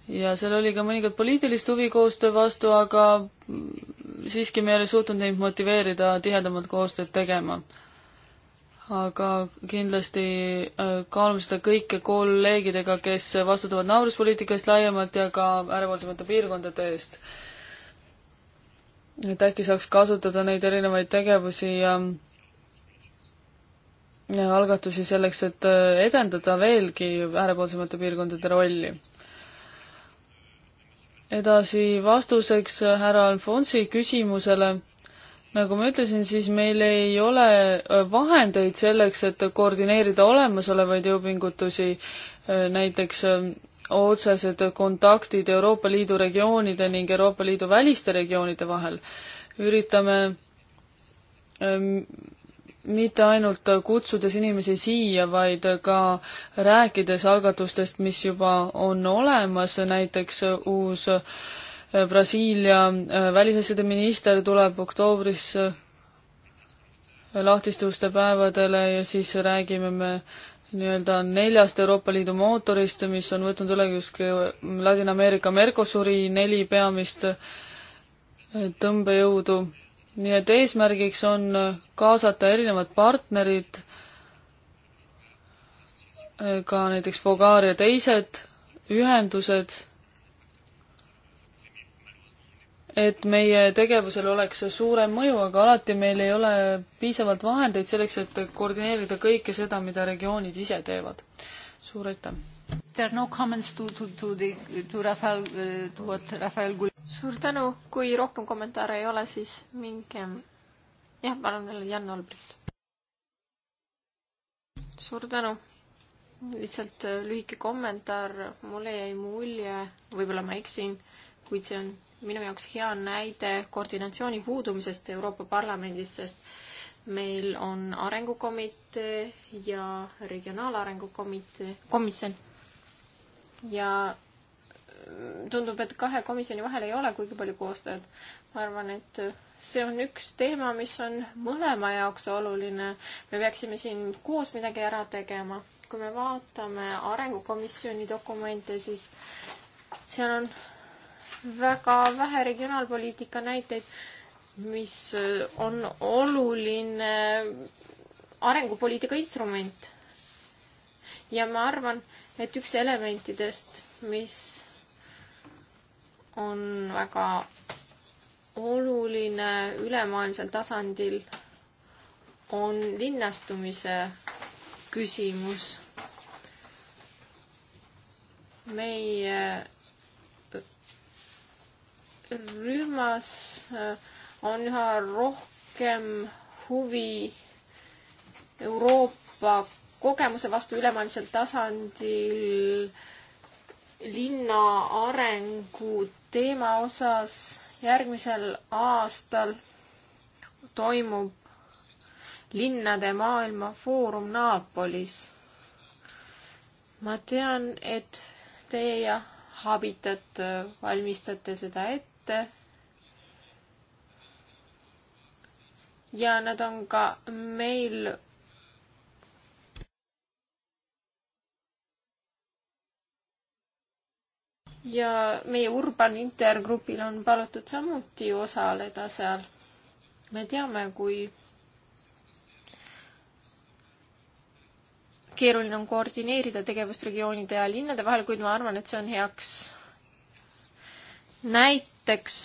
Speaker 2: ja seal oli ka mõningat poliitilist huvi koostöö vastu, aga mm, siiski me ei ole suutnud neid motiveerida tihedamat koostööd tegema aga kindlasti äh, kaalume seda kõike kolleegidega, kes vastutavad naabruspoliitika eest laiemalt ja ka äärepoolsemate piirkondade eest. et äkki saaks kasutada neid erinevaid tegevusi ja, ja algatusi selleks, et äh, edendada veelgi äärepoolsemate piirkondade rolli. edasi vastuseks härra Alfonsi küsimusele nagu ma ütlesin, siis meil ei ole äh, vahendeid selleks, et koordineerida olemasolevaid jõupingutusi, äh, näiteks ähm, otsesed kontaktid Euroopa Liidu regioonide ning Euroopa Liidu väliste regioonide vahel. üritame ähm, mitte ainult kutsudes inimesi siia, vaid ka rääkides algatustest, mis juba on olemas, näiteks uus äh, Äh, Brasiilia äh, välisasjade minister tuleb oktoobris äh, lahtiste uste päevadele ja siis räägime me nii-öelda neljast Euroopa Liidu mootorist, mis on võtnud üle just Ladina-Ameerika Mercosuri neli peamist tõmbejõudu. nii et eesmärgiks on kaasata erinevad partnerid, ka näiteks Fogar ja teised ühendused et meie tegevusel oleks suurem mõju, aga alati meil ei ole piisavalt vahendeid selleks, et koordineerida kõike seda, mida regioonid ise teevad. suur aitäh! Uh,
Speaker 1: suur tänu, kui rohkem kommentaare ei ole, siis minge. jah, palun veel Jan Albrecht. suur tänu! lihtsalt uh, lühike kommentaar, mulle jäi mulje, võib-olla ma eksin, kuid see on minu jaoks hea näide koordinatsiooni puudumisest Euroopa Parlamendis, sest meil on arengukomitee ja regionaalarengukomitee, komisjon. ja mm, tundub, et kahe komisjoni vahel ei ole kuigi palju koostööd. ma arvan, et see on üks teema, mis on mõlema jaoks oluline. me peaksime siin koos midagi ära tegema. kui me vaatame arengukomisjoni dokumente, siis seal on väga vähe regionaalpoliitika näiteid, mis on oluline arengupoliitika instrument. ja ma arvan, et üks elementidest, mis on väga oluline ülemaailmsel tasandil, on linnastumise küsimus. meie rühmas äh, on üha rohkem huvi Euroopa kogemuse vastu ülemaailmsel tasandil linna arengu teema osas järgmisel aastal toimub linnade maailmafoorum Naapolis. ma tean, et teie ja Habitat äh, valmistate seda ette ette. ja nad on ka meil ja meie Urban Intergrupil on palutud samuti osaleda seal. me teame, kui keeruline on koordineerida tegevust regioonide ja linnade vahel, kuid ma arvan, et see on heaks näiteks näiteks,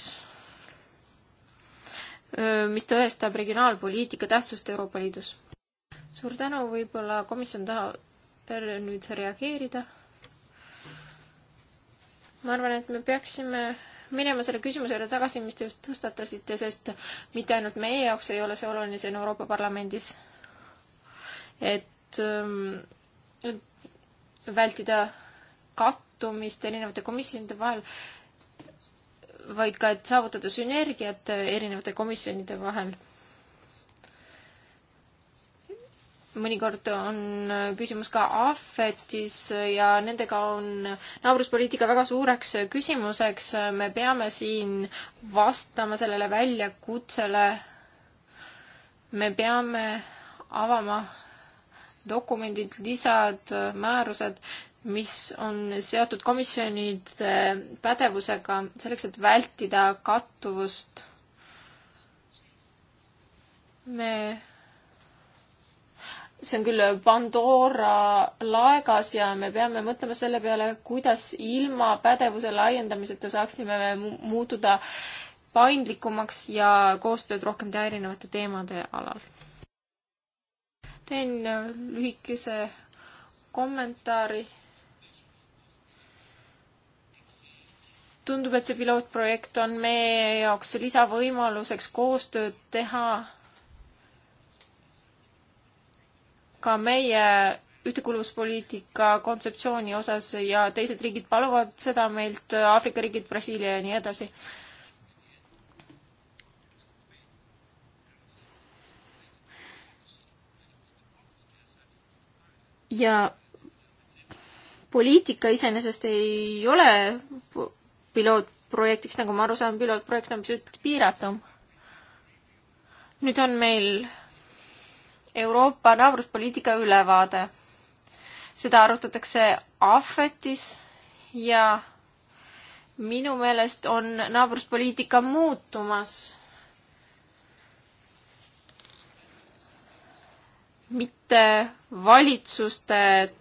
Speaker 1: mis tõestab regionaalpoliitika tähtsust Euroopa Liidus. suur tänu, võib-olla komisjon tahab nüüd reageerida. ma arvan, et me peaksime minema selle küsimuse juurde tagasi, mis te just tõstatasite, sest mitte ainult meie jaoks ei ole see oluline siin Euroopa Parlamendis, et vältida kattumist erinevate komisjonide vahel, vaid ka, et saavutada sünergiat erinevate komisjonide vahel. mõnikord on küsimus ka ahvetis ja nendega on naabruspoliitika väga suureks küsimuseks. me peame siin vastama sellele väljakutsele. me peame avama dokumendid, lisad, määrused, mis on seotud komisjonide pädevusega selleks, et vältida kattuvust. me, see on küll Pandora laegas ja me peame mõtlema selle peale, kuidas ilma pädevuse laiendamiseta saaksime me muutuda paindlikumaks ja koostööd rohkem teha erinevate teemade alal. teen lühikese kommentaari tundub, et see pilootprojekt on meie jaoks lisavõimaluseks koostööd teha ka meie ühtekuuluvuspoliitika kontseptsiooni osas ja teised riigid paluvad seda meilt, Aafrika riigid, Brasiilia ja nii edasi. ja poliitika iseenesest ei ole pilootprojektiks, nagu ma aru saan, pilootprojekt on pisut piiratum. nüüd on meil Euroopa naabruspoliitika ülevaade. seda arutatakse ahvetis ja minu meelest on naabruspoliitika muutumas. mitte valitsuste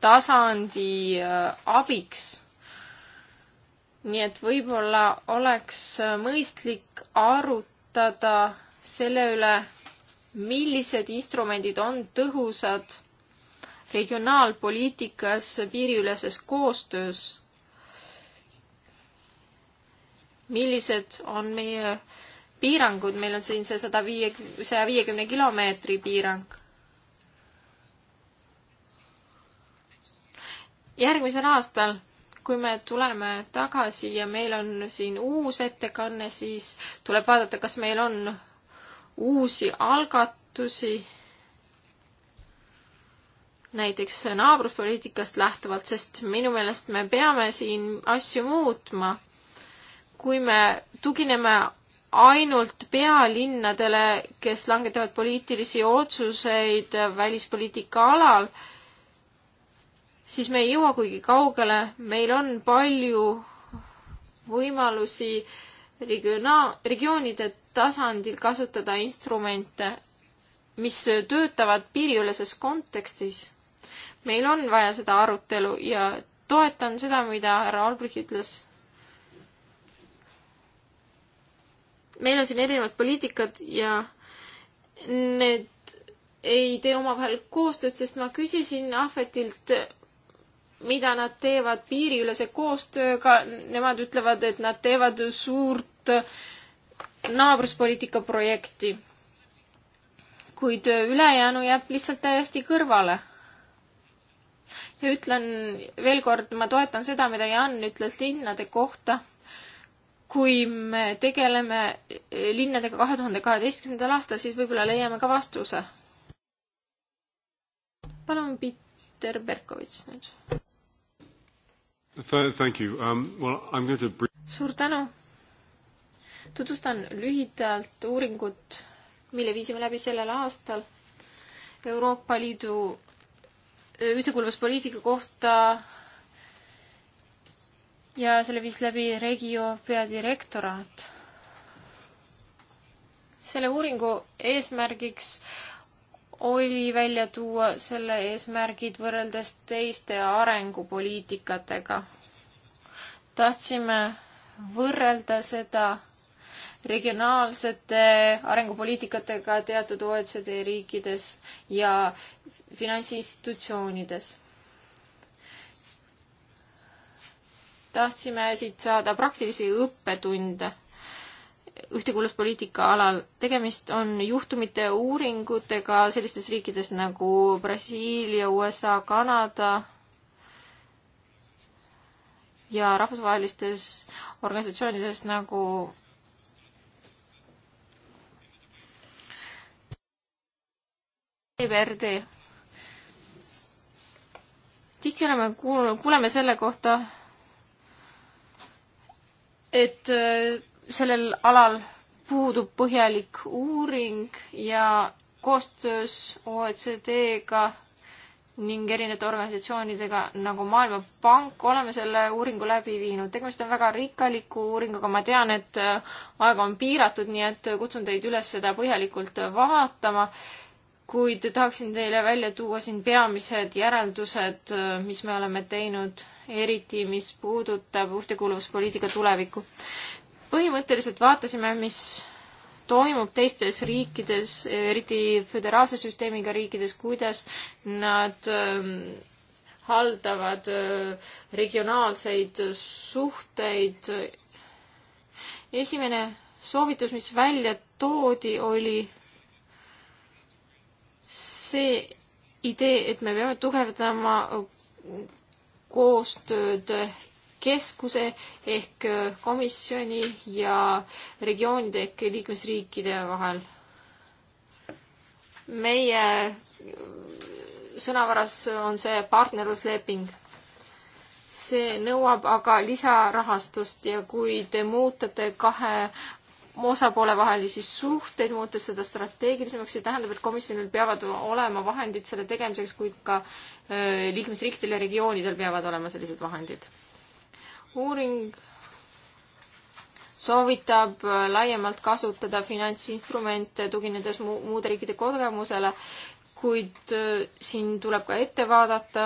Speaker 1: tasandi äh, abiks nii et võib-olla oleks äh, mõistlik arutada selle üle, millised instrumendid on tõhusad regionaalpoliitikas piiriüleses koostöös. millised on meie piirangud, meil on siin see sada viie, saja viiekümne kilomeetri piirang järgmisel aastal kui me tuleme tagasi ja meil on siin uus ettekanne, siis tuleb vaadata, kas meil on uusi algatusi, näiteks naabruspoliitikast lähtuvalt, sest minu meelest me peame siin asju muutma. kui me tugineme ainult pealinnadele, kes langetavad poliitilisi otsuseid välispoliitika alal, siis me ei jõua kuigi kaugele, meil on palju võimalusi regionaal, regioonide tasandil kasutada instrumente, mis töötavad piiriüleses kontekstis. meil on vaja seda arutelu ja toetan seda, mida härra Albrecht ütles. meil on siin erinevad poliitikad ja need ei tee omavahel koostööd, sest ma küsisin Ahvetilt, mida nad teevad piiriülese koostööga, nemad ütlevad, et nad teevad suurt naabruspoliitika projekti. kuid ülejäänu jääb lihtsalt täiesti kõrvale. ja ütlen veel kord, ma toetan seda, mida Jan ütles linnade kohta. kui me tegeleme linnadega kahe tuhande kaheteistkümnendal aastal, siis võib-olla leiame ka vastuse. palun, Peter Berkovits nüüd
Speaker 2: Thank you. Um, well, I'm going to...
Speaker 1: suur tänu. tutvustan lühidalt uuringut, mille viisime läbi sellel aastal Euroopa Liidu äh, ühtekuuluvuspoliitika kohta ja selle viis läbi Regio peadirektoraat. selle uuringu eesmärgiks oli välja tuua selle eesmärgid võrreldes teiste arengupoliitikatega. tahtsime võrrelda seda regionaalsete arengupoliitikatega teatud OECD riikides ja finantsinstitutsioonides. tahtsime siit saada praktilisi õppetunde ühtekuuluvuspoliitika alal. tegemist on juhtumite uuringutega sellistes riikides nagu Brasiilia, USA, Kanada ja rahvusvahelistes organisatsioonides nagu EBRD. tihti oleme kuulnud, kuuleme selle kohta, et äh, sellel alal puudub põhjalik uuring ja koostöös OECD-ga ning erinevate organisatsioonidega nagu Maailmapank oleme selle uuringu läbi viinud. tegemist on väga rikkaliku uuringuga, ma tean, et äh, aega on piiratud, nii et kutsun teid üles seda põhjalikult vaatama, kuid tahaksin teile välja tuua siin peamised järeldused, äh, mis me oleme teinud, eriti mis puudutab ühtekuuluvuspoliitika tulevikku põhimõtteliselt vaatasime, mis toimub teistes riikides, eriti föderaalse süsteemiga riikides, kuidas nad ähm, haldavad äh, regionaalseid suhteid. esimene soovitus, mis välja toodi, oli see idee, et me peame tugevdama koostööd keskuse ehk äh, komisjoni ja regioonide ehk liikmesriikide vahel. meie äh, sõnavaras on see partnerlusleping. see nõuab aga lisarahastust ja kui te muutate kahe osapoole vahelisi suhteid, muutes seda strateegilisemaks, see tähendab, et komisjonil peavad olema vahendid selle tegemiseks, kuid ka äh, liikmesriikidel ja regioonidel peavad olema sellised vahendid uuring soovitab äh, laiemalt kasutada finantsinstrumente, tuginedes mu-, muude riikide kogemusele, kuid äh, siin tuleb ka ette vaadata,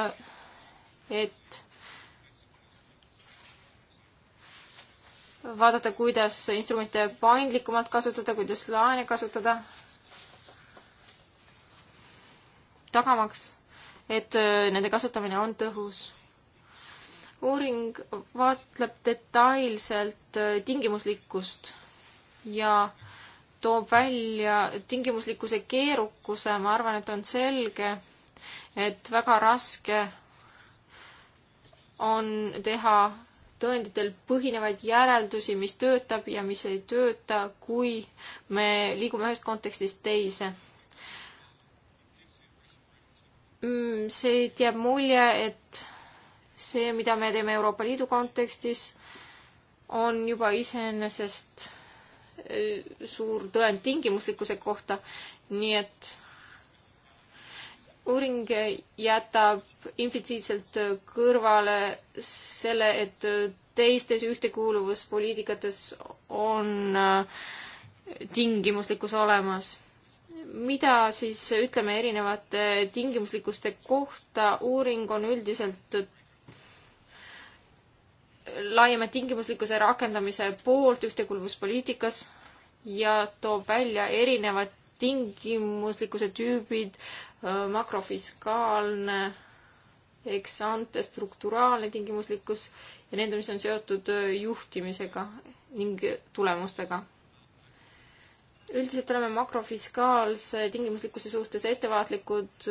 Speaker 1: et vaadata, kuidas instrumente paindlikumalt kasutada, kuidas laene kasutada, tagamaks, et äh, nende kasutamine on tõhus uuring vaatleb detailselt äh, tingimuslikkust ja toob välja tingimuslikkuse keerukuse, ma arvan, et on selge, et väga raske on teha tõenditel põhinevaid järeldusi, mis töötab ja mis ei tööta, kui me liigume ühest kontekstist teise. Mm, siit jääb mulje, et see, mida me teeme Euroopa Liidu kontekstis, on juba iseenesest äh, suur tõend tingimuslikkuse kohta, nii et uuring jätab implitsiitselt kõrvale selle, et teistes ühtekuuluvuspoliitikates on äh, tingimuslikkus olemas. mida siis ütleme erinevate tingimuslikkuste kohta, uuring on üldiselt laiema tingimuslikkuse rakendamise poolt ühtekuuluvuspoliitikas ja toob välja erinevad tingimuslikkuse tüübid, makrofiskaalne, eksante strukturaalne tingimuslikkus ja need, mis on seotud juhtimisega ning tulemustega. üldiselt oleme makrofiskaalse tingimuslikkuse suhtes ettevaatlikud,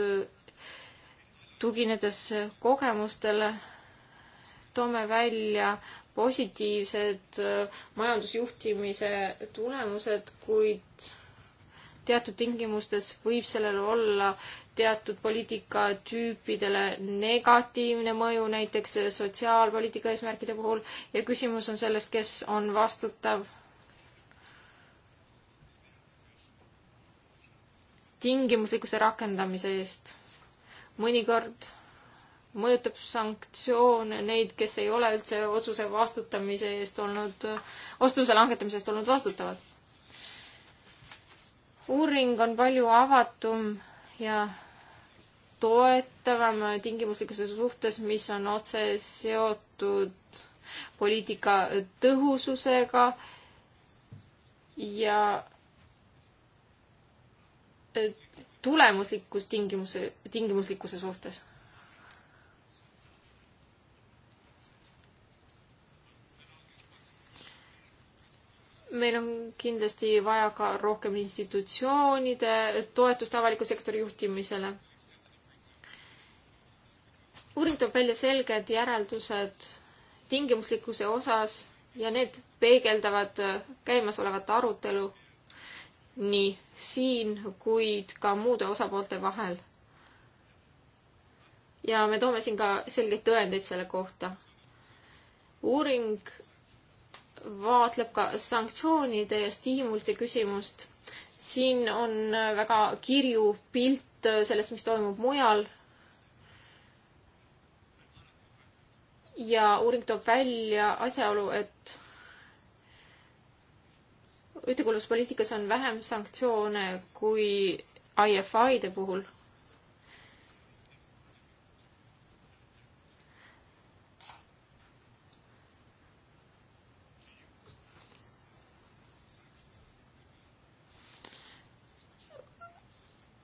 Speaker 1: tuginedes kogemustele toome välja positiivsed äh, majandusjuhtimise tulemused, kuid teatud tingimustes võib sellel olla teatud poliitikatüüpidele negatiivne mõju, näiteks sotsiaalpoliitika eesmärkide puhul ja küsimus on selles, kes on vastutav tingimuslikkuse rakendamise eest. mõnikord mõjutab sanktsioone neid, kes ei ole üldse otsuse vastutamise eest olnud, otsuse langetamise eest olnud vastutavad. uuring on palju avatum ja toetavam tingimuslikkuse suhtes, mis on otse seotud poliitika tõhususega ja tulemuslikkus tingimuse, tingimuslikkuse suhtes meil on kindlasti vaja ka rohkem institutsioonide toetust avaliku sektori juhtimisele. uuring toob välja selged järeldused tingimuslikkuse osas ja need peegeldavad käimasolevat arutelu nii siin, kuid ka muude osapoolte vahel. ja me toome siin ka selgeid tõendeid selle kohta. uuring vaatleb ka sanktsioonide ja stiimulite küsimust. siin on väga kirju pilt sellest, mis toimub mujal. ja uuring toob välja asjaolu, et ühtekuuluvuspoliitikas on vähem sanktsioone kui IFI-de puhul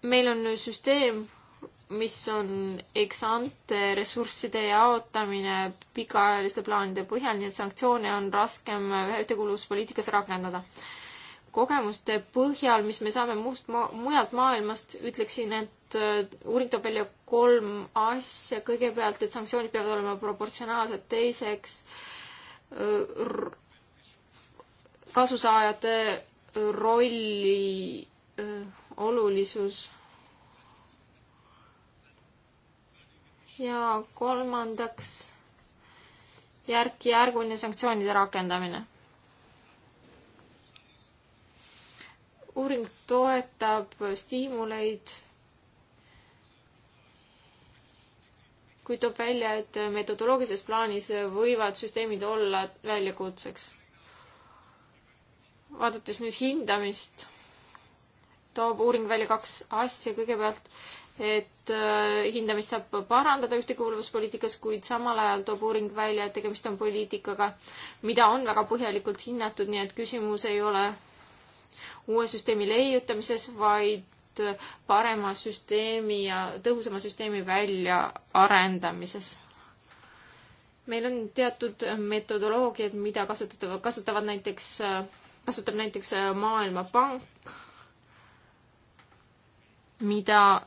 Speaker 1: meil on süsteem, mis on eksante ressursside jaotamine pikaajaliste plaanide põhjal, nii et sanktsioone on raskem ühtekuuluvuspoliitikas rakendada. kogemuste põhjal, mis me saame muust ma-, mujalt maailmast, ütleksin, et äh, uuring toob välja kolm asja. kõigepealt, et sanktsioonid peavad olema proportsionaalsed, teiseks äh, kasusaajate rolli olulisus. ja kolmandaks järk-järguline sanktsioonide rakendamine. uuring toetab stiimuleid, kuid toob välja, et metodoloogilises plaanis võivad süsteemid olla väljakutseks. vaadates nüüd hindamist toob uuring välja kaks asja, kõigepealt et äh, hindamist saab parandada ühtekuuluvuspoliitikas, kuid samal ajal toob uuring välja, et tegemist on poliitikaga, mida on väga põhjalikult hinnatud, nii et küsimus ei ole uue süsteemi leiutamises, vaid äh, parema süsteemi ja tõhusama süsteemi väljaarendamises. meil on teatud metodoloogiad, mida kasutatavad, kasutavad näiteks, äh, kasutab näiteks Maailmapank mida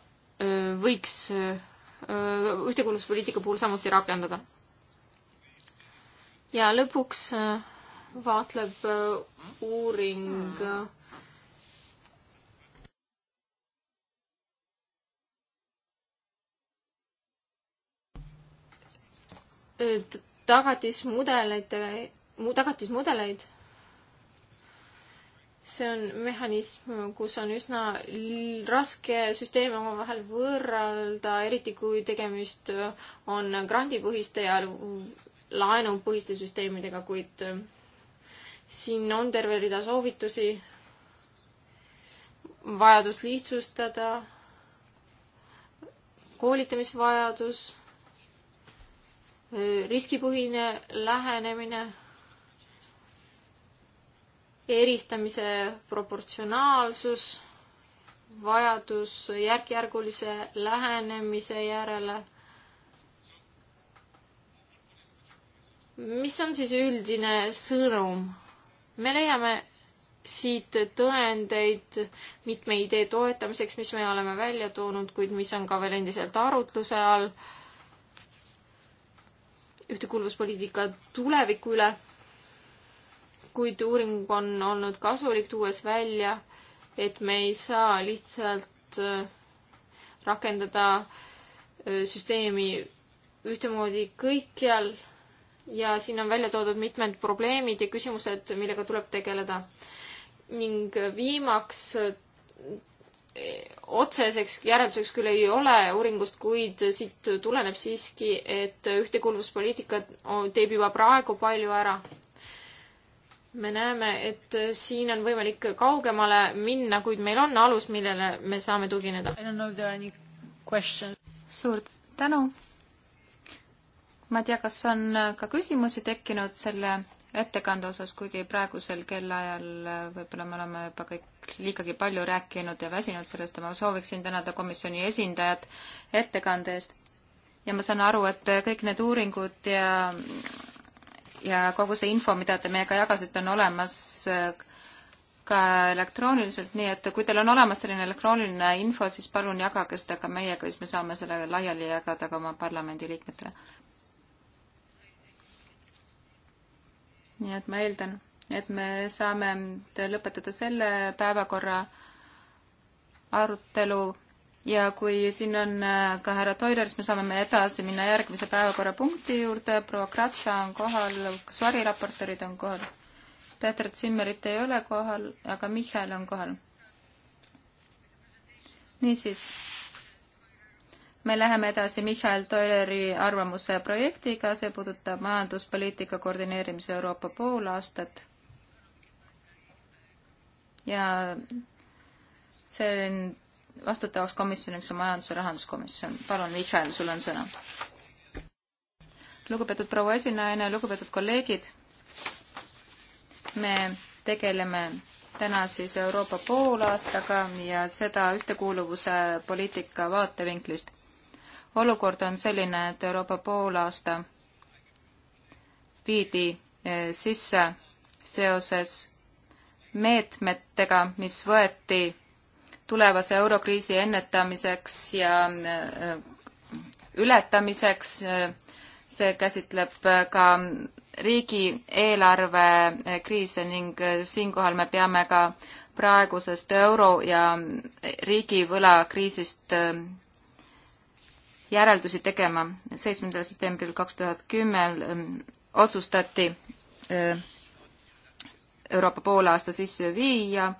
Speaker 1: võiks ühtekuuluvuspoliitika puhul samuti rakendada. ja lõpuks vaatleb uuring tagatismudeleid, tagatismudeleid see on mehhanism, kus on üsna raske süsteeme omavahel võrrelda, eriti kui tegemist on grandipõhiste ja laenupõhiste süsteemidega, kuid äh, siin on terve rida soovitusi. vajadus lihtsustada, koolitamisvajadus, äh, riskipõhine lähenemine eristamise proportsionaalsus, vajadus järk-järgulise lähenemise järele. mis on siis üldine sõnum? me leiame siit tõendeid mitme idee toetamiseks, mis me oleme välja toonud, kuid mis on ka veel endiselt arutluse all. ühtekuuluvuspoliitika tuleviku üle kuid uuring on olnud kasulik, tuues välja, et me ei saa lihtsalt äh, rakendada äh, süsteemi ühtemoodi kõikjal ja siin on välja toodud mitmed probleemid ja küsimused, millega tuleb tegeleda. ning viimaks äh, otseseks järelduseks küll ei ole uuringust, kuid siit tuleneb siiski, et ühtekuuluvuspoliitika teeb juba praegu palju ära me näeme, et siin on võimalik kaugemale minna, kuid meil on alus, millele me saame tugineda.
Speaker 3: suur tänu. ma ei tea, kas on ka küsimusi tekkinud selle ettekande osas, kuigi praegusel kellaajal võib-olla me oleme juba kõik liigagi palju rääkinud ja väsinud sellest ja ma sooviksin tänada komisjoni esindajat ettekande eest. ja ma saan aru, et kõik need uuringud ja ja kogu see info, mida te meiega jagasite, on olemas äh, ka elektrooniliselt, nii et kui teil on olemas selline elektrooniline info, siis palun jagage seda ka meiega, siis me saame selle laiali jagada ka oma parlamendiliikmetele. nii et ma eeldan, et me saame lõpetada selle päevakorra arutelu ja kui siin on äh, ka härra Toiler, siis me saame me edasi minna järgmise päevakorrapunkti juurde. proua Kratsa on kohal, kas variraportorid on kohal? Peeter Zimmerit ei ole kohal, aga Michal on kohal. niisiis, me läheme edasi Michal Toileri arvamuse projektiga, see puudutab majanduspoliitika koordineerimise Euroopa poolaastat. ja see on vastutavaks komisjoniks on majandus- ja rahanduskomisjon. palun, Mihhail, sul on sõna. lugupeetud proua esinaine, lugupeetud kolleegid, me tegeleme täna siis Euroopa poolaastaga ja seda ühtekuuluvuse poliitika vaatevinklist. olukord on selline, et Euroopa poolaasta viidi eh, sisse seoses meetmetega, mis võeti tulevase eurokriisi ennetamiseks ja äh, ületamiseks. see käsitleb ka riigieelarve äh, kriise ning äh, siinkohal me peame ka praegusest euro ja riigivõlakriisist järeldusi tegema. seitsmendal septembril kaks tuhat kümme ähm, otsustati Euroopa poolaasta sisse viia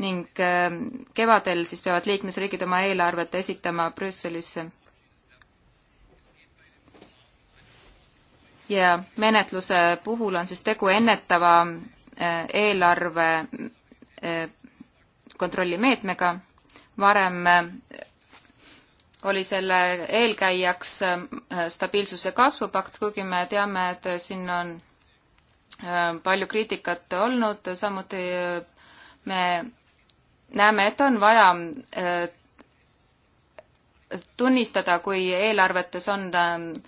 Speaker 3: ning äh, kevadel siis peavad liikmesriigid oma eelarvet esitama Brüsselisse. ja menetluse puhul on siis tegu ennetava äh, eelarve äh, kontrollimeetmega, varem oli selle eelkäijaks stabiilsuse kasvupakt, kuigi me teame, et siin on palju kriitikat olnud, samuti me näeme, et on vaja äh, tunnistada, kui eelarvetes on äh,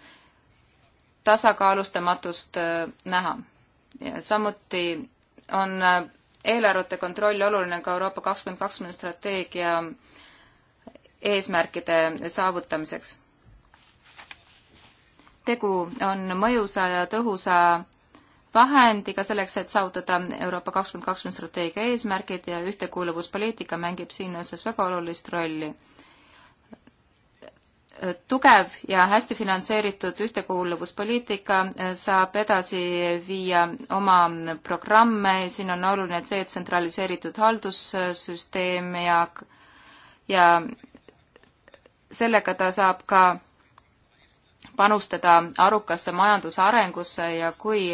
Speaker 3: tasakaalustamatust äh, näha. samuti on eelarvete kontroll oluline ka Euroopa kakskümmend kakskümmend strateegia eesmärkide saavutamiseks. tegu on mõjusa ja tõhusa vahendiga selleks, et saavutada Euroopa kakskümmend kakskümmend strateegia eesmärgid ja ühtekuuluvuspoliitika mängib siin osas väga olulist rolli. tugev ja hästi finantseeritud ühtekuuluvuspoliitika äh, saab edasi viia oma programme, siin on oluline see, et tsentraliseeritud haldussüsteem ja, ja sellega ta saab ka panustada arukasse majanduse arengusse ja kui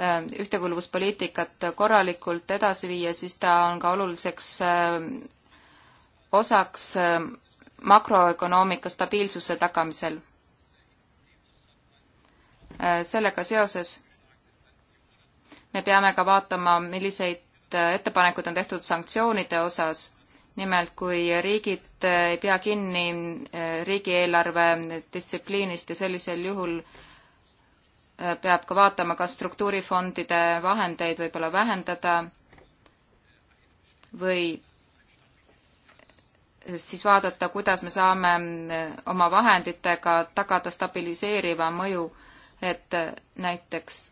Speaker 3: Äh, ühtekuuluvuspoliitikat korralikult edasi viia, siis ta on ka oluliseks äh, osaks äh, makroökonoomika stabiilsuse tagamisel. sellega seoses me peame ka vaatama, milliseid ettepanekud on tehtud sanktsioonide osas, nimelt kui riigid ei pea kinni riigieelarve distsipliinist ja sellisel juhul äh, peab ka vaatama, kas struktuurifondide vahendeid võib-olla vähendada või siis vaadata, kuidas me saame oma vahenditega tagada stabiliseeriva mõju, et näiteks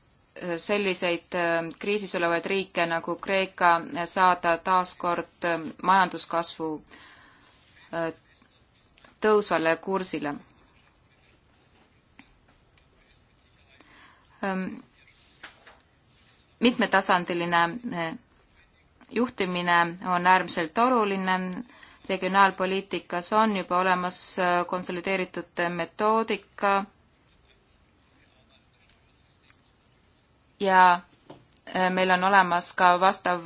Speaker 3: selliseid kriisis olevaid riike nagu Kreeka saada taaskord majanduskasvu tõusvale kursile mitmetasandiline eh, juhtimine on äärmiselt oluline, regionaalpoliitikas on juba olemas eh, konsolideeritud metoodika ja eh, meil on olemas ka vastav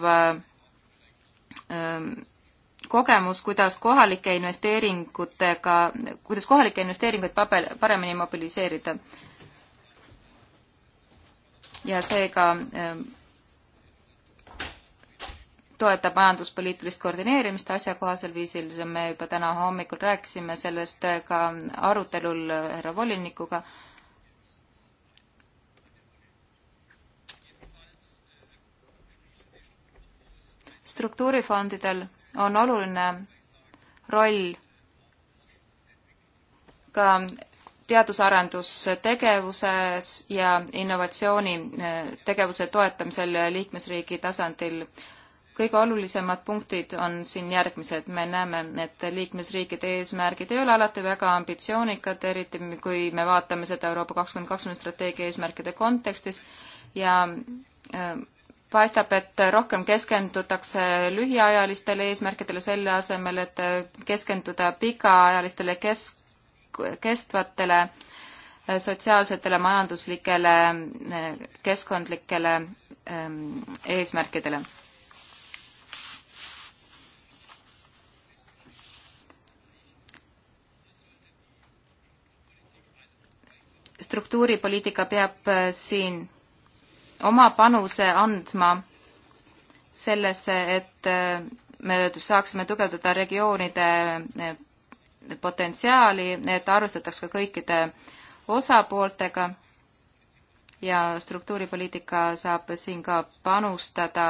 Speaker 3: kogemus, kuidas kohalike investeeringutega, kuidas kohalikke investeeringuid paber, paremini mobiliseerida ja seega ähm, toetab majanduspoliitilist koordineerimist asjakohasel viisil, me juba täna hommikul rääkisime sellest äh, ka arutelul härra volinikuga. struktuurifondidel on oluline roll ka teadusarendustegevuses ja innovatsiooni eh, tegevuse toetamisel liikmesriigi tasandil. kõige olulisemad punktid on siin järgmised. me näeme, et liikmesriikide eesmärgid ei ole alati väga ambitsioonikad, eriti kui me vaatame seda Euroopa kakskümmend kakskümmend strateegia eesmärkide kontekstis ja eh, paistab, et rohkem keskendutakse lühiajalistele eesmärkidele selle asemel, et keskenduda pikaajalistele kesk-, kestvatele eh, sotsiaalsetele, majanduslikele, eh, keskkondlikele ehm, eesmärkidele. struktuuripoliitika peab eh, siin oma panuse andma sellesse, et me saaksime tugevdada regioonide potentsiaali, et arvestataks ka kõikide osapooltega ja struktuuripoliitika saab siin ka panustada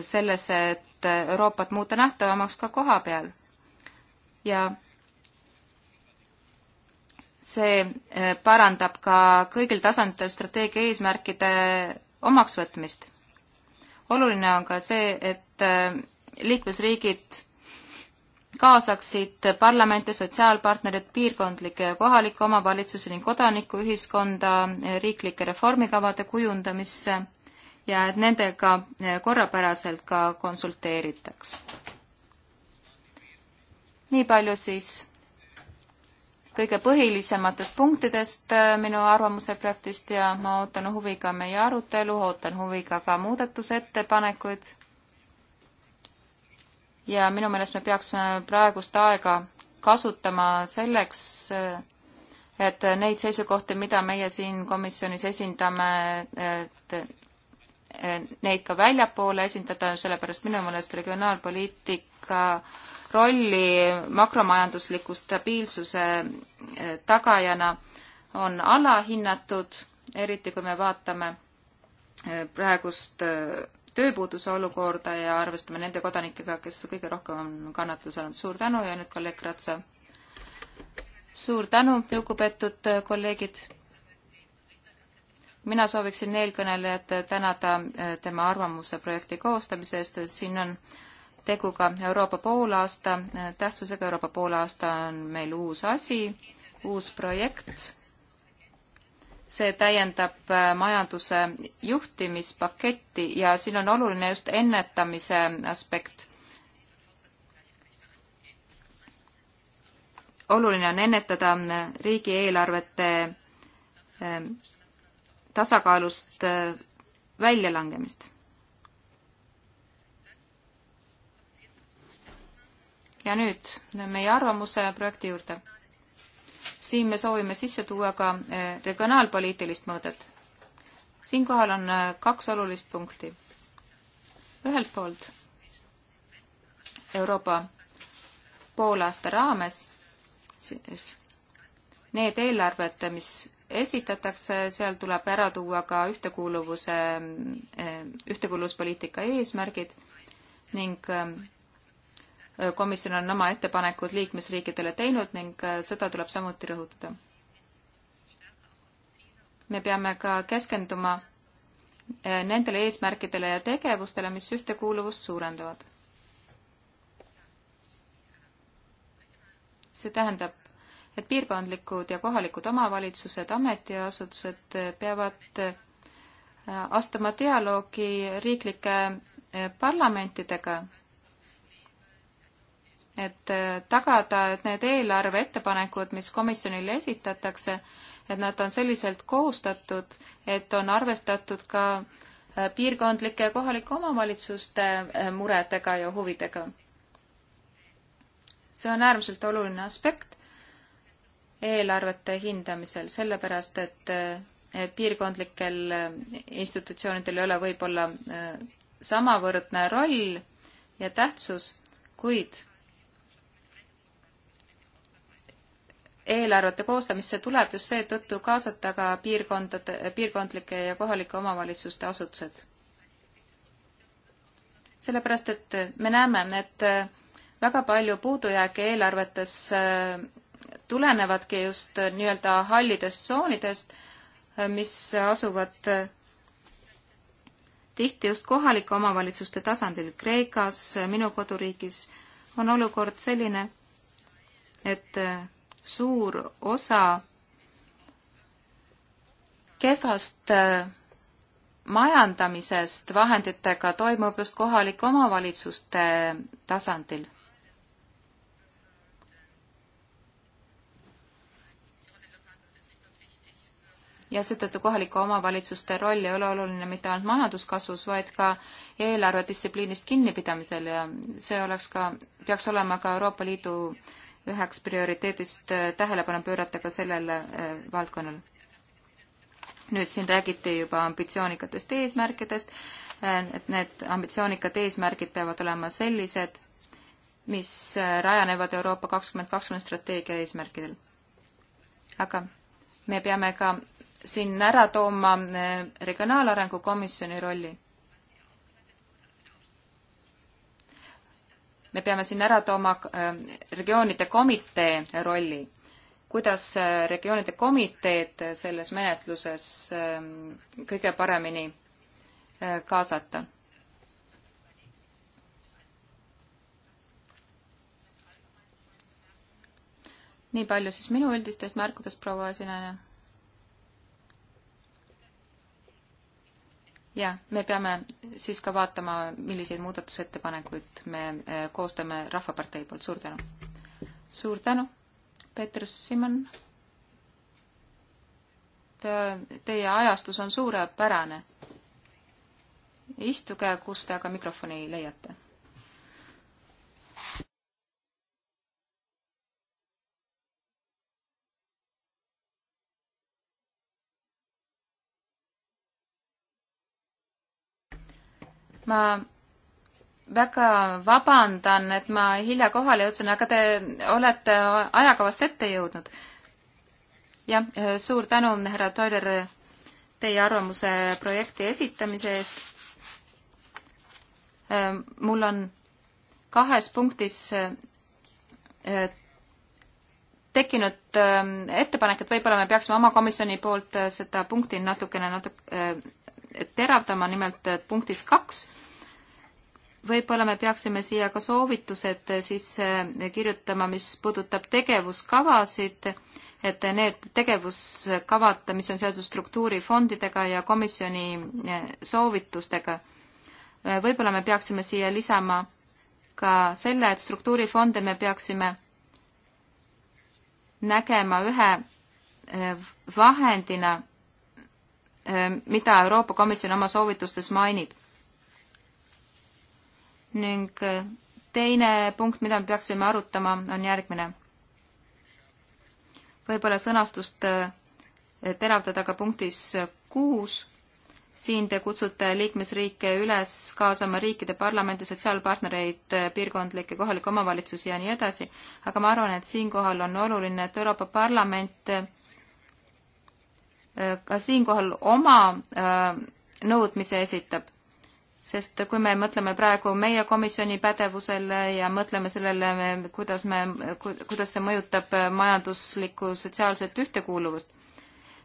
Speaker 3: sellesse, et Euroopat muuta nähtavamaks ka koha peal. ja see eh, parandab ka kõigil tasanditel strateegia eesmärkide omaksvõtmist. oluline on ka see, et eh, liikmesriigid kaasaksid parlamente, sotsiaalpartnerid, piirkondlikke ja kohalikke omavalitsusi ning kodanikuühiskonda eh, riiklike reformikavade kujundamisse ja et nendega eh, korrapäraselt ka konsulteeritaks. nii palju siis kõige põhilisematest punktidest eh, minu arvamuse projektist ja ma ootan huviga meie arutelu, ootan huviga ka muudatusettepanekuid ja minu meelest me peaksime äh, praegust aega kasutama selleks, äh, et neid seisukohti, mida meie siin komisjonis esindame, et neid ka väljapoole esindada, sellepärast minu meelest regionaalpoliitika rolli makromajandusliku stabiilsuse äh, tagajana on alahinnatud, eriti kui me vaatame praegust tööpuuduse olukorda ja arvestame nende kodanikega, kes kõige rohkem on kannatada saanud. suur tänu ja nüüd kolleeg Ratsa. suur tänu, lugupeetud kolleegid. mina sooviksin eelkõnelejat tänada eh, tema arvamuse projekti koostamise eest. siin on tegu ka Euroopa poolaasta eh, tähtsusega. Euroopa poolaasta on meil uus asi, uus projekt see täiendab äh, majanduse juhtimispaketti ja siin on oluline just ennetamise aspekt. oluline on ennetada äh, riigieelarvete äh, tasakaalust väljalangemist. ja nüüd meie arvamuse projekti juurde siin me soovime sisse tuua ka eh, regionaalpoliitilist mõõdet. siinkohal on eh, kaks olulist punkti. ühelt poolt Euroopa poolaasta raames siis need eelarved, mis esitatakse, seal tuleb ära tuua ka ühtekuuluvuse, eh, ühtekuuluvuspoliitika eesmärgid ning komisjon on oma ettepanekud liikmesriikidele teinud ning äh, seda tuleb samuti rõhutada. me peame ka keskenduma äh, nendele eesmärkidele ja tegevustele, mis ühtekuuluvust suurendavad. see tähendab, et piirkondlikud ja kohalikud omavalitsused, ametiasutused peavad äh, astuma dialoogi riiklike parlamentidega et äh, tagada, et need eelarve ettepanekud, mis komisjonile esitatakse, et nad on selliselt koostatud, et on arvestatud ka äh, piirkondlike ja kohalike omavalitsuste äh, muredega ja huvidega. see on äärmiselt oluline aspekt eelarvete hindamisel, sellepärast et piirkondlikel institutsioonidel ei ole võib-olla samavõrdne roll ja tähtsus, kuid eelarvete koostamisse tuleb just seetõttu kaasata ka piirkondade, piirkondlike ja kohalike omavalitsuste asutused. sellepärast, et me näeme, et väga palju puudujääke eelarvetes äh, tulenevadki just nii-öelda hallidest tsoonidest, äh, mis asuvad äh, tihti just kohalike omavalitsuste tasandil. Kreekas, minu koduriigis, on olukord selline, et suur osa kehvast äh, majandamisest vahenditega toimub just kohalike omavalitsuste tasandil. ja seetõttu kohalike omavalitsuste roll ei ole oluline mitte ainult majanduskasvus, vaid ka eelarvedistsipliinist kinnipidamisel ja see oleks ka, peaks olema ka Euroopa Liidu äh, üheks prioriteedist äh, tähelepanu pöörata ka sellele äh, valdkonnale. nüüd siin räägiti juba ambitsioonikatest eesmärkidest, äh, et need ambitsioonikad eesmärgid peavad olema sellised, mis rajanevad Euroopa kakskümmend kakskümmend strateegia eesmärkidel. aga me peame ka siin ära tooma Regionaalarengu Komisjoni rolli me peame siin ära tooma äh, regioonide komitee rolli. kuidas äh, regioonide komiteed selles menetluses ähm, kõige paremini äh, kaasata? nii palju siis minu üldistest märkudest, proua Sinane ja me peame siis ka vaatama, milliseid muudatusettepanekuid me eh, koostame Rahvapartei poolt, suur tänu. suur tänu, Peeter Simon. Teie ajastus on suurepärane. istuge, kus te aga mikrofoni leiate ma väga vabandan, et ma hilja kohale jõudsin, aga te olete ajakavast ette jõudnud. jah, suur tänu, härra Toiler, teie arvamuse projekti esitamise eest. mul on kahes punktis eh, tekkinud eh, ettepanek, et võib-olla me peaksime oma komisjoni poolt eh, seda punkti natukene natuke teravdama, nimelt punktis kaks. võib-olla me peaksime siia ka soovitused sisse kirjutama, mis puudutab tegevuskavasid, et need tegevuskavad, mis on seotud struktuurifondidega ja komisjoni eh, soovitustega, eh, võib-olla me peaksime siia lisama ka selle, et struktuurifonde me peaksime nägema ühe eh, vahendina Äh, mida Euroopa Komisjon oma soovitustes mainib. ning äh, teine punkt, mida me peaksime arutama, on järgmine. võib-olla sõnastust äh, teravdada ka punktis kuus. siin te kutsute liikmesriike üles kaasama riikide parlamendi sotsiaalpartnereid, piirkondlikke kohalikke omavalitsusi ja nii edasi, aga ma arvan, et siinkohal on oluline, et Euroopa Parlament ka siinkohal oma äh, nõudmise esitab. sest kui me mõtleme praegu meie komisjoni pädevusele ja mõtleme sellele, kuidas me, kuidas see mõjutab majanduslikku sotsiaalset ühtekuuluvust,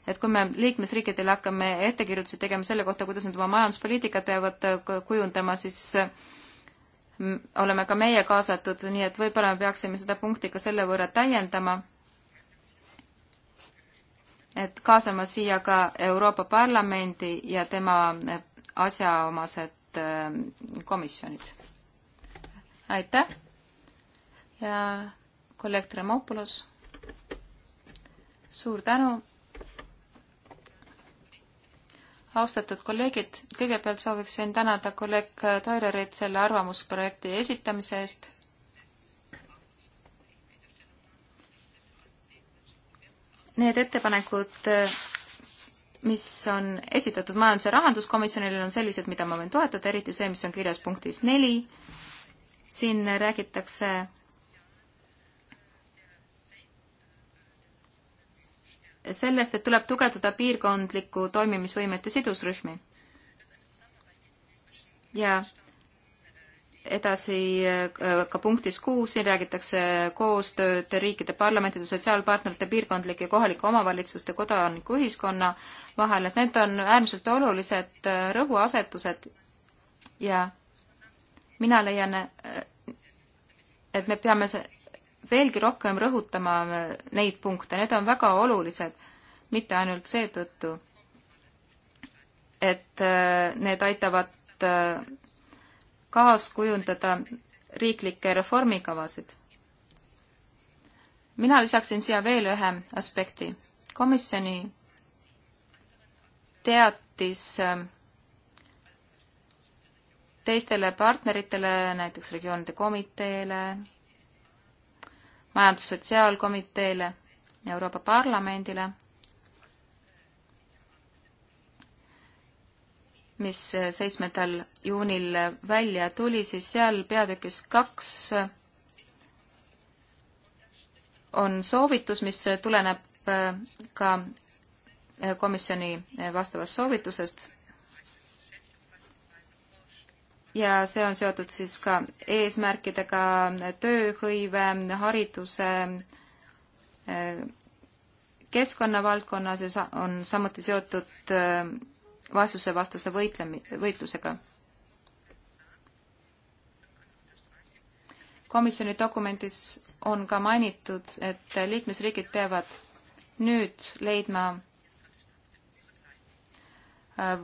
Speaker 3: et kui me liikmesriikidele hakkame ettekirjutusi tegema selle kohta, kuidas nad oma majanduspoliitikat peavad kujundama, siis mm, oleme ka meie kaasatud, nii et võib-olla me peaksime seda punkti ka selle võrra täiendama et kaasama siia ka Euroopa Parlamendi ja tema eh, asjaomased eh, komisjonid. aitäh ja kolleeg Tremopoulos, suur tänu. austatud kolleegid, kõigepealt sooviksin tänada kolleeg Toilerit selle arvamusprojekti esitamise eest Need ettepanekud, mis on esitatud Majandus- ja Rahanduskomisjonile, on sellised, mida ma võin toetada, eriti see, mis on kirjas punktis neli. siin räägitakse sellest, et tuleb tugevdada piirkondlikku toimimisvõimet ja sidusrühmi. ja edasi äh, ka punktis kuus, siin räägitakse koostööd riikide parlamentide, sotsiaalpartnerite, piirkondlike ja kohalike omavalitsuste, kodanikuühiskonna vahel, et need on äärmiselt olulised äh, rõhuasetused ja mina leian, äh, et me peame veelgi rohkem rõhutama neid punkte, need on väga olulised, mitte ainult seetõttu, et need aitavad kaaskujundada riiklikke reformikavasid. mina lisaksin siia veel ühe aspekti. komisjoni teatis ähm, teistele partneritele, näiteks regioonide komiteele, majandus-sotsiaalkomiteele, Euroopa Parlamendile mis seitsmendal juunil välja tuli, siis seal peatükis kaks on soovitus, mis tuleneb äh, ka äh, komisjoni äh, vastavast soovitusest. ja see on seotud siis ka eesmärkidega tööhõive, hariduse, keskkonnavaldkonnas ja on samuti seotud vaesusevastase võitlemi-, võitlusega. komisjoni dokumendis on ka mainitud, et liikmesriigid peavad nüüd leidma äh,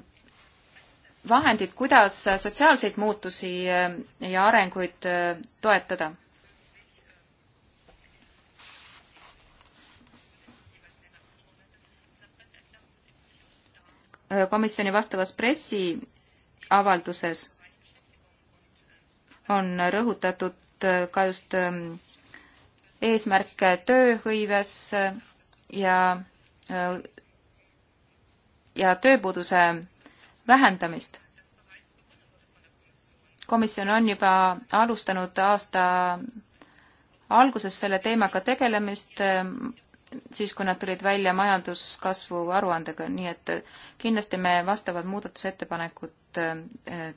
Speaker 3: vahendid, kuidas sotsiaalseid muutusi äh, ja arenguid äh, toetada komisjoni vastavas pressiavalduses on rõhutatud äh, ka just ähm, eesmärke tööhõives äh, ja, äh, ja tööpuuduse vähendamist. komisjon on juba alustanud aasta alguses selle teemaga tegelemist, siis, kui nad tulid välja majanduskasvu aruandega, nii et äh, kindlasti me vastavad muudatusettepanekud äh, äh,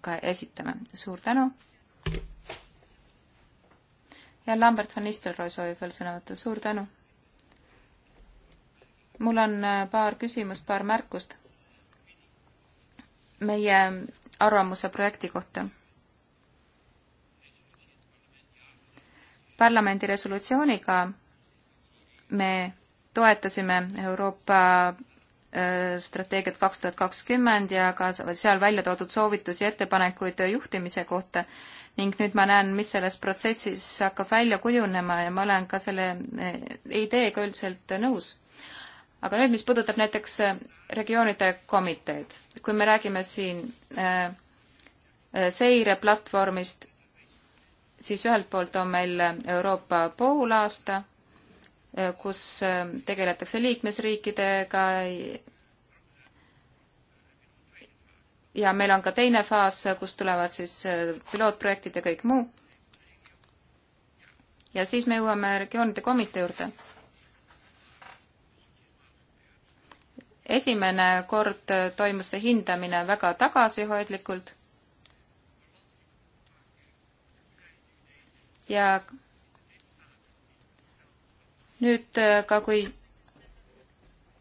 Speaker 3: ka esitame. suur tänu! ja Lambert van Nistelrooy soovib veel sõna võtta, suur tänu! mul on paar küsimust, paar märkust meie arvamuse projekti kohta. parlamendi resolutsiooniga me toetasime Euroopa äh, strateegiat kaks tuhat kakskümmend ja ka seal välja toodud soovitusi, ettepanekuid juhtimise kohta. ning nüüd ma näen, mis selles protsessis hakkab välja kujunema ja ma olen ka selle äh, ideega üldiselt nõus. aga nüüd, mis puudutab näiteks äh, regioonide komiteed, kui me räägime siin äh, seireplatvormist, siis ühelt poolt on meil Euroopa poolaasta Äh, kus äh, tegeletakse liikmesriikidega ja meil on ka teine faas, äh, kus tulevad siis pilootprojektid ja kõik muu. ja siis me jõuame regioonide komitee juurde. esimene kord toimus see hindamine väga tagasihoidlikult ja nüüd äh, ka kui,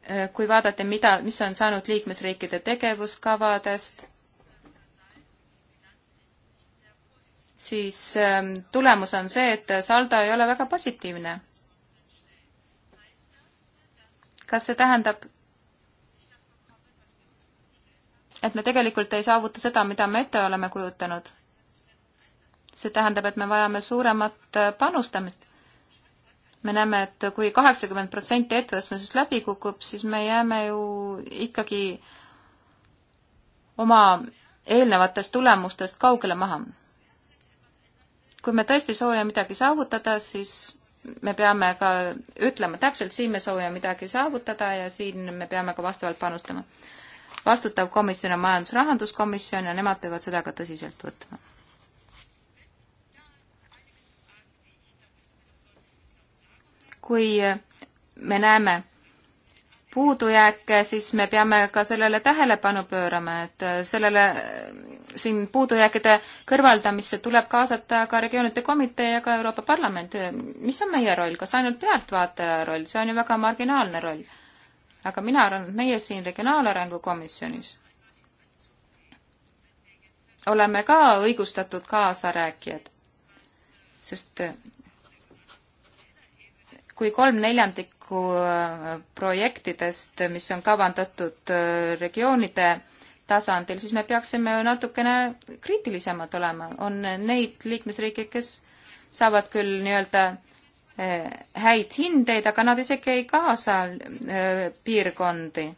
Speaker 3: äh, kui vaadata, mida, mis on saanud liikmesriikide tegevuskavadest, siis ähm, tulemus on see, et saldo ei ole väga positiivne. kas see tähendab, et me tegelikult ei saavuta seda, mida me ette oleme kujutanud? see tähendab, et me vajame suuremat äh, panustamist me näeme, et kui kaheksakümmend protsenti ettevõtmisest läbi kukub, siis me jääme ju ikkagi oma eelnevatest tulemustest kaugele maha. kui me tõesti soovime midagi saavutada, siis me peame ka ütlema täpselt, siin me soovime midagi saavutada ja siin me peame ka vastavalt panustama. vastutav komisjon on majandus-rahanduskomisjon ja nemad peavad seda ka tõsiselt võtma kui me näeme puudujääke, siis me peame ka sellele tähelepanu pöörama, et sellele siin puudujääkide kõrvaldamisse tuleb kaasata ka regioonide komitee ja ka Euroopa Parlament. mis on meie roll, kas ainult pealtvaataja roll, see on ju väga marginaalne roll. aga mina arvan, et meie siin Regionaalarengu Komisjonis oleme ka õigustatud kaasarääkijad, sest kui kolm neljandikku äh, projektidest, mis on kavandatud äh, regioonide tasandil, siis me peaksime natukene kriitilisemad olema. on neid liikmesriike, kes saavad küll nii-öelda äh, häid hindeid, aga nad isegi ei kaasa piirkondi.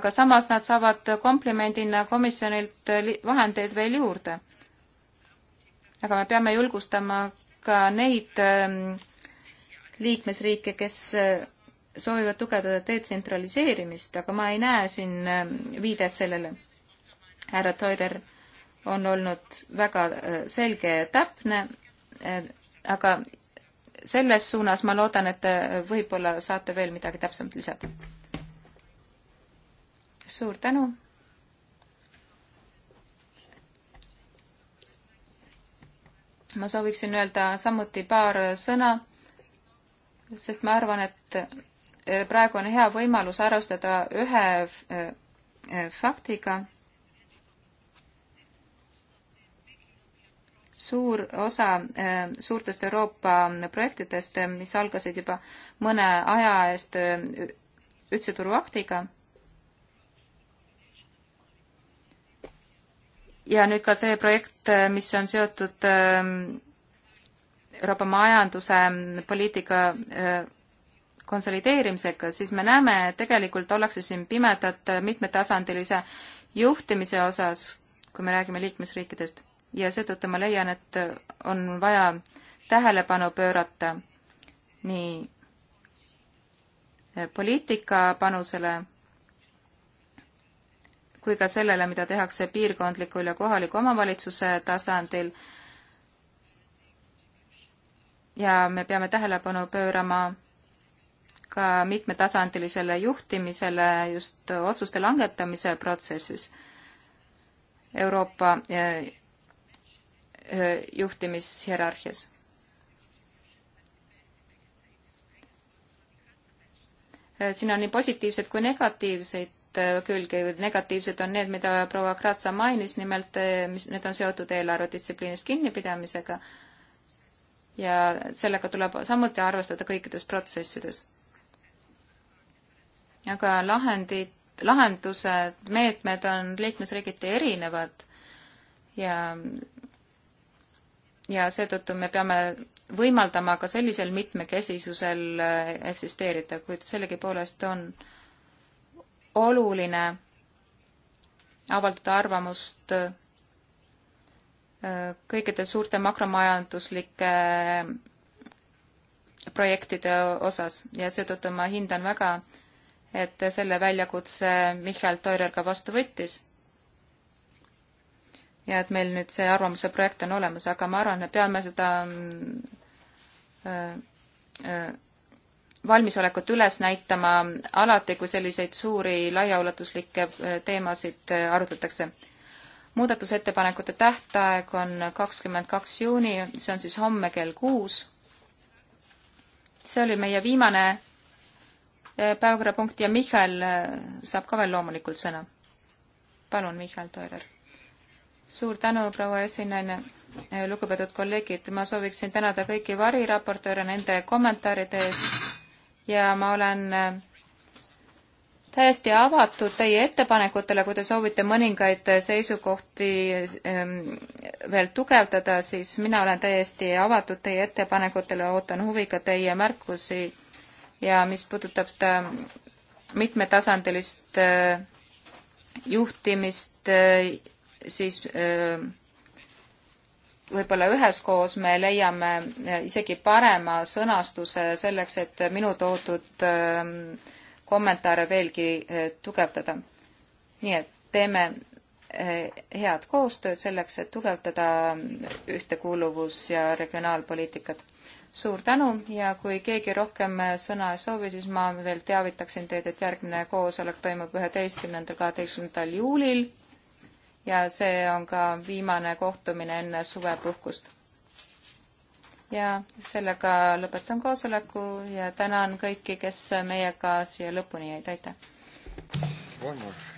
Speaker 3: aga samas nad saavad komplimendina komisjonilt vahendeid veel juurde. aga me peame julgustama ka neid ähm, liikmesriike, kes eh, soovivad tugevdada detsentraliseerimist, aga ma ei näe siin eh, viidet sellele. härra Toiler on olnud väga eh, selge ja täpne, aga selles suunas ma loodan, et võib-olla saate veel midagi täpsemalt lisada. suur tänu. ma sooviksin öelda samuti paar sõna sest ma arvan, et äh, praegu on hea võimalus arvestada ühe äh, äh, faktiga. suur osa suurtest Euroopa projektidest, mis algasid juba mõne aja eest ühtse turuaktiga ja nüüd ka see projekt, mis on seotud Euroopa majanduse poliitika äh, konsolideerimisega, siis me näeme, et tegelikult ollakse siin pimedad äh, mitmetasandilise juhtimise osas, kui me räägime liikmesriikidest. ja seetõttu ma leian, et äh, on vaja tähelepanu pöörata nii poliitika panusele kui ka sellele, mida tehakse piirkondlikul ja kohaliku omavalitsuse tasandil ja me peame tähelepanu pöörama ka mitmetasandilisele juhtimisele just otsuste langetamise protsessis. Euroopa eh, eh, juhtimishierarhias. Eh, siin on nii positiivseid kui negatiivseid külgi, negatiivsed on need, mida proua Kratsa mainis, nimelt mis, need on seotud eelarvedistsipliinist kinnipidamisega ja sellega tuleb samuti arvestada kõikides protsessides. aga lahendid, lahendused, meetmed on liikmesriigiti erinevad ja, ja seetõttu me peame võimaldama ka sellisel mitmekesisusel eh, eksisteerida, kuid sellegipoolest on oluline avaldada arvamust kõikide suurte makromajanduslike projektide osas ja seetõttu ma hindan väga, et selle väljakutse Michal Toirer ka vastu võttis. ja et meil nüüd see arvamuse projekt on olemas, aga ma arvan, et peame seda äh, äh, valmisolekut üles näitama alati, kui selliseid suuri laiaulatuslikke äh, teemasid äh, arutatakse muudatusettepanekute tähtaeg on kakskümmend kaks juuni, see on siis homme kell kuus. see oli meie viimane eh, päevakorrapunkt ja Michal eh, saab ka veel loomulikult sõna. palun, Michal Toiler. suur tänu, proua esinaine, eh, lugupeetud kolleegid, ma sooviksin tänada kõiki variraportööre nende kommentaaride eest ja ma olen täiesti avatud teie ettepanekutele, kui te soovite mõningaid seisukohti ehm, veel tugevdada, siis mina olen täiesti avatud teie ettepanekutele, ootan huviga teie märkusi ja mis puudutab seda mitmetasandilist eh, juhtimist, eh, siis eh, võib-olla üheskoos me leiame isegi parema sõnastuse selleks, et minu toodud äh, kommentaare veelgi eh, tugevdada. nii et teeme eh, head koostööd selleks, et tugevdada mm, ühtekuuluvus- ja regionaalpoliitikat. suur tänu ja kui keegi rohkem eh, sõna ei soovi, siis ma veel teavitaksin teid, et järgmine koosolek toimub üheteistkümnendal, kaheteistkümnendal juulil ja see on ka viimane kohtumine enne suvepuhkust ja sellega lõpetan koosoleku ja tänan kõiki, kes meiega siia lõpuni jäid,
Speaker 2: aitäh!